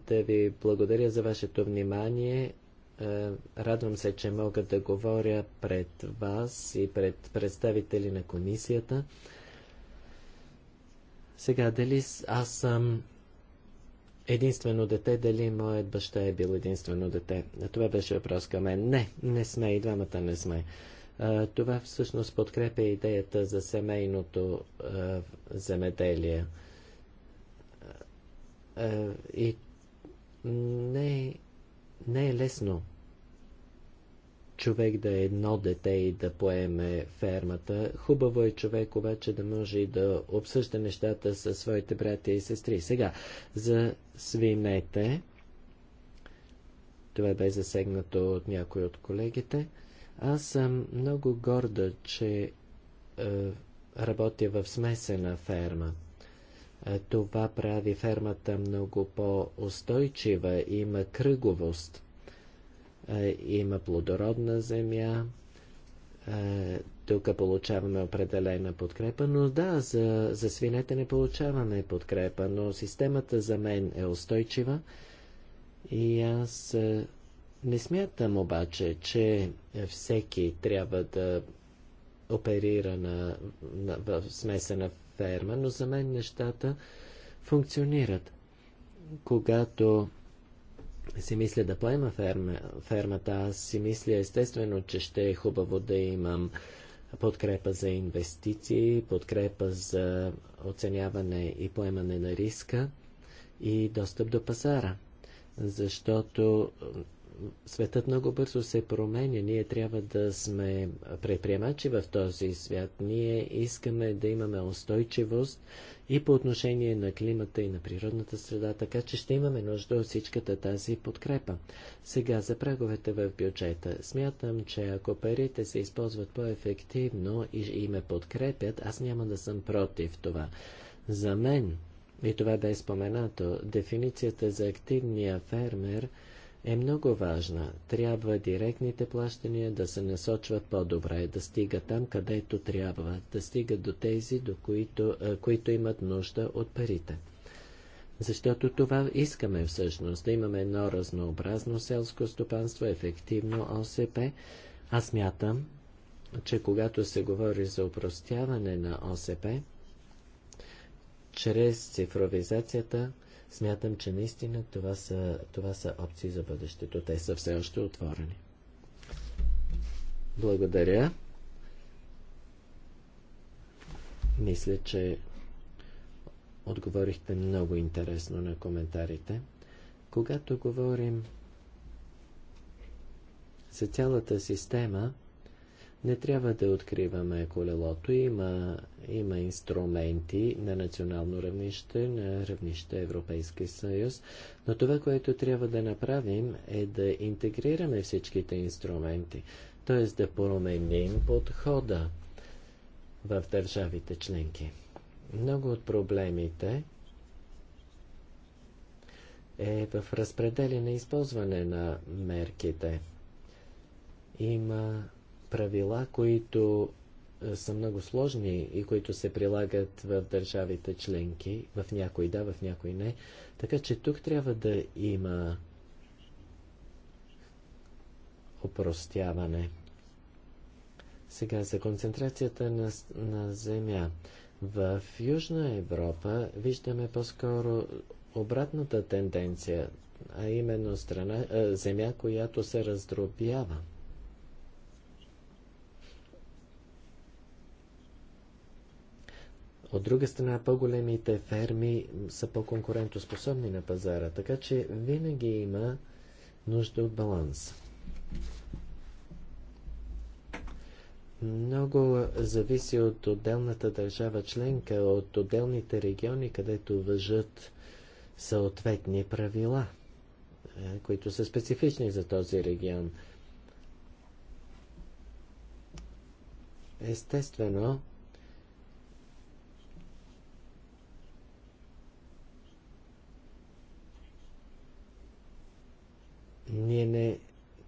Да ви благодаря за вашето внимание. Е, радвам се, че мога да говоря пред вас и пред представители на комисията. Сега, дали аз съм единствено дете, дали моят баща е бил единствено дете. Това беше въпрос към мен. Не, не сме и двамата не сме. Това всъщност подкрепя идеята за семейното земеделие. И не, не е лесно човек да е едно дете и да поеме фермата. Хубаво е човек обаче да може и да обсъжда нещата със своите братя и сестри. Сега, за свинете, това бе засегнато от някой от колегите, аз съм много горда, че е, работя в смесена ферма. Е, това прави фермата много по-устойчива, има кръговост. Е, има плодородна земя, е, тук получаваме определена подкрепа, но да, за, за свинете не получаваме подкрепа, но системата за мен е устойчива и аз е, не смятам обаче, че всеки трябва да оперира на, на, в смесена ферма, но за мен нещата функционират. Когато си мисля да поема ферма, фермата, аз си мисля естествено, че ще е хубаво да имам подкрепа за инвестиции, подкрепа за оценяване и поемане на риска и достъп до пазара. Защото светът много бързо се променя. Ние трябва да сме предприемачи в този свят. Ние искаме да имаме устойчивост, и по отношение на климата и на природната среда, така че ще имаме нужда от всичката тази подкрепа. Сега за праговете в бюджета. Смятам, че ако парите се използват по-ефективно и, и ме подкрепят, аз няма да съм против това. За мен, и това бе е споменато, дефиницията за активния фермер – е много важна. Трябва директните плащания да се насочват по-добре, да стига там, където трябва, да стига до тези, до които, които имат нужда от парите. Защото това искаме всъщност, да имаме едно разнообразно селско стопанство, ефективно ОСП. Аз мятам, че когато се говори за упростяване на ОСП, чрез цифровизацията, Смятам, че наистина това са, това са опции за бъдещето. Те са все още отворени. Благодаря. Мисля, че отговорихте много интересно на коментарите. Когато говорим за цялата система, не трябва да откриваме колелото. Има, има инструменти на национално равнище, на равнище Европейски съюз, но това, което трябва да направим е да интегрираме всичките инструменти, т.е. да променим подхода в държавите членки. Много от проблемите е в разпределение и използване на мерките. Има правила, които е, са много сложни и които се прилагат в държавите членки, в някои да, в някои не. Така че тук трябва да има опростяване. Сега за концентрацията на, на земя. В Южна Европа виждаме по-скоро обратната тенденция, а именно страна, е, земя, която се раздробява. От друга страна, по-големите ферми са по-конкурентоспособни на пазара, така че винаги има нужда от баланс. Много зависи от отделната държава членка, от отделните региони, където въжат съответни правила, е, които са специфични за този регион. Естествено, Ние не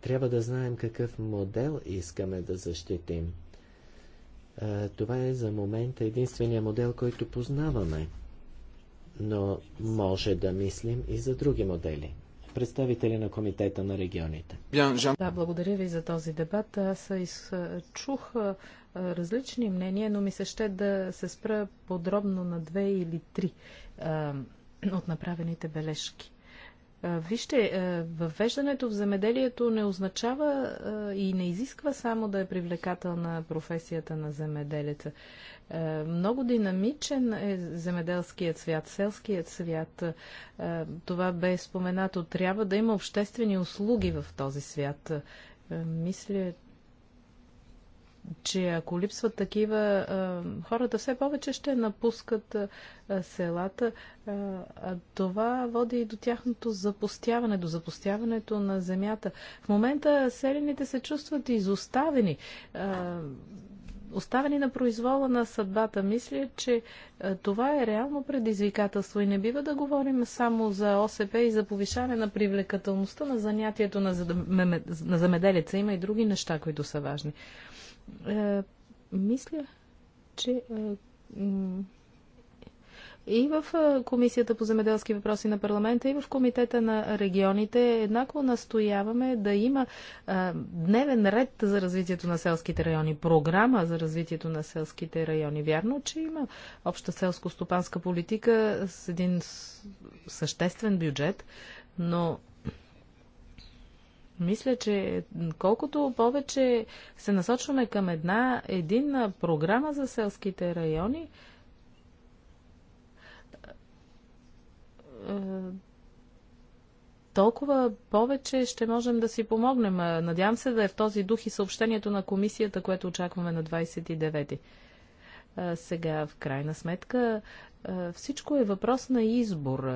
трябва да знаем какъв модел искаме да защитим. Това е за момента единствения модел, който познаваме. Но може да мислим и за други модели. Представители на Комитета на регионите. Да, благодаря ви за този дебат. Аз чух различни мнения, но ми се ще да се спра подробно на две или три от направените бележки. Вижте, въвеждането в земеделието не означава и не изисква само да е привлекателна професията на земеделеца. Много динамичен е земеделският свят, селският свят. Това бе споменато. Трябва да има обществени услуги в този свят. Мисля, че ако липсват такива, хората все повече ще напускат селата. А това води и до тяхното запустяване, до запустяването на земята. В момента селените се чувстват изоставени оставени на произвола на съдбата. Мисля, че това е реално предизвикателство и не бива да говорим само за ОСП и за повишане на привлекателността на занятието на, на замеделица. Има и други неща, които са важни. Е, мисля, че е, и в е, Комисията по земеделски въпроси на парламента, и в Комитета на регионите еднакво настояваме да има а, дневен ред за развитието на селските райони, програма за развитието на селските райони. Вярно, че има обща селско-стопанска политика с един съществен бюджет, но мисля, че колкото повече се насочваме към една единна програма за селските райони, е, толкова повече ще можем да си помогнем. Е, надявам се да е в този дух и съобщението на комисията, което очакваме на 29-ти. Е, сега, в крайна сметка, всичко е въпрос на избор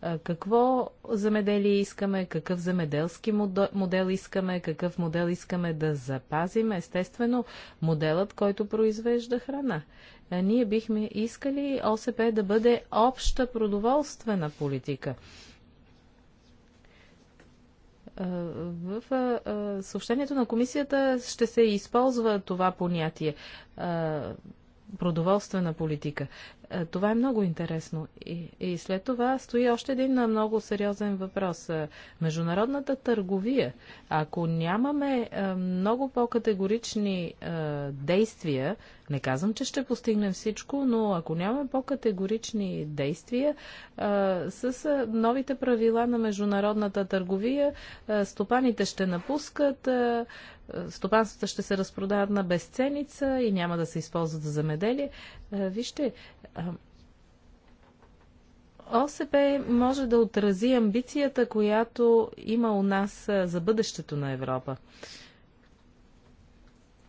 какво замеделие искаме, какъв замеделски модел искаме, какъв модел искаме да запазим. Естествено, моделът, който произвежда храна. Ние бихме искали ОСП да бъде обща продоволствена политика. В съобщението на комисията ще се използва това понятие продоволствена политика. Е, това е много интересно. И, и след това стои още един много сериозен въпрос. Е, международната търговия. Ако нямаме е, много по-категорични действия не казвам, че ще постигнем всичко, но ако нямаме по-категорични действия а, с новите правила на международната търговия, а, стопаните ще напускат, а, стопанствата ще се разпродават на безценица и няма да се използват за земеделие. А, вижте, а, ОСП може да отрази амбицията, която има у нас за бъдещето на Европа.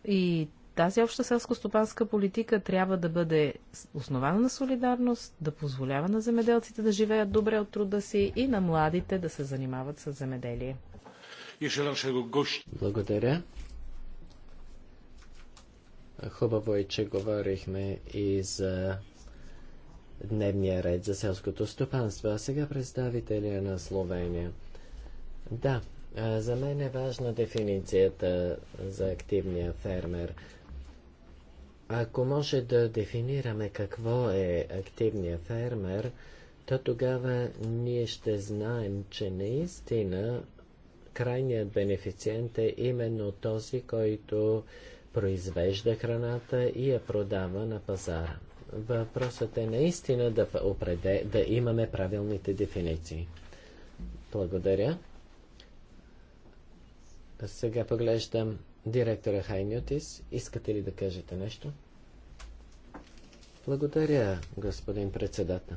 И тази обща селско-стопанска политика трябва да бъде основана на солидарност, да позволява на земеделците да живеят добре от труда си и на младите да се занимават с земеделие. Благодаря. Хубаво е, че говорихме и за дневния ред за селското стопанство, а сега представителя на Словения. Да, за мен е важна дефиницията за активния фермер. Ако може да дефинираме какво е активният фермер, то тогава ние ще знаем, че наистина крайният бенефициент е именно този, който произвежда храната и я продава на пазара. Въпросът е наистина да, опреде, да имаме правилните дефиниции. Благодаря. Сега поглеждам директора Хайниотис. Искате ли да кажете нещо? Благодаря, господин председател.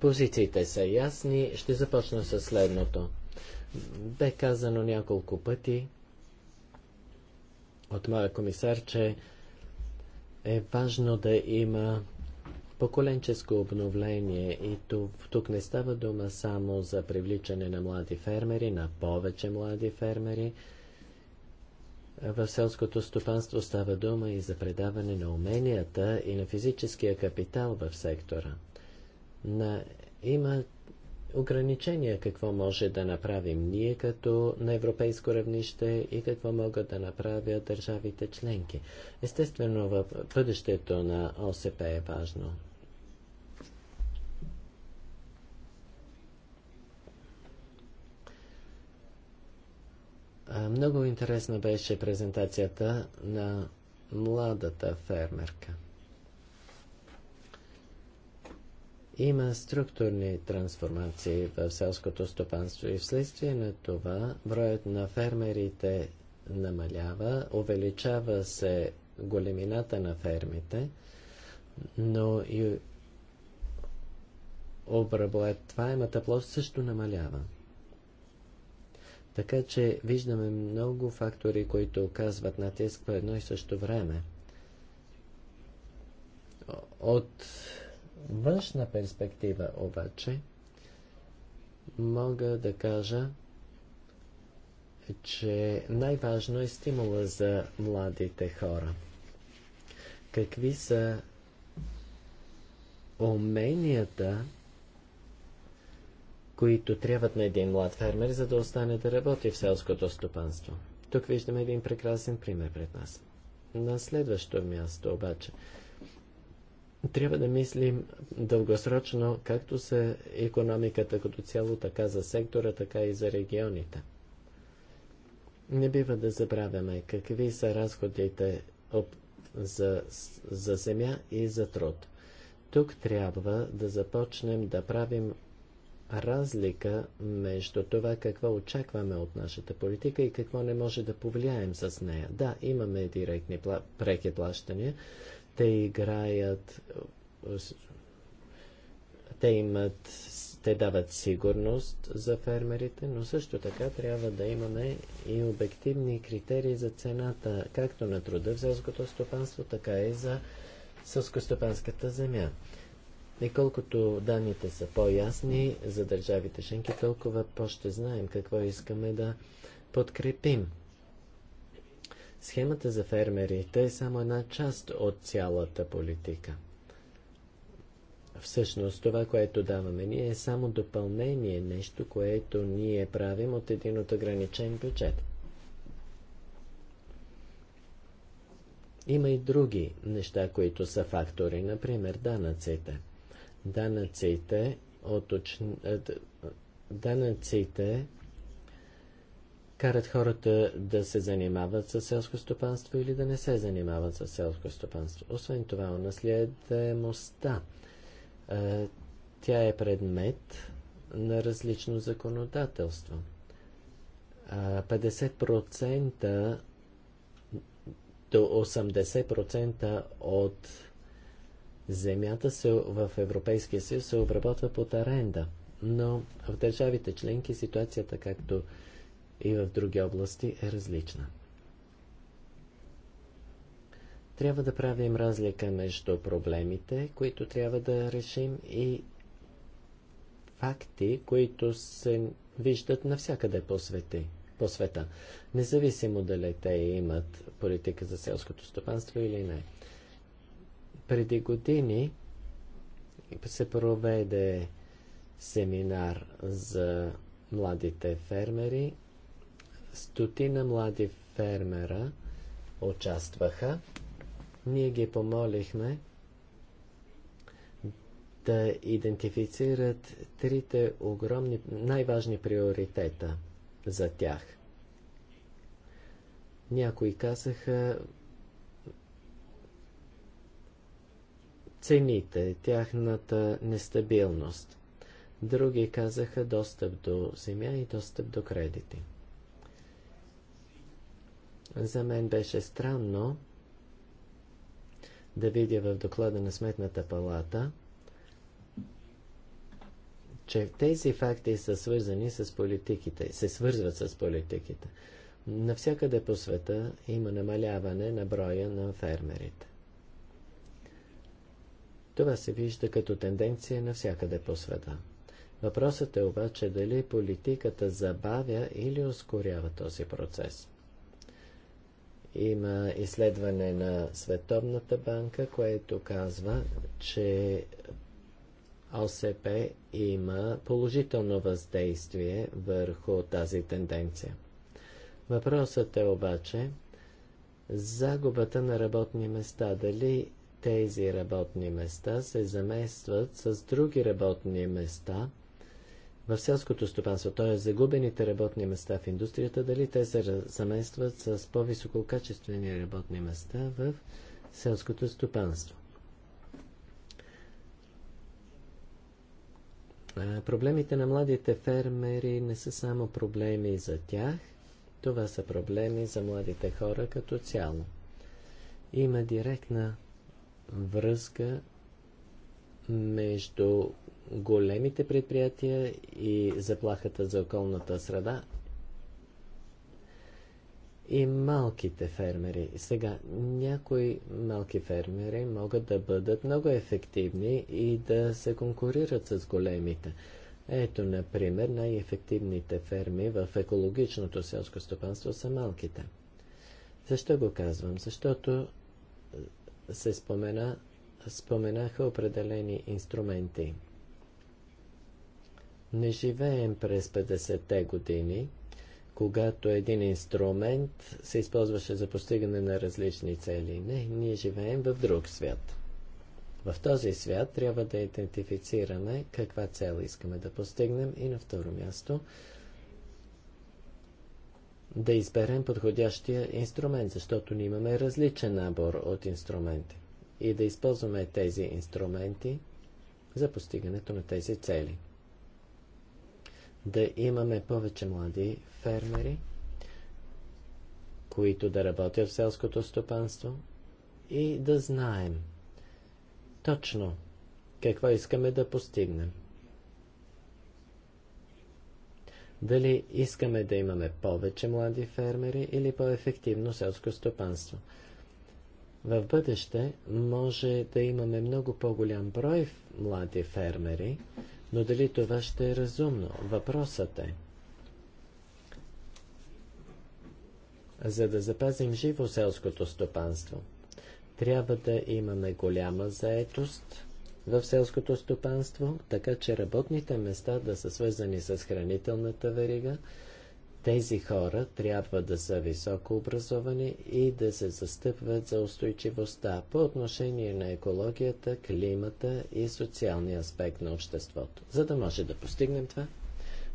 Позициите са ясни. Ще започна с следното. Бе казано няколко пъти от моя комисар, че е важно да има поколенческо обновление и тук не става дума само за привличане на млади фермери, на повече млади фермери. В селското стопанство става дума и за предаване на уменията и на физическия капитал в сектора. На, има ограничения какво може да направим ние като на европейско равнище и какво могат да направят държавите членки. Естествено, в бъдещето на ОСП е важно. Много интересна беше презентацията на младата фермерка. Има структурни трансформации в селското стопанство и вследствие на това броят на фермерите намалява, увеличава се големината на фермите, но и обработваемата площ също намалява. Така че виждаме много фактори, които оказват натиск по едно и също време. От външна перспектива обаче мога да кажа, че най-важно е стимула за младите хора. Какви са уменията, които трябват на един млад фермер, за да остане да работи в селското стопанство. Тук виждаме един прекрасен пример пред нас. На следващо място обаче – трябва да мислим дългосрочно както за економиката като цяло, така за сектора, така и за регионите. Не бива да забравяме какви са разходите за, за земя и за труд. Тук трябва да започнем да правим разлика между това какво очакваме от нашата политика и какво не може да повлияем с нея. Да, имаме директни преки плащания, те играят, е, те имат, те дават сигурност за фермерите, но също така трябва да имаме и обективни критерии за цената, както на труда в селското стопанство, така и за сълскостопанската земя. И колкото данните са по-ясни за държавите шенки, толкова по-ще знаем какво искаме да подкрепим. Схемата за фермерите е само една част от цялата политика. Всъщност това, което даваме ние е само допълнение, нещо, което ние правим от един от ограничен бюджет. Има и други неща, които са фактори, например данъците. Данъците, оточ... Е, данъците карат хората да се занимават с селско стопанство или да не се занимават с селско стопанство. Освен това, наследаемостта. Тя е предмет на различно законодателство. 50% до 80% от земята се, в Европейския съюз се обработва под аренда. Но в държавите членки ситуацията, както и в други области е различна. Трябва да правим разлика между проблемите, които трябва да решим и факти, които се виждат навсякъде по, свети, по света, независимо дали те имат политика за селското стопанство или не. Преди години се проведе семинар за младите фермери Стотина млади фермера участваха. Ние ги помолихме да идентифицират трите огромни, най-важни приоритета за тях. Някои казаха цените, тяхната нестабилност. Други казаха достъп до земя и достъп до кредити. За мен беше странно да видя в доклада на Сметната палата, че тези факти са свързани с политиките, се свързват с политиките. Навсякъде по света има намаляване на броя на фермерите. Това се вижда като тенденция навсякъде по света. Въпросът е обаче дали политиката забавя или ускорява този процес – има изследване на Световната банка, което казва, че ОСП има положително въздействие върху тази тенденция. Въпросът е обаче загубата на работни места. Дали тези работни места се заместват с други работни места – в селското стопанство, т.е. загубените работни места в индустрията, дали те се заместват с по-висококачествени работни места в селското стопанство. Проблемите на младите фермери не са само проблеми за тях, това са проблеми за младите хора като цяло. Има директна връзка между големите предприятия и заплахата за околната среда и малките фермери. Сега, някои малки фермери могат да бъдат много ефективни и да се конкурират с големите. Ето, например, най-ефективните ферми в екологичното селско стопанство са малките. Защо го казвам? Защото се спомена споменаха определени инструменти. Не живеем през 50-те години, когато един инструмент се използваше за постигане на различни цели. Не, ние живеем в друг свят. В този свят трябва да идентифицираме каква цел искаме да постигнем и на второ място да изберем подходящия инструмент, защото ние имаме различен набор от инструменти и да използваме тези инструменти за постигането на тези цели. Да имаме повече млади фермери, които да работят в селското стопанство и да знаем точно какво искаме да постигнем. Дали искаме да имаме повече млади фермери или по-ефективно селско стопанство – в бъдеще може да имаме много по-голям брой млади фермери, но дали това ще е разумно? Въпросът е. За да запазим живо селското стопанство, трябва да имаме голяма заетост в селското стопанство, така че работните места да са свързани с хранителната верига, тези хора трябва да са високо образовани и да се застъпват за устойчивостта по отношение на екологията, климата и социалния аспект на обществото. За да може да постигнем това,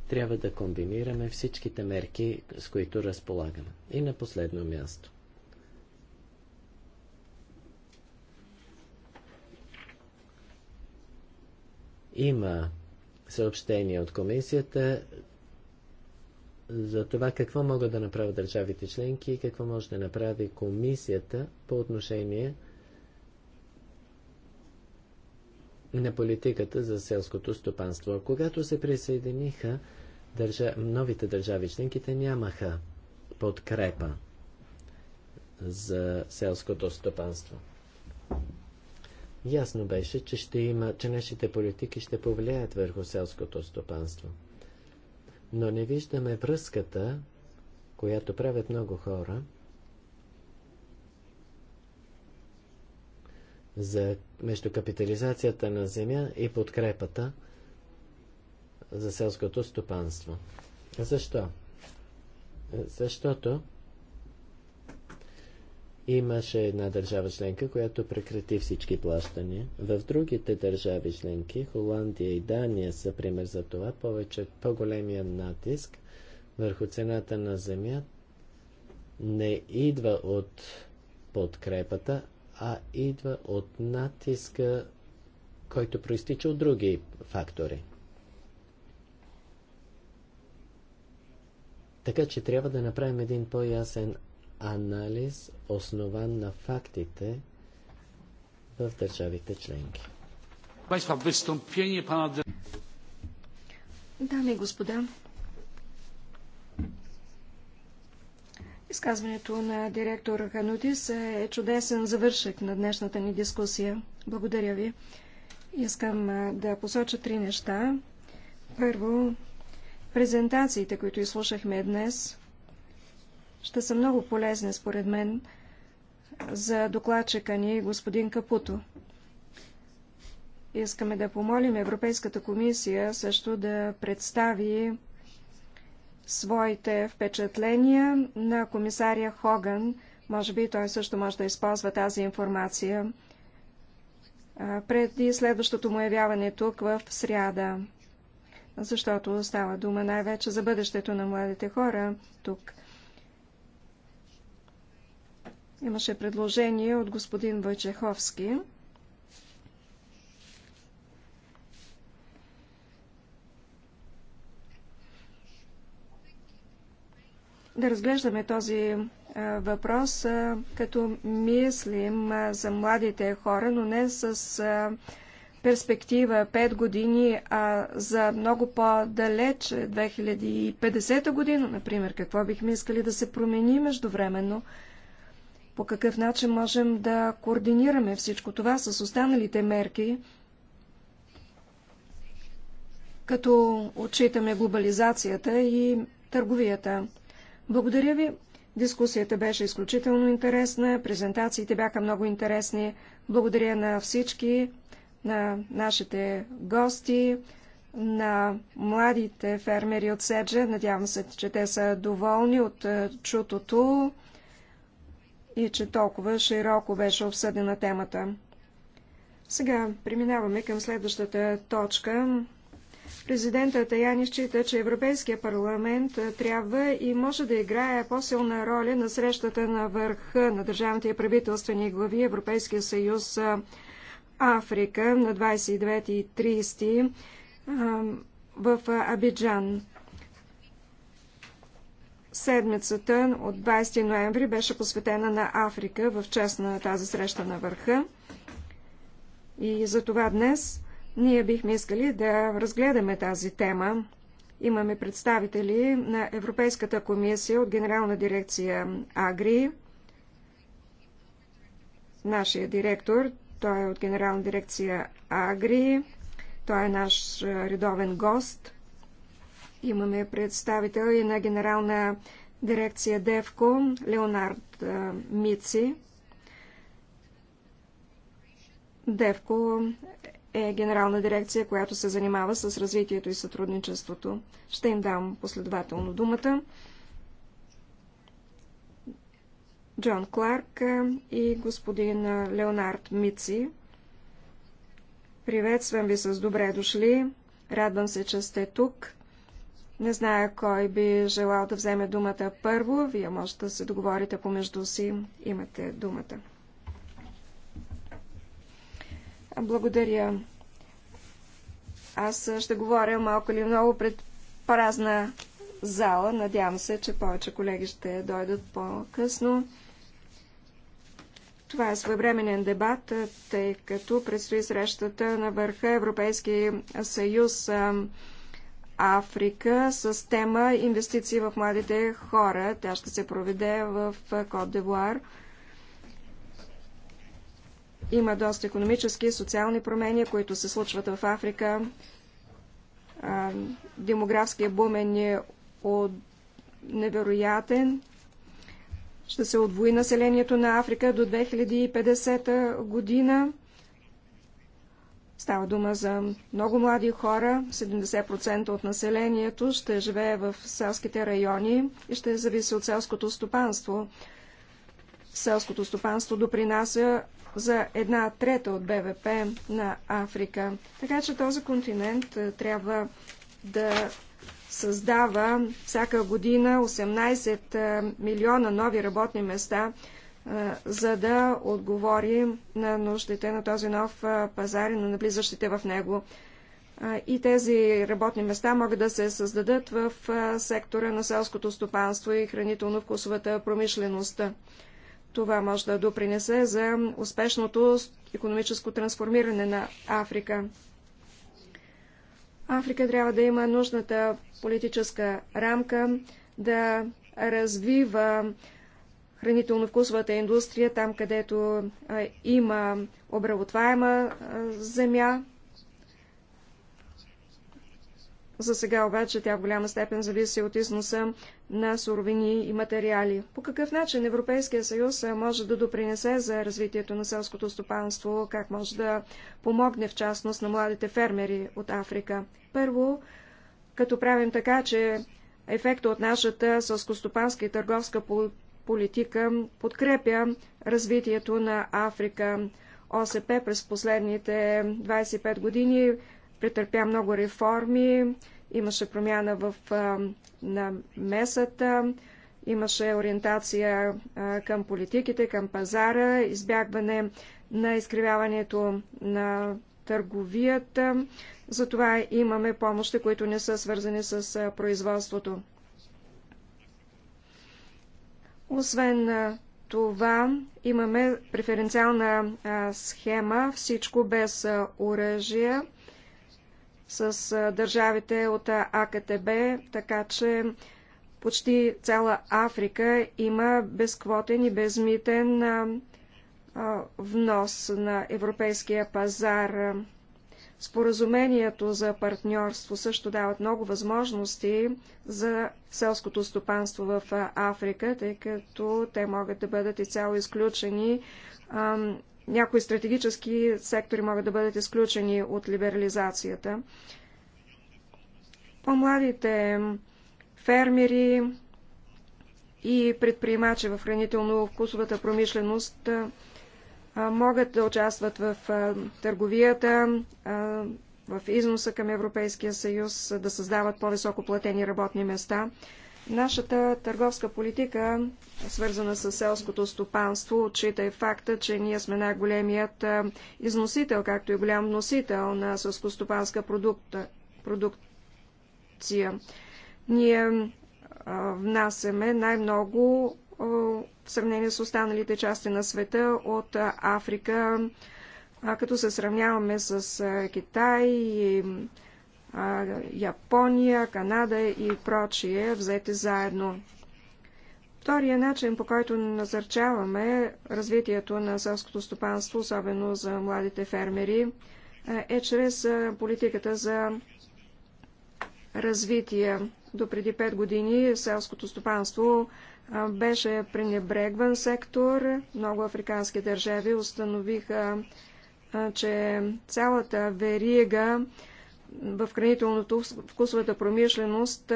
трябва да комбинираме всичките мерки, с които разполагаме. И на последно място. Има съобщение от комисията, за това какво могат да направят държавите членки и какво може да направи комисията по отношение на политиката за селското стопанство. когато се присъединиха държа... новите държави членки, те нямаха подкрепа за селското стопанство. Ясно беше, че, ще има, че нашите политики ще повлияят върху селското стопанство но не виждаме връзката, която правят много хора, за, между капитализацията на земя и подкрепата за селското стопанство. Защо? Защото Имаше една държава членка, която прекрати всички плащания. В другите държави членки, Холандия и Дания са пример за това, повече по-големия натиск върху цената на земя не идва от подкрепата, а идва от натиска, който проистича от други фактори. Така че трябва да направим един по-ясен анализ, основан на фактите в държавите членки. Дами и господа, изказването на директор Ханутис е чудесен завършек на днешната ни дискусия. Благодаря ви. Искам да посоча три неща. Първо, презентациите, които изслушахме днес, ще са много полезни, според мен, за докладчика ни господин Капуто. Искаме да помолим Европейската комисия също да представи своите впечатления на комисария Хоган. Може би той също може да използва тази информация преди следващото му явяване тук в сряда. Защото става дума най-вече за бъдещето на младите хора тук. Имаше предложение от господин Войчеховски. Да разглеждаме този въпрос, като мислим за младите хора, но не с перспектива 5 години, а за много по-далеч 2050 година, например, какво бихме искали да се промени междувременно по какъв начин можем да координираме всичко това с останалите мерки, като отчитаме глобализацията и търговията. Благодаря ви. Дискусията беше изключително интересна, презентациите бяха много интересни. Благодаря на всички, на нашите гости, на младите фермери от Седжа. Надявам се, че те са доволни от е, чутото и че толкова широко беше обсъдена темата. Сега преминаваме към следващата точка. Президента Таяни счита, че Европейския парламент трябва и може да играе по-силна роля на срещата на върха на държавните и правителствени глави Европейския съюз Африка на 29 и 30 в Абиджан. Седмицата от 20 ноември беше посветена на Африка в чест на тази среща на върха. И за това днес ние бихме искали да разгледаме тази тема. Имаме представители на Европейската комисия от Генерална дирекция Агри. Нашия директор, той е от Генерална дирекция Агри. Той е наш редовен гост – Имаме представител и на генерална дирекция ДЕВКО Леонард Мици. ДЕВКО е генерална дирекция, която се занимава с развитието и сътрудничеството. Ще им дам последователно думата. Джон Кларк и господин Леонард Мици. Приветствам ви с добре дошли. Радвам се, че сте тук. Не зная кой би желал да вземе думата първо. Вие можете да се договорите помежду си. Имате думата. Благодаря. Аз ще говоря малко или много пред празна зала. Надявам се, че повече колеги ще дойдат по-късно. Това е своевременен дебат, тъй като предстои срещата на върха Европейски съюз Африка с тема инвестиции в младите хора. Тя ще се проведе в Кот Девуар. Има доста економически и социални промени, които се случват в Африка. Демографския бумен е от... невероятен. Ще се отвои населението на Африка до 2050 година. Става дума за много млади хора, 70% от населението ще живее в селските райони и ще зависи от селското стопанство. Селското стопанство допринася за една трета от БВП на Африка. Така че този континент е, трябва да създава всяка година 18 е, милиона нови работни места, за да отговори на нуждите на този нов пазар и на наблизащите в него. И тези работни места могат да се създадат в сектора на селското стопанство и хранително-вкусовата промишленост. Това може да допринесе за успешното економическо трансформиране на Африка. Африка трябва да има нужната политическа рамка, да развива хранително-вкусовата индустрия, там където а, има обработваема а, земя. За сега обаче тя в голяма степен зависи от износа на суровини и материали. По какъв начин Европейския съюз може да допринесе за развитието на селското стопанство, как може да помогне в частност на младите фермери от Африка? Първо, като правим така, че ефекта от нашата селскостопанска и търговска политика политика подкрепя развитието на Африка. ОСП през последните 25 години претърпя много реформи, имаше промяна в на месата, имаше ориентация към политиките, към пазара, избягване на изкривяването на търговията. Затова имаме помощи, които не са свързани с производството. Освен това, имаме преференциална схема всичко без оръжие с държавите от АКТБ, така че почти цяла Африка има безквотен и безмитен внос на европейския пазар. Споразумението за партньорство също дават много възможности за селското стопанство в Африка, тъй като те могат да бъдат изцяло изключени. Някои стратегически сектори могат да бъдат изключени от либерализацията. По-младите фермери и предприемачи в хранително-вкусовата промишленост могат да участват в търговията, в износа към Европейския съюз, да създават по-високо платени работни места. Нашата търговска политика, свързана с селското стопанство, отчита и факта, че ние сме най-големият износител, както и голям носител на селскостопанска продукция. Ние внасяме най-много в сравнение с останалите части на света от Африка, като се сравняваме с Китай, Япония, Канада и прочие, взети заедно. Втория начин, по който насърчаваме развитието на селското стопанство, особено за младите фермери, е чрез политиката за развитие. До преди 5 години селското стопанство беше пренебрегван сектор. Много африкански държави установиха, че цялата верига в хранителното-вкусовата промишленост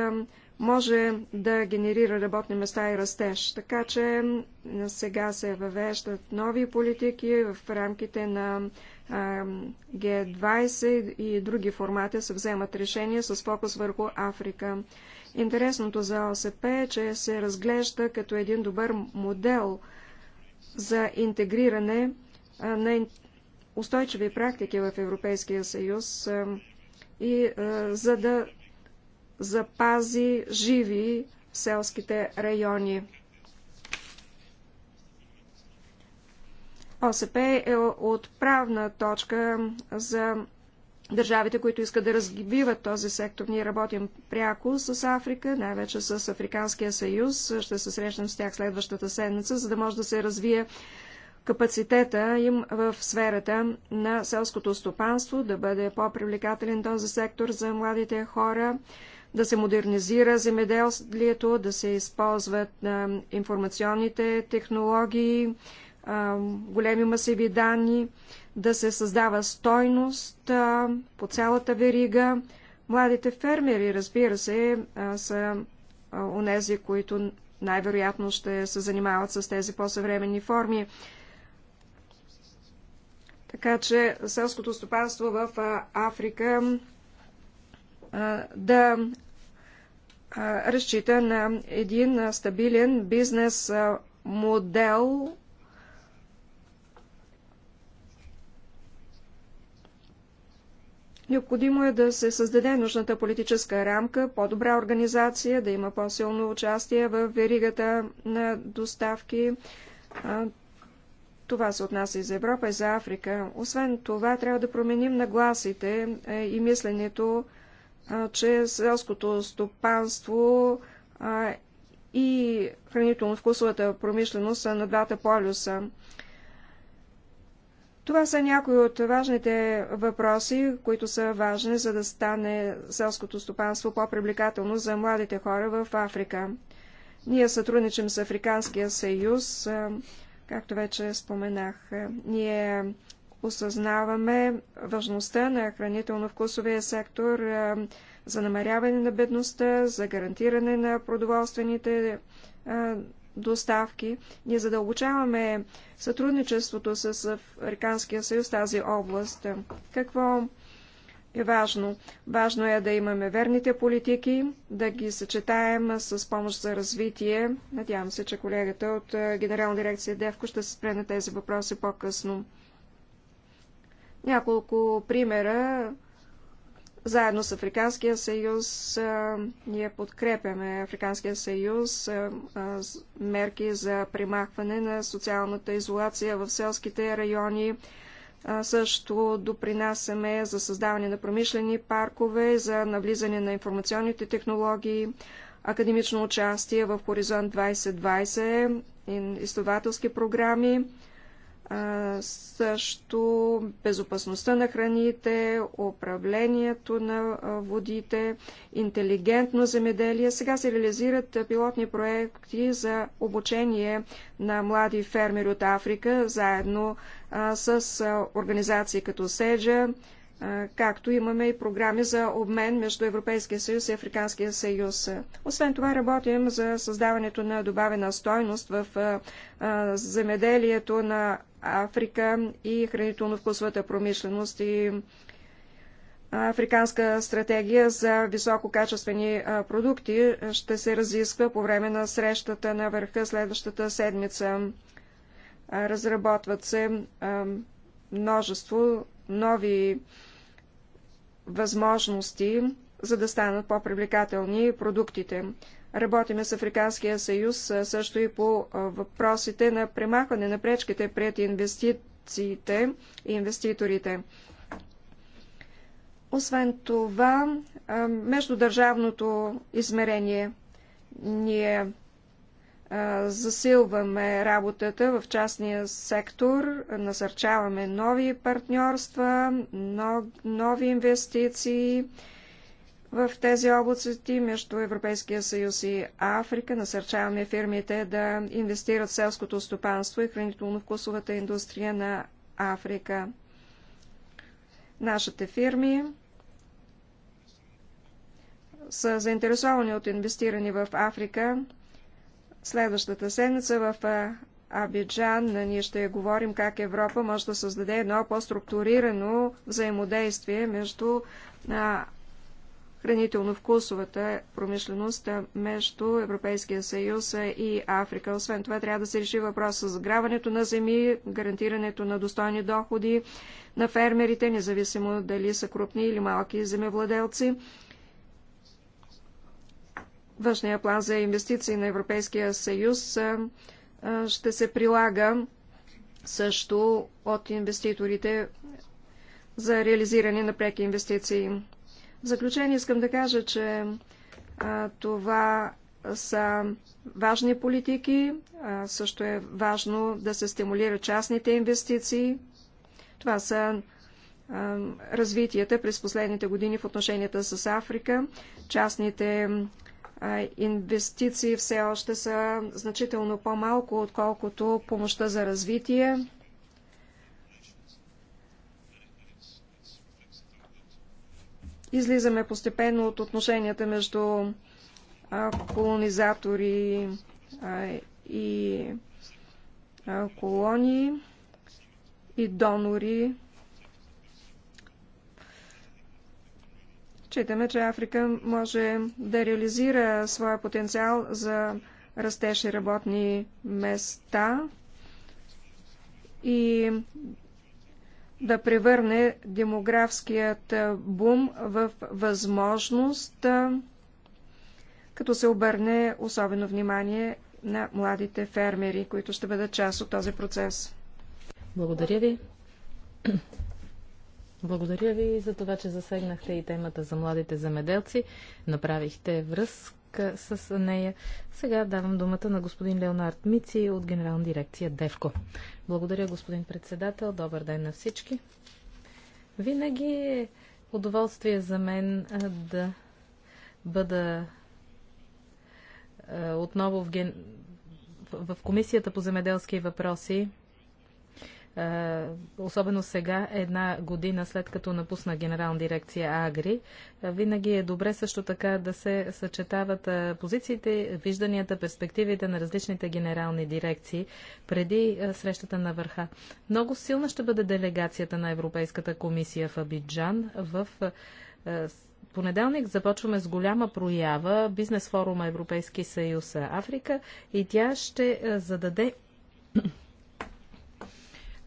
може да генерира работни места и растеж. Така че сега се въвеждат нови политики в рамките на Г20 и други формати се вземат решения с фокус върху Африка. Интересното за ОСП е, че се разглежда като един добър модел за интегриране на устойчиви практики в Европейския съюз и за да запази живи селските райони. ОСП е отправна точка за държавите, които искат да разгибиват този сектор. Ние работим пряко с Африка, най-вече с Африканския съюз. Ще се срещнем с тях следващата седмица, за да може да се развие капацитета им в сферата на селското стопанство, да бъде по-привлекателен този сектор за младите хора, да се модернизира земеделието, да се използват информационните технологии, големи масиви данни да се създава стойност по цялата верига. Младите фермери, разбира се, са онези, които най-вероятно ще се занимават с тези по-съвременни форми. Така че селското стопанство в Африка да разчита на един стабилен бизнес модел, Необходимо е да се създаде нужната политическа рамка, по-добра организация, да има по-силно участие в веригата на доставки. Това се отнася и за Европа, и за Африка. Освен това, трябва да променим нагласите и мисленето, че селското стопанство и хранително-вкусовата промишленост са на двата полюса. Това са някои от важните въпроси, които са важни, за да стане селското стопанство по-привлекателно за младите хора в Африка. Ние сътрудничим с Африканския съюз, както вече споменах. Ние осъзнаваме важността на хранително-вкусовия сектор за намаряване на бедността, за гарантиране на продоволствените доставки. Ние задълбочаваме сътрудничеството с Африканския съюз в тази област. Какво е важно? Важно е да имаме верните политики, да ги съчетаем с помощ за развитие. Надявам се, че колегата от е, Генерална дирекция Девко ще се спре на тези въпроси по-късно. Няколко примера заедно с Африканския съюз ние подкрепяме Африканския съюз мерки за примахване на социалната изолация в селските райони. Също допринасяме за създаване на промишлени паркове, за навлизане на информационните технологии, академично участие в Хоризонт 2020, изследователски програми, също безопасността на храните, управлението на водите, интелигентно земеделие. Сега се реализират пилотни проекти за обучение на млади фермери от Африка, заедно с организации като СЕДЖА, както имаме и програми за обмен между Европейския съюз и Африканския съюз. Освен това работим за създаването на добавена стойност в земеделието на Африка и хранително-вкусовата промишленост и Африканска стратегия за висококачествени продукти ще се разисква по време на срещата на върха следващата седмица. Разработват се множество нови възможности, за да станат по-привлекателни продуктите. Работиме с Африканския съюз също и по въпросите на премахване на пречките пред инвестициите и инвеститорите. Освен това, междудържавното измерение ние засилваме работата в частния сектор, насърчаваме нови партньорства, нови инвестиции, в тези области между Европейския съюз и Африка. Насърчаваме фирмите да инвестират в селското стопанство и хранително-вкусовата индустрия на Африка. Нашите фирми са заинтересовани от инвестиране в Африка. Следващата седмица в Абиджан ние ще говорим как Европа може да създаде едно по-структурирано взаимодействие между хранително-вкусовата промишленост между Европейския съюз и Африка. Освен това, трябва да се реши въпрос с заграването на земи, гарантирането на достойни доходи на фермерите, независимо дали са крупни или малки земевладелци. Външния план за инвестиции на Европейския съюз ще се прилага също от инвеститорите за реализиране на преки инвестиции. В заключение искам да кажа, че а, това са важни политики, а, също е важно да се стимулират частните инвестиции. Това са а, развитията през последните години в отношенията с Африка. Частните инвестиции все още са значително по-малко, отколкото помощта за развитие. излизаме постепенно от отношенията между колонизатори и колонии и донори. Читаме, че Африка може да реализира своя потенциал за растеж и работни места и да превърне демографският бум в възможност, като се обърне особено внимание на младите фермери, които ще бъдат част от този процес. Благодаря ви. Благодаря ви за това, че засегнахте и темата за младите земеделци. Направихте връзка връзка с нея. Сега давам думата на господин Леонард Мици от Генерална дирекция ДЕВКО. Благодаря, господин председател. Добър ден на всички. Винаги е удоволствие за мен да бъда отново в, ген... в Комисията по земеделски въпроси е, особено сега, една година след като напусна генерална дирекция Агри, е, винаги е добре също така да се съчетават е, позициите, вижданията, перспективите на различните генерални дирекции преди срещата на върха. Много силна ще бъде делегацията на Европейската комисия в Абиджан в понеделник започваме с голяма проява бизнес форума Европейски съюз Африка и тя ще зададе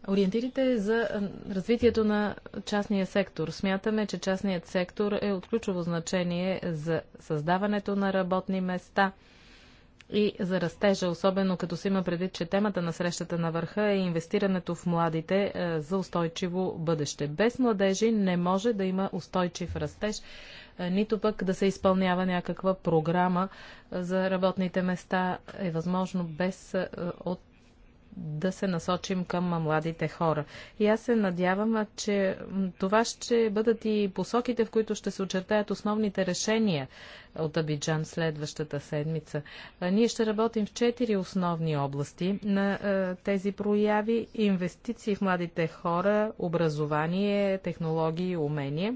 ориентирите за развитието на частния сектор. Смятаме, че частният сектор е от ключово значение за създаването на работни места и за растежа, особено като се има предвид, че темата на срещата на върха е инвестирането в младите за устойчиво бъдеще. Без младежи не може да има устойчив растеж, нито пък да се изпълнява някаква програма за работните места е възможно без от да се насочим към младите хора. И аз се надявам, че това ще бъдат и посоките, в които ще се очертаят основните решения от Абиджан следващата седмица. Ние ще работим в четири основни области на тези прояви. Инвестиции в младите хора, образование, технологии и умения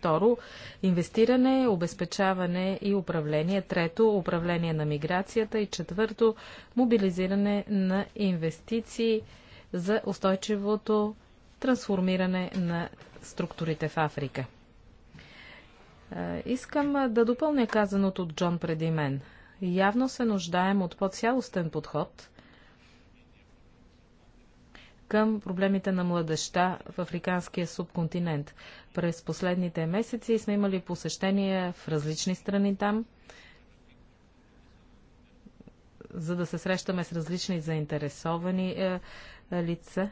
Второ, инвестиране, обезпечаване и управление. Трето, управление на миграцията. И четвърто, мобилизиране на инвестиции за устойчивото трансформиране на структурите в Африка. Искам да допълня казаното от Джон преди мен. Явно се нуждаем от по-цялостен подход към проблемите на младеща в африканския субконтинент. През последните месеци сме имали посещения в различни страни там, за да се срещаме с различни заинтересовани е, е лица.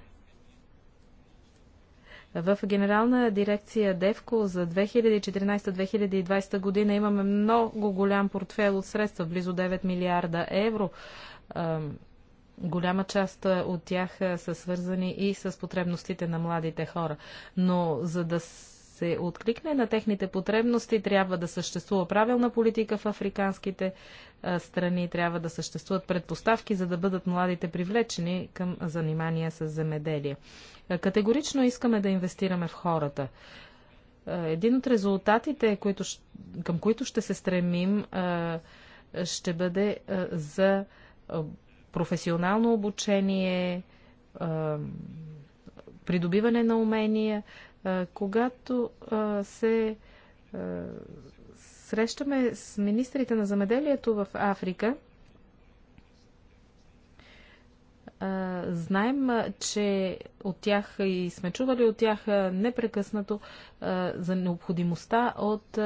В Генерална дирекция ДЕВКО за 2014-2020 година имаме много голям портфел от средства, близо 9 милиарда евро. Голяма част от тях са свързани и с потребностите на младите хора. Но за да се откликне на техните потребности, трябва да съществува правилна политика в африканските страни, трябва да съществуват предпоставки, за да бъдат младите привлечени към занимания с земеделие. Категорично искаме да инвестираме в хората. Един от резултатите, които, към които ще се стремим, ще бъде за професионално обучение, придобиване на умения. Когато се срещаме с министрите на замеделието в Африка, знаем, че от тях и сме чували от тях непрекъснато за необходимостта от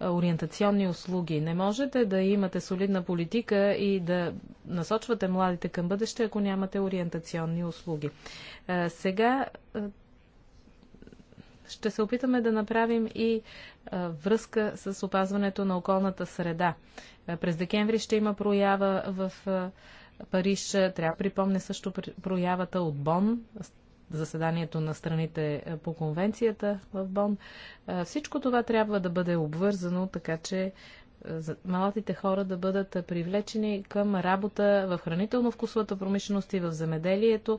ориентационни услуги. Не можете да имате солидна политика и да насочвате младите към бъдеще, ако нямате ориентационни услуги. Сега ще се опитаме да направим и връзка с опазването на околната среда. през декември ще има проява в Париж. Трябва да припомня също проявата от Бон, заседанието на страните по конвенцията в Бон. Всичко това трябва да бъде обвързано, така че малатите хора да бъдат привлечени към работа в хранително-вкусовата промишленост и в земеделието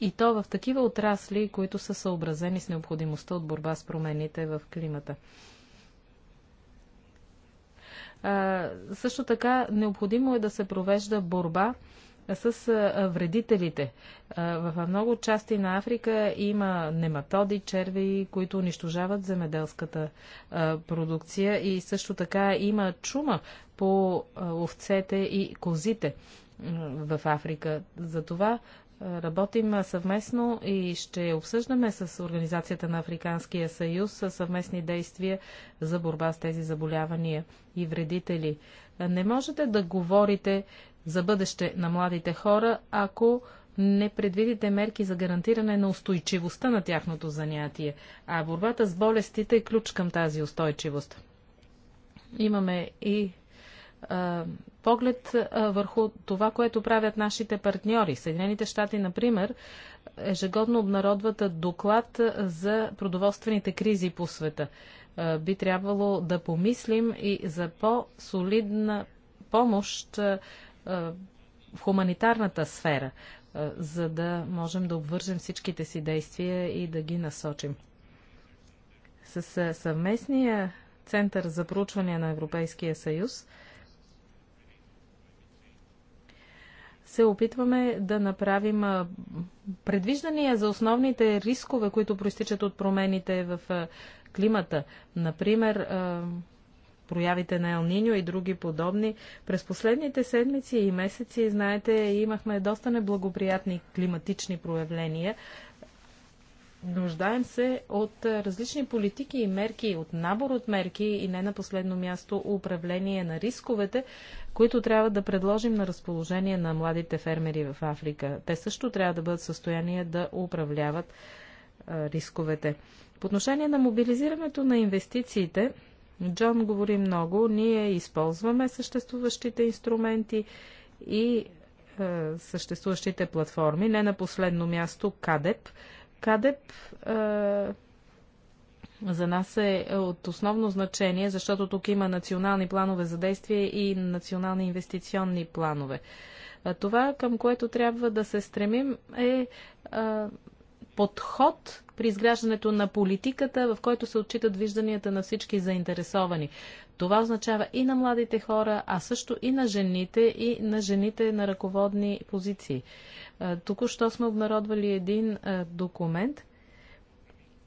и то в такива отрасли, които са съобразени с необходимостта от борба с промените в климата. Също така необходимо е да се провежда борба с вредителите. В много части на Африка има нематоди, черви, които унищожават земеделската продукция и също така има чума по овцете и козите в Африка. Затова Работим съвместно и ще обсъждаме с Организацията на Африканския съюз съвместни действия за борба с тези заболявания и вредители. Не можете да говорите за бъдеще на младите хора, ако не предвидите мерки за гарантиране на устойчивостта на тяхното занятие, а борбата с болестите е ключ към тази устойчивост. Имаме и поглед върху това, което правят нашите партньори. Съединените щати, например, ежегодно обнародват доклад за продоволствените кризи по света. Би трябвало да помислим и за по-солидна помощ в хуманитарната сфера, за да можем да обвържем всичките си действия и да ги насочим. С съвместния Център за проучване на Европейския съюз – се опитваме да направим предвиждания за основните рискове, които проистичат от промените в климата. Например, проявите на Елниньо и други подобни. През последните седмици и месеци, знаете, имахме доста неблагоприятни климатични проявления, Нуждаем се от различни политики и мерки, от набор от мерки и не на последно място управление на рисковете, които трябва да предложим на разположение на младите фермери в Африка. Те също трябва да бъдат в състояние да управляват рисковете. По отношение на мобилизирането на инвестициите, Джон говори много. Ние използваме съществуващите инструменти и е, съществуващите платформи. Не на последно място КАДЕП, Кадеб за нас е, е от основно значение, защото тук има национални планове за действие и национални инвестиционни планове. Това, към което трябва да се стремим, е подход при изграждането на политиката, в който се отчитат вижданията на всички заинтересовани. Това означава и на младите хора, а също и на жените, и на жените на ръководни позиции. Току-що сме обнародвали един документ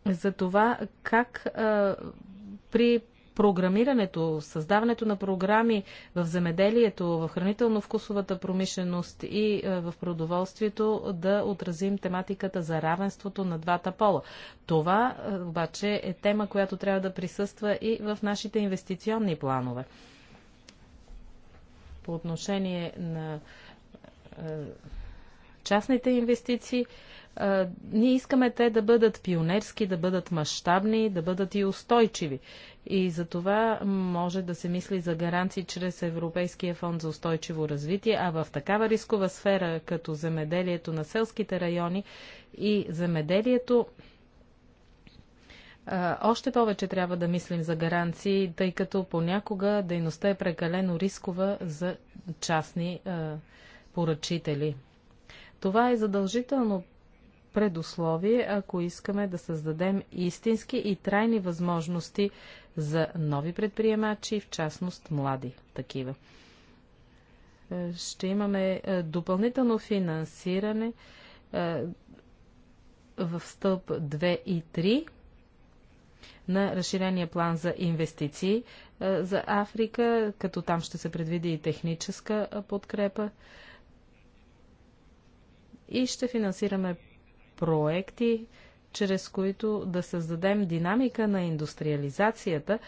за това как при програмирането, създаването на програми в земеделието, в хранително-вкусовата промишленост и е, в продоволствието да отразим тематиката за равенството на двата пола. Това е, обаче е тема, която трябва да присъства и в нашите инвестиционни планове. По отношение на е, частните инвестиции, ние искаме те да бъдат пионерски, да бъдат мащабни, да бъдат и устойчиви и за това може да се мисли за гаранции чрез Европейския фонд за устойчиво развитие, а в такава рискова сфера, като земеделието на селските райони и земеделието, още повече трябва да мислим за гаранции, тъй като понякога дейността е прекалено рискова за частни поръчители. Това е задължително предусловие, ако искаме да създадем истински и трайни възможности за нови предприемачи, в частност млади такива. Ще имаме е, допълнително финансиране е, в стълб 2 и 3 на разширения план за инвестиции е, за Африка, като там ще се предвиди и техническа подкрепа и ще финансираме проекти, чрез които да създадем динамика на индустриализацията,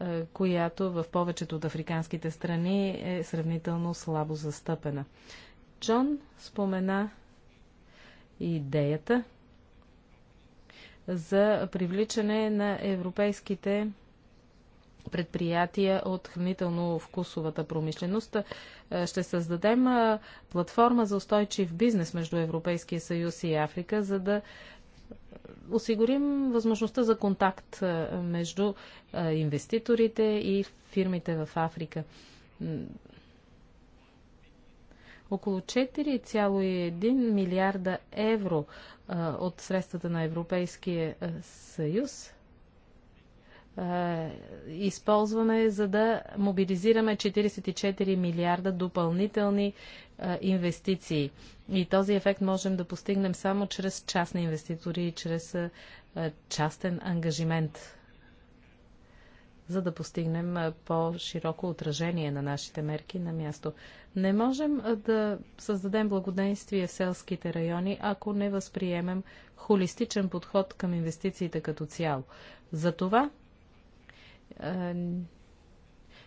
е, която в повечето от африканските страни е сравнително слабо застъпена. Джон спомена идеята за привличане на европейските предприятия от хранително-вкусовата промишленост. Е, ще създадем е, платформа за устойчив бизнес между Европейския съюз и Африка, за да осигурим възможността за контакт е, между инвеститорите и фирмите в Африка. Около 4,1 милиарда евро от средствата на Европейския съюз е, използваме, за да мобилизираме 44 милиарда допълнителни е, инвестиции. И този ефект можем да постигнем само чрез частни инвеститори и чрез е, частен ангажимент, за да постигнем по-широко отражение на нашите мерки на място. Не можем да създадем благоденствие в селските райони, ако не възприемем холистичен подход към инвестициите като цяло. Затова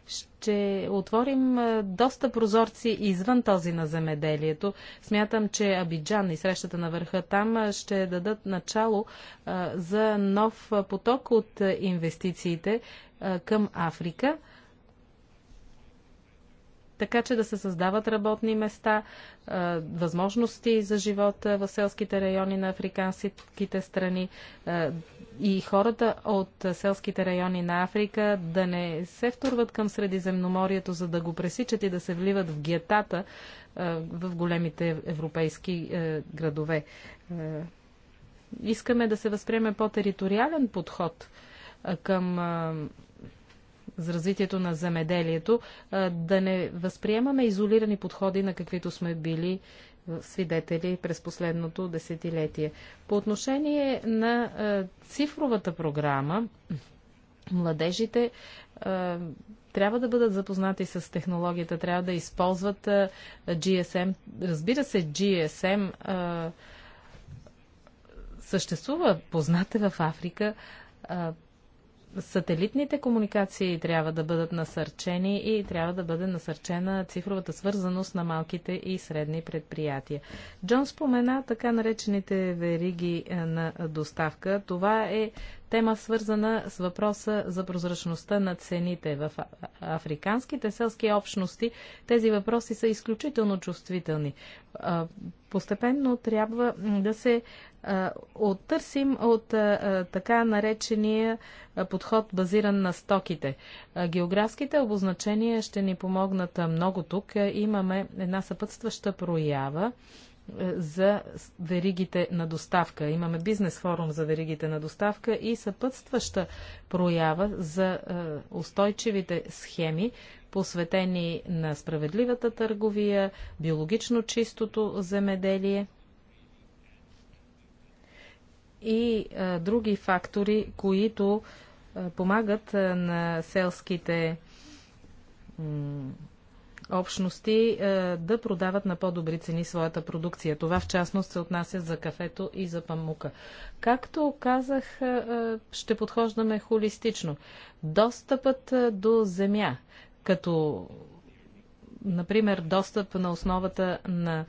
ще отворим доста прозорци извън този на земеделието. Смятам, че Абиджан и срещата на върха там ще дадат начало за нов поток от инвестициите към Африка така че да се създават работни места, възможности за живот в селските райони на африканските страни и хората от селските райони на Африка да не се втурват към Средиземноморието, за да го пресичат и да се вливат в гетата в големите европейски градове. Искаме да се възприеме по-териториален подход към за развитието на земеделието, да не възприемаме изолирани подходи, на каквито сме били свидетели през последното десетилетие. По отношение на цифровата програма, младежите трябва да бъдат запознати с технологията, трябва да използват GSM. Разбира се, GSM съществува, познате в Африка. Сателитните комуникации трябва да бъдат насърчени и трябва да бъде насърчена цифровата свързаност на малките и средни предприятия. Джон спомена така наречените вериги е, на доставка. Това е тема свързана с въпроса за прозрачността на цените. В африканските селски общности тези въпроси са изключително чувствителни. Постепенно трябва да се оттърсим от така наречения подход базиран на стоките. Географските обозначения ще ни помогнат много тук. Имаме една съпътстваща проява за веригите на доставка. Имаме бизнес форум за веригите на доставка и съпътстваща проява за е, устойчивите схеми, посветени на справедливата търговия, биологично чистото земеделие и е, други фактори, които е, помагат на селските общности е, да продават на по-добри цени своята продукция. Това в частност се отнася за кафето и за памука. Както казах, е, е, ще подхождаме холистично. Достъпът до земя, като например достъп на основата на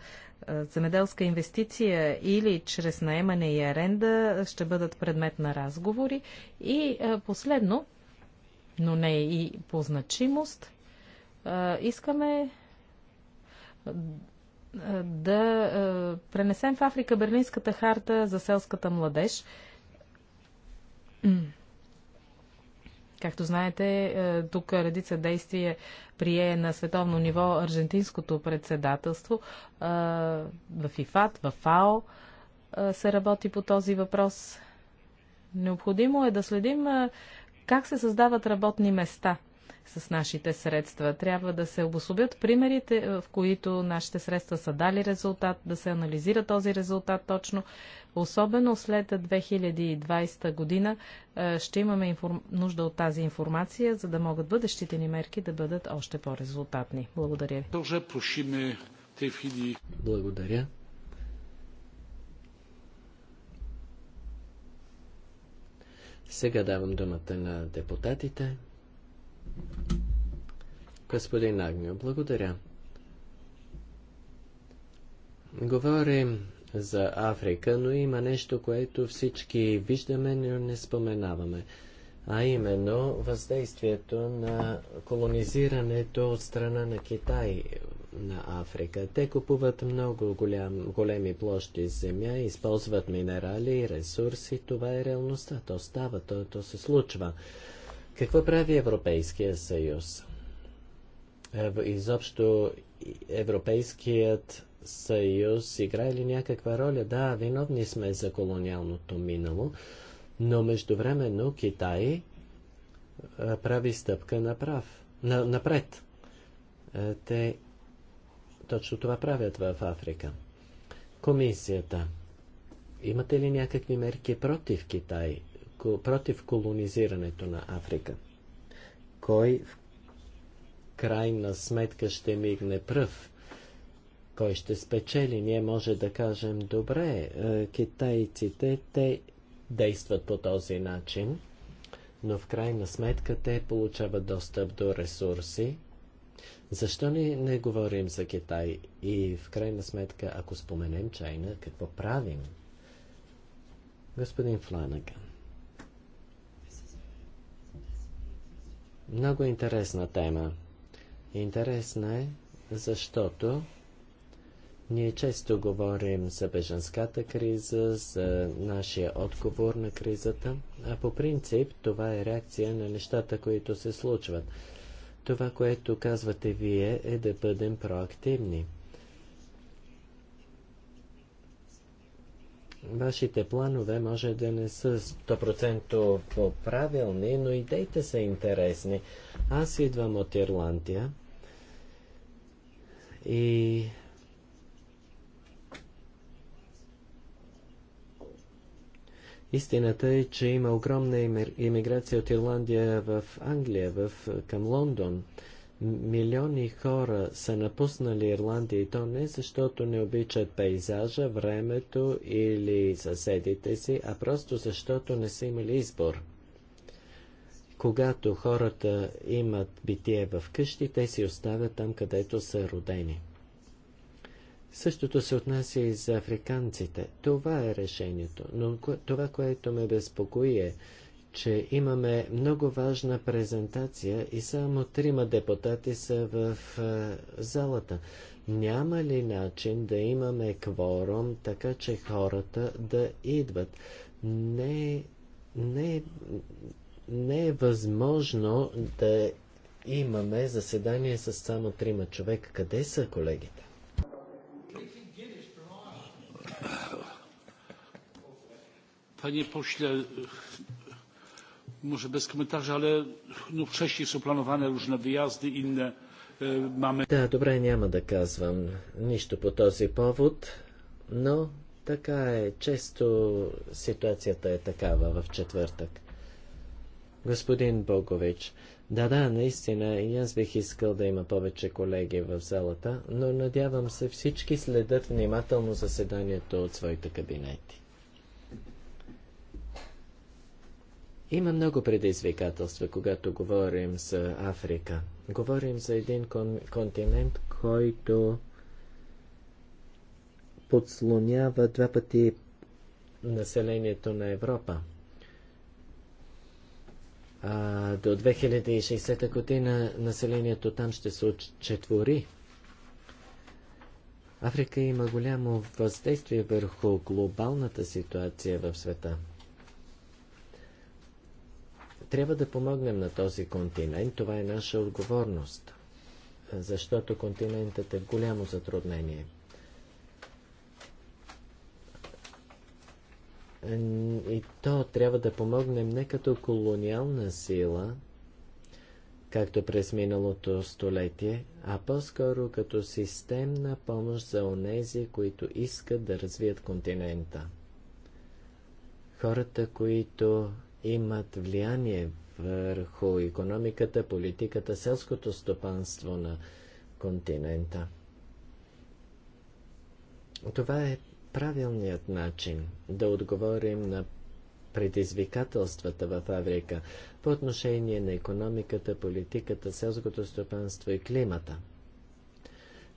земеделска инвестиция или чрез наемане и аренда ще бъдат предмет на разговори. И последно, но не и по значимост – Искаме да пренесем в Африка Берлинската харта за селската младеж. Както знаете, тук редица действия прие на световно ниво аржентинското председателство. В ИФАТ, в ФАО се работи по този въпрос. Необходимо е да следим как се създават работни места – с нашите средства. Трябва да се обособят примерите, е, в които нашите средства са дали резултат, да се анализира този резултат точно. Особено след 2020 година е, ще имаме информ... нужда от тази информация, за да могат бъдещите ни мерки да бъдат още по-резултатни. Благодаря ви. Благодаря. Сега давам думата на депутатите. Господин Агнио, благодаря. Говорим за Африка, но има нещо, което всички виждаме, но не споменаваме. А именно въздействието на колонизирането от страна на Китай на Африка. Те купуват много голям, големи площи земя, използват минерали и ресурси. Това е реалността. То става, то, то се случва. Какво прави Европейския съюз? Е, изобщо Европейският съюз играе ли някаква роля? Да, виновни сме за колониалното минало, но междувременно Китай е, прави стъпка направ, на, напред. Е, те точно това правят в Африка. Комисията. Имате ли някакви мерки против Китай? против колонизирането на Африка. Кой в крайна сметка ще мигне пръв? Кой ще спечели? Ние може да кажем, добре, е, китайците, те действат по този начин, но в крайна сметка те получават достъп до ресурси. Защо ни не говорим за Китай? И в крайна сметка, ако споменем Чайна, какво правим? Господин Фланаган. Много интересна тема. Интересна е, защото ние често говорим за беженската криза, за нашия отговор на кризата, а по принцип това е реакция на нещата, които се случват. Това, което казвате вие, е да бъдем проактивни. Вашите планове може да не са 100% правилни, но идеите са интересни. Аз идвам от Ирландия и Истината е, че има огромна иммиграция от Ирландия в Англия, в, към Лондон. Милиони хора са напуснали Ирландия и то не защото не обичат пейзажа, времето или съседите си, а просто защото не са имали избор. Когато хората имат битие в къщи, те си оставят там, където са родени. Същото се отнася и за африканците. Това е решението. Но това, което ме безпокои е, че имаме много важна презентация и само трима депутати са в е, залата. Няма ли начин да имаме кворум, така че хората да идват? Не, не, не е възможно да имаме заседание с само трима човека. Къде са колегите? Пани пошля może bez komentarza, ale no, wcześniej są planowane różne wyjazdy, inne e, mamy. Да, добре, няма да казвам нищо по този повод, но така е. Често ситуацията е такава в четвъртък. Господин Богович, да, да, наистина, и аз бих искал да има повече колеги в залата, но надявам се всички следят внимателно заседанието от своите кабинети. Има много предизвикателства, когато говорим за Африка. Говорим за един кон- континент, който подслонява два пъти населението на Европа. А, до 2060 година населението там ще се четвори. Африка има голямо въздействие върху глобалната ситуация в света. Трябва да помогнем на този континент, това е наша отговорност, защото континентът е в голямо затруднение. И то трябва да помогнем не като колониална сила, както през миналото столетие, а по-скоро като системна помощ за онези, които искат да развият континента. Хората, които имат влияние върху економиката, политиката, селското стопанство на континента. Това е правилният начин да отговорим на предизвикателствата в Африка по отношение на економиката, политиката, селското стопанство и климата.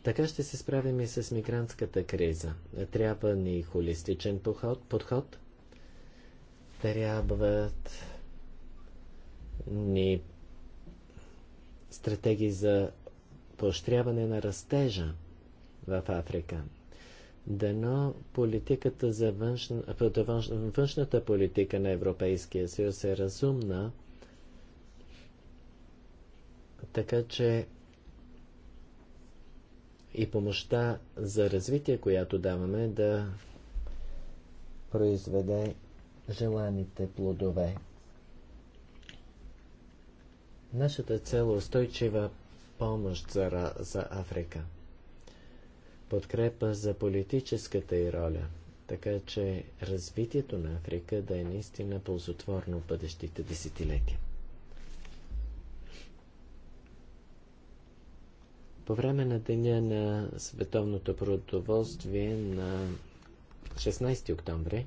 Така ще се справим и с мигрантската криза. Трябва ни холистичен подход, подход трябват ни стратегии за поощряване на растежа в Африка. Дано политиката за външна, външната политика на Европейския съюз е разумна, така че и помощта за развитие, която даваме, да произведе желаните плодове. Нашата цел е устойчива помощ за, за Африка. Подкрепа за политическата и роля, така че развитието на Африка да е наистина ползотворно в бъдещите десетилетия. По време на деня на световното продоволствие на 16 октомври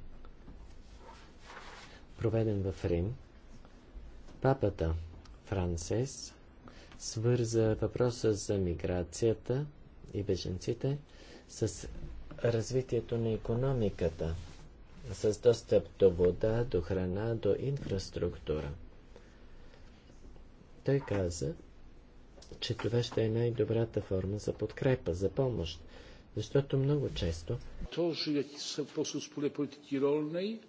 проведен в Рим, папата Францис свърза въпроса за миграцията и беженците с развитието на економиката, с достъп до вода, до храна, до инфраструктура. Той каза, че това ще е най-добрата форма за подкрепа, за помощ, защото много често... То, че са просто политики ролни,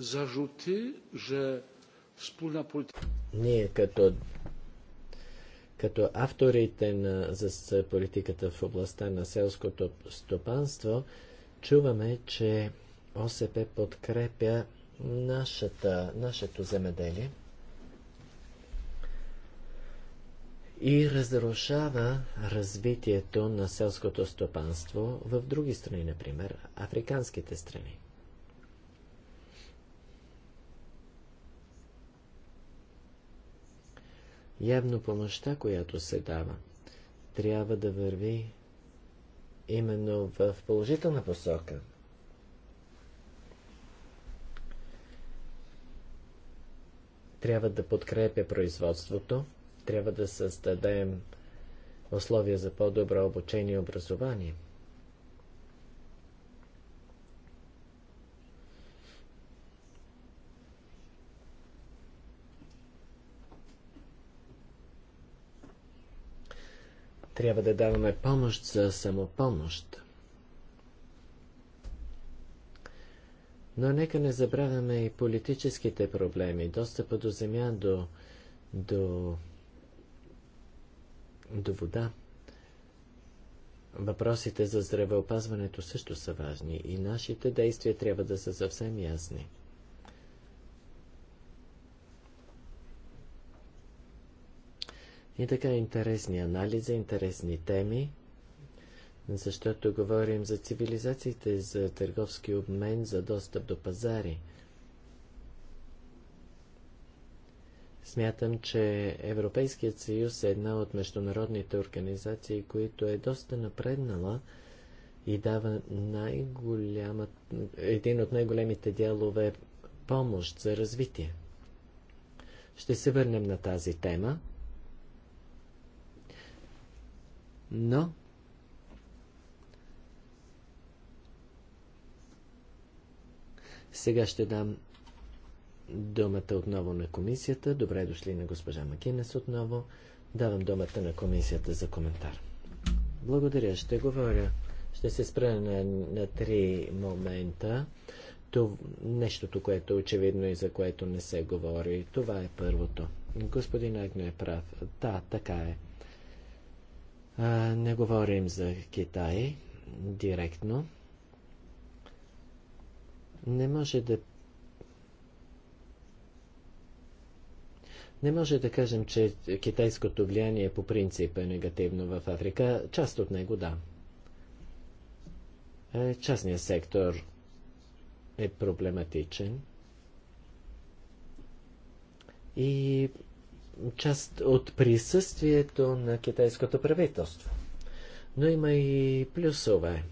zarzuty, że wspólna polityka... Ние като, като авторите на, за политиката в областта на селското стопанство чуваме, че ОСП подкрепя нашата, нашето земеделие и разрушава развитието на селското стопанство в други страни, например, африканските страни. Явно помощта, която се дава, трябва да върви именно в положителна посока. Трябва да подкрепя производството, трябва да създадем условия за по-добро обучение и образование – трябва да даваме помощ за самопомощ. Но нека не забравяме и политическите проблеми, достъпа до земя, до, до, до вода. Въпросите за здравеопазването също са важни и нашите действия трябва да са съвсем ясни. И така интересни анализи, интересни теми, защото говорим за цивилизациите, за търговски обмен, за достъп до пазари. Смятам, че Европейският съюз е една от международните организации, които е доста напреднала и дава един от най-големите дялове помощ за развитие. Ще се върнем на тази тема. но сега ще дам думата отново на комисията. Добре дошли на госпожа Макинес отново. Давам думата на комисията за коментар. Благодаря. Ще говоря. Ще се спра на, на три момента. То, нещото, което е очевидно и за което не се говори. Това е първото. Господин Агне е прав. Да, така е. Не говорим за Китай директно. Не може да Не може да кажем, че китайското влияние по принцип е негативно в Африка. Част от него да. Е, частният сектор е проблематичен. И част от присъствието на китайското правителство. Но има и плюсове.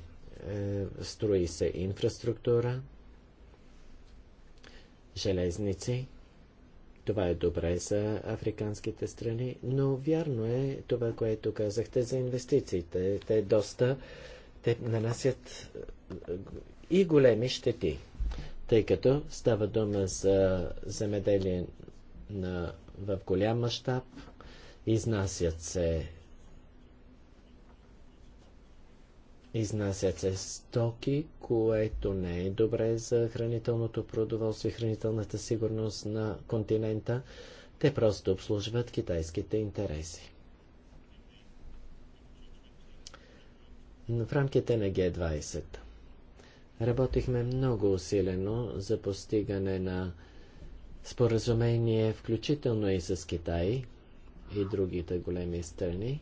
Е, строи се инфраструктура, железници. Това е добре за африканските страни, но вярно е това, което казахте за инвестициите. Те доста, те нанасят е, и големи щети, тъй като става дума за земеделие на в голям мащаб, изнасят се Изнасят се стоки, което не е добре за хранителното продоволствие, хранителната сигурност на континента. Те просто обслужват китайските интереси. В рамките на Г-20 работихме много усилено за постигане на споразумение, включително и с Китай и другите големи страни,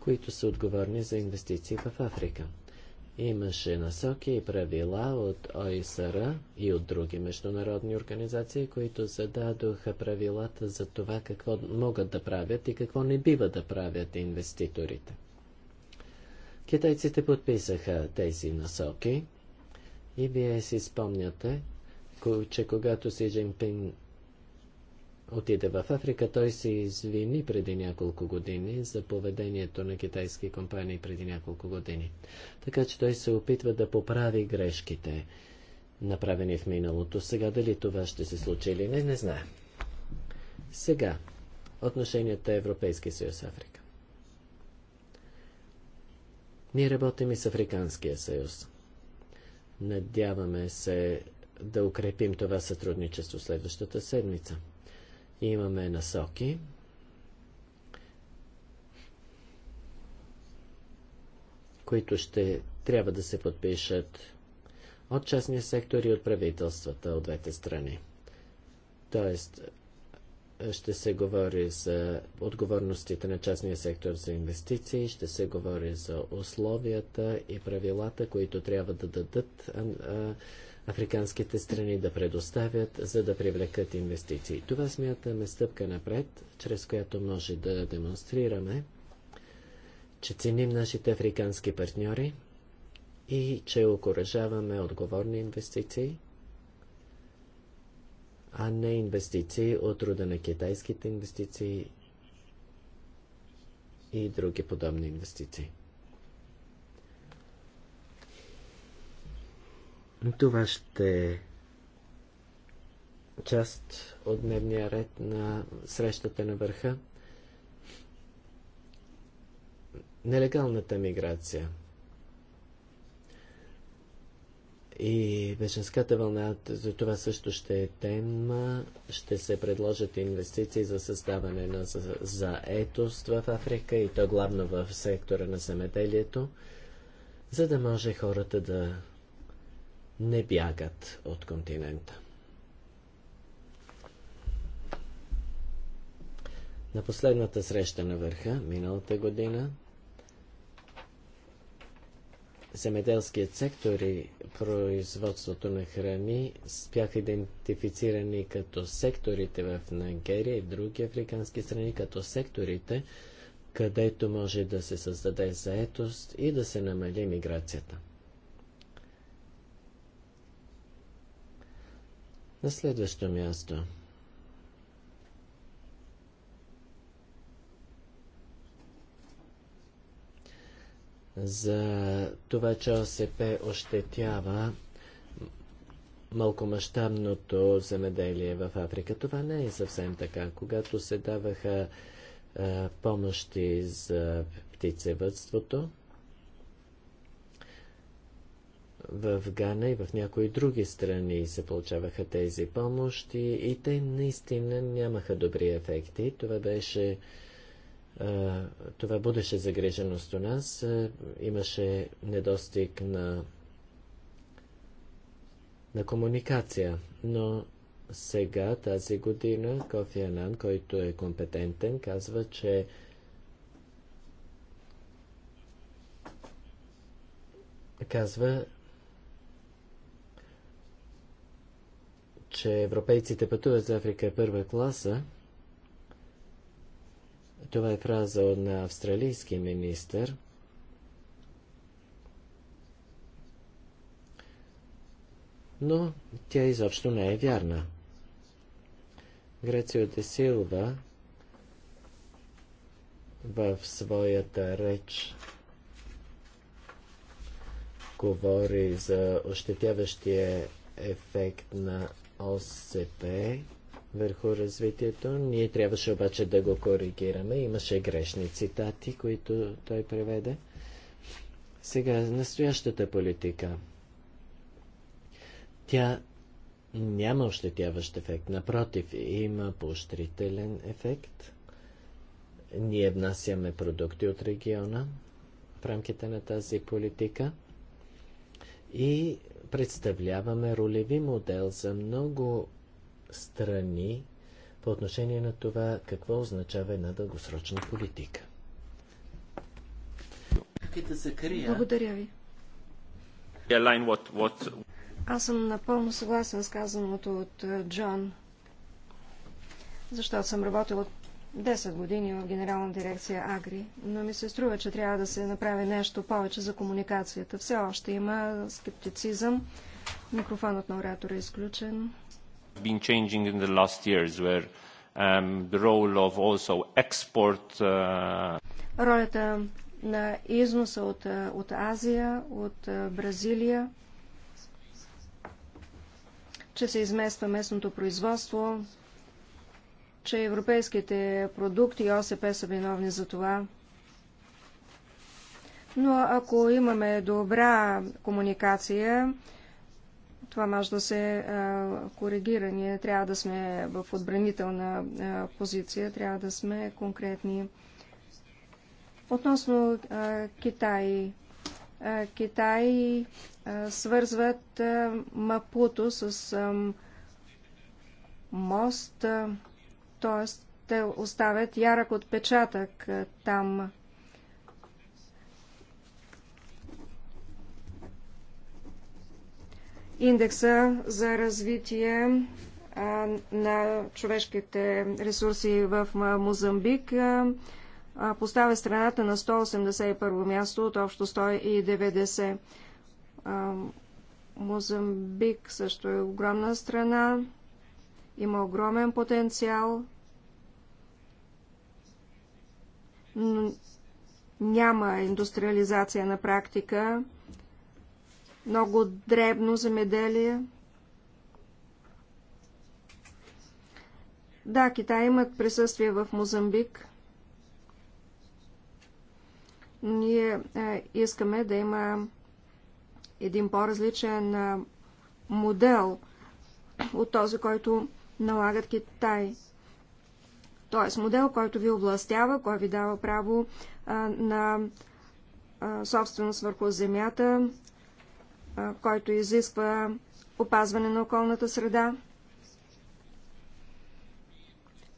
които са отговорни за инвестиции в Африка. Имаше насоки и правила от ОИСР и от други международни организации, които зададоха правилата за това какво могат да правят и какво не бива да правят инвеститорите. Китайците подписаха тези насоки и вие си спомняте, че когато Си Джинпин отиде в Африка, той се извини преди няколко години за поведението на китайски компании преди няколко години. Така че той се опитва да поправи грешките, направени в миналото. Сега дали това ще се случи или не, не знаем. Сега, отношенията Европейски съюз Африка. Ние работим и с Африканския съюз. Надяваме се да укрепим това сътрудничество следващата седмица. Имаме насоки. които ще трябва да се подпишат от частния сектор и от правителствата от двете страни. Тоест, ще се говори за отговорностите на частния сектор за инвестиции, ще се говори за условията и правилата, които трябва да дадат африканските страни да предоставят, за да привлекат инвестиции. Това смятаме стъпка напред, чрез която може да демонстрираме, че ценим нашите африкански партньори и че окоръжаваме отговорни инвестиции, а не инвестиции от рода на китайските инвестиции и други подобни инвестиции. Това ще е част от дневния ред на срещата на върха. Нелегалната миграция и беженската вълна, за това също ще е тема. Ще се предложат инвестиции за създаване на заетост за в Африка и то главно в сектора на земеделието, за да може хората да не бягат от континента. На последната среща на върха, миналата година, земеделският сектор и производството на храни бяха идентифицирани като секторите в Нигерия и други африкански страни, като секторите, където може да се създаде заетост и да се намали миграцията. На следващо място. За това, че ОСП ощетява малкомащабното земеделие в Африка. Това не е съвсем така. Когато се даваха помощи за птицевътството, в Гана и в някои други страни се получаваха тези помощи и те наистина нямаха добри ефекти. Това беше това будеше загриженост у нас. Имаше недостиг на, на комуникация, но сега, тази година, Кофи Анан, който е компетентен, казва, че казва, че европейците пътуват за Африка първа класа, това е фраза от на австралийски министър. Но тя изобщо не е вярна. Грецио де Силва в своята реч говори за ощетяващия ефект на ОСП върху развитието. Ние трябваше обаче да го коригираме. Имаше грешни цитати, които той преведе. Сега, настоящата политика. Тя няма ощетяващ ефект. Напротив, има поощрителен ефект. Ние внасяме продукти от региона в рамките на тази политика и представляваме ролеви модел за много страни по отношение на това какво означава една дългосрочна политика. Благодаря ви. Аз съм напълно съгласен с казаното от е, Джон, защото съм работила 10 години в Генерална дирекция Агри, но ми се струва, че трябва да се направи нещо повече за комуникацията. Все още има скептицизъм. Микрофонът на оратора е изключен. Been changing in the last years where um, the role of also export uh... Ролята на износа от, uh, от Азия, от uh, Бразилия, че се измества местното производство, че европейските продукти и ОСП са виновни за това. Но ако имаме добра комуникация, това може да се коригира. Ние трябва да сме в отбранителна позиция, трябва да сме конкретни. Относно Китай. Китай свързват Мапуто с мост т.е. те оставят ярък отпечатък е, там. Индекса за развитие е, на човешките ресурси в е, Мозамбик поставя страната на 181 място от общо 190. Мозамбик също е огромна страна, има огромен потенциал няма индустриализация на практика, много дребно земеделие. Да, Китай имат присъствие в Мозамбик. Ние е, искаме да има един по-различен е, модел от този, който налагат Китай. Т.е. модел, който ви областява, който ви дава право на собственост върху земята, който изисква опазване на околната среда.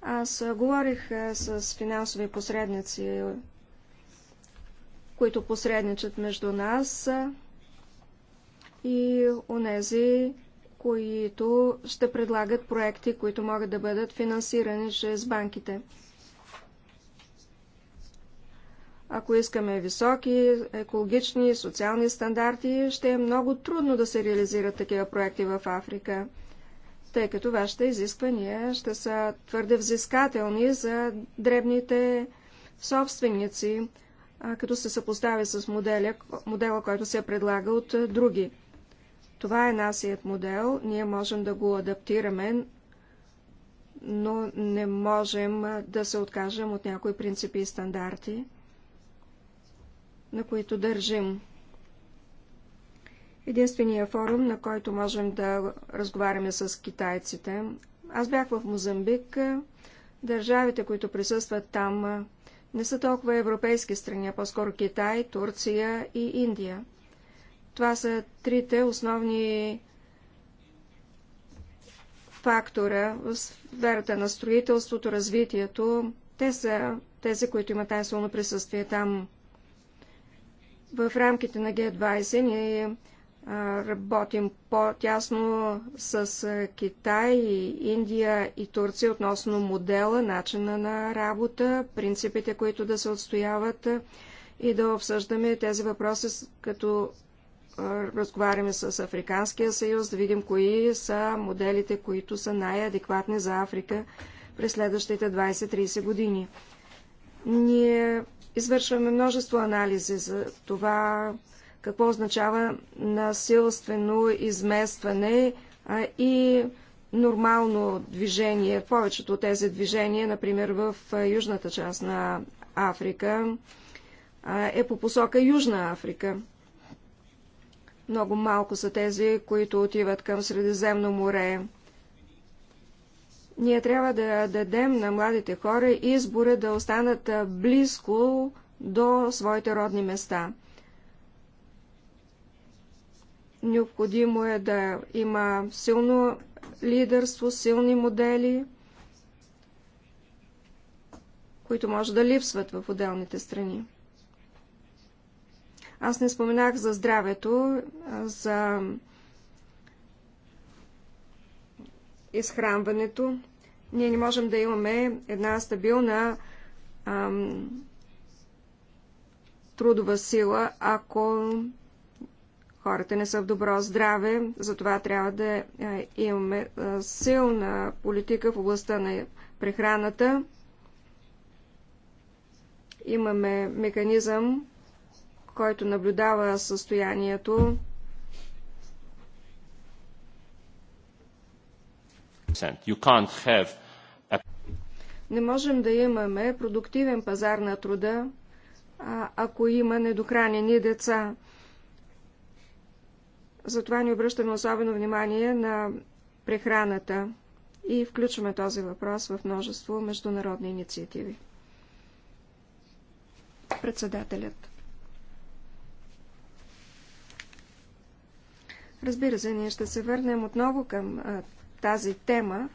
Аз говорих с финансови посредници, които посредничат между нас и нези които ще предлагат проекти, които могат да бъдат финансирани чрез банките. Ако искаме високи екологични и социални стандарти, ще е много трудно да се реализират такива проекти в Африка, тъй като вашите изисквания ще са твърде взискателни за дребните собственици, като се съпостави с моделя, модела, който се предлага от други това е нашият модел. Ние можем да го адаптираме, но не можем да се откажем от някои принципи и стандарти, на които държим. Единствения форум, на който можем да разговаряме с китайците. Аз бях в Мозамбик. Държавите, които присъстват там, не са толкова европейски страни, а по-скоро Китай, Турция и Индия. Това са трите основни фактора в сферата на строителството, развитието. Те са тези, които имат най-силно присъствие там. В рамките на Г20 ние работим по-тясно с Китай, Индия и Турция относно модела, начина на работа, принципите, които да се отстояват и да обсъждаме тези въпроси като разговаряме с Африканския съюз, да видим кои са моделите, които са най-адекватни за Африка през следващите 20-30 години. Ние извършваме множество анализи за това какво означава насилствено изместване и нормално движение. Повечето от тези движения, например в южната част на Африка, е по посока Южна Африка. Много малко са тези, които отиват към Средиземно море. Ние трябва да дадем на младите хора избора да останат близко до своите родни места. Необходимо е да има силно лидерство, силни модели, които може да липсват в отделните страни. Аз не споменах за здравето, за изхранването. Ние не можем да имаме една стабилна ам, трудова сила, ако хората не са в добро здраве. Затова трябва да имаме силна политика в областта на прехраната. Имаме механизъм който наблюдава състоянието. A... Не можем да имаме продуктивен пазар на труда, а, ако има недохранени деца. Затова ни обръщаме особено внимание на прехраната и включваме този въпрос в множество международни инициативи. Председателят Разбира се, ние ще се върнем отново към а, тази тема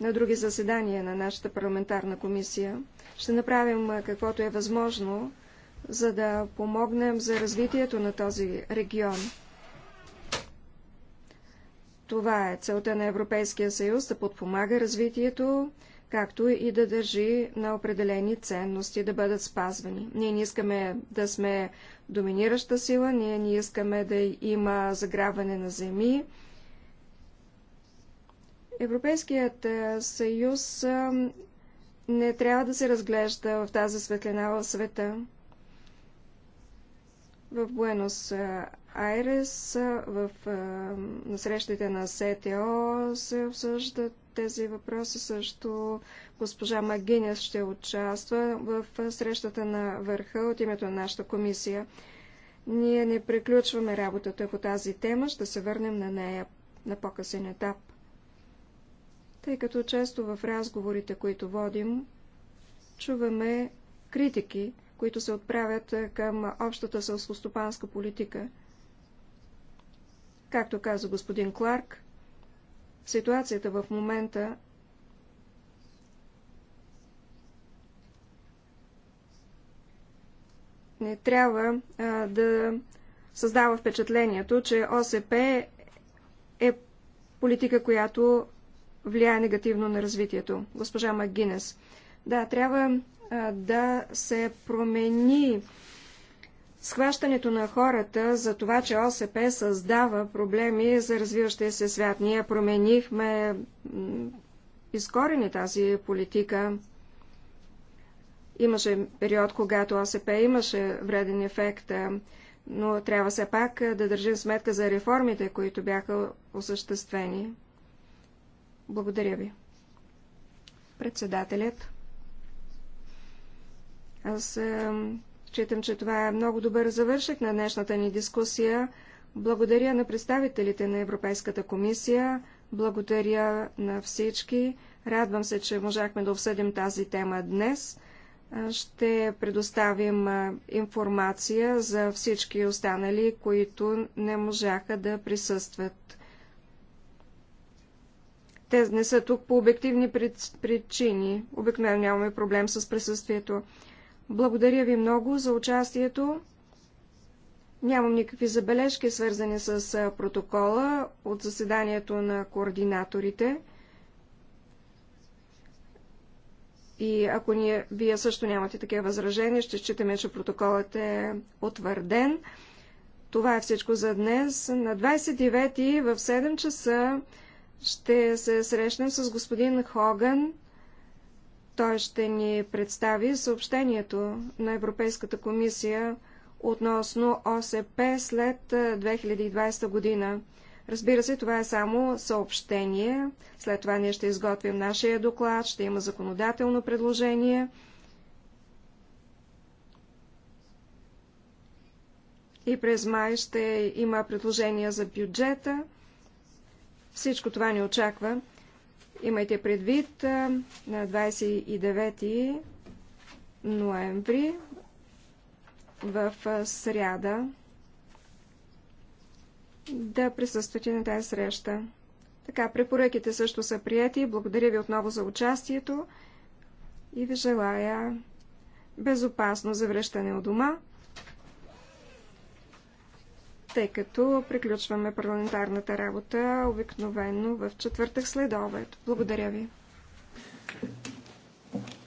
на други заседания на нашата парламентарна комисия. Ще направим а, каквото е възможно, за да помогнем за развитието на този регион. Това е целта на Европейския съюз да подпомага развитието както и да държи на определени ценности да бъдат спазвани. Ние не искаме да сме доминираща сила, ние не искаме да има заграване на земи. Европейският е, съюз е, не трябва да се разглежда в тази светлина в света. В Буенос е, Айрес, в, насрещите срещите на СТО се обсъждат тези въпроси. Също госпожа Магинес ще участва в срещата на върха от името на нашата комисия. Ние не приключваме работата по тази тема, ще се върнем на нея на по-късен етап. Тъй като често в разговорите, които водим, чуваме критики, които се отправят към общата селскостопанска политика. Както каза господин Кларк, Ситуацията в момента не трябва а, да създава впечатлението, че ОСП е политика, която влияе негативно на развитието. Госпожа Магинес. Да, трябва а, да се промени схващането на хората за това, че ОСП създава проблеми за развиващия се свят. Ние променихме изкорени тази политика. Имаше период, когато ОСП имаше вреден ефект, но трябва все пак да държим сметка за реформите, които бяха осъществени. Благодаря ви. Председателят. Аз Считам, че това е много добър завършък на днешната ни дискусия. Благодаря на представителите на Европейската комисия, благодаря на всички. Радвам се, че можахме да обсъдим тази тема днес. Ще предоставим информация за всички останали, които не можаха да присъстват. Те не са тук по обективни причини. Обикновено нямаме проблем с присъствието. Благодаря ви много за участието. Нямам никакви забележки, свързани с протокола от заседанието на координаторите. И ако ние, вие също нямате такива възражения, ще считаме, че протоколът е утвърден. Това е всичко за днес. На 29 в 7 часа ще се срещнем с господин Хоган. Той ще ни представи съобщението на Европейската комисия относно ОСП след 2020 година. Разбира се, това е само съобщение. След това ние ще изготвим нашия доклад, ще има законодателно предложение. И през май ще има предложения за бюджета. Всичко това ни очаква. Имайте предвид на 29 ноември в сряда да присъствате на тази среща. Така, препоръките също са прияти. Благодаря ви отново за участието и ви желая безопасно завръщане от дома тъй като приключваме парламентарната работа обикновено в четвъртък след обед. Благодаря ви.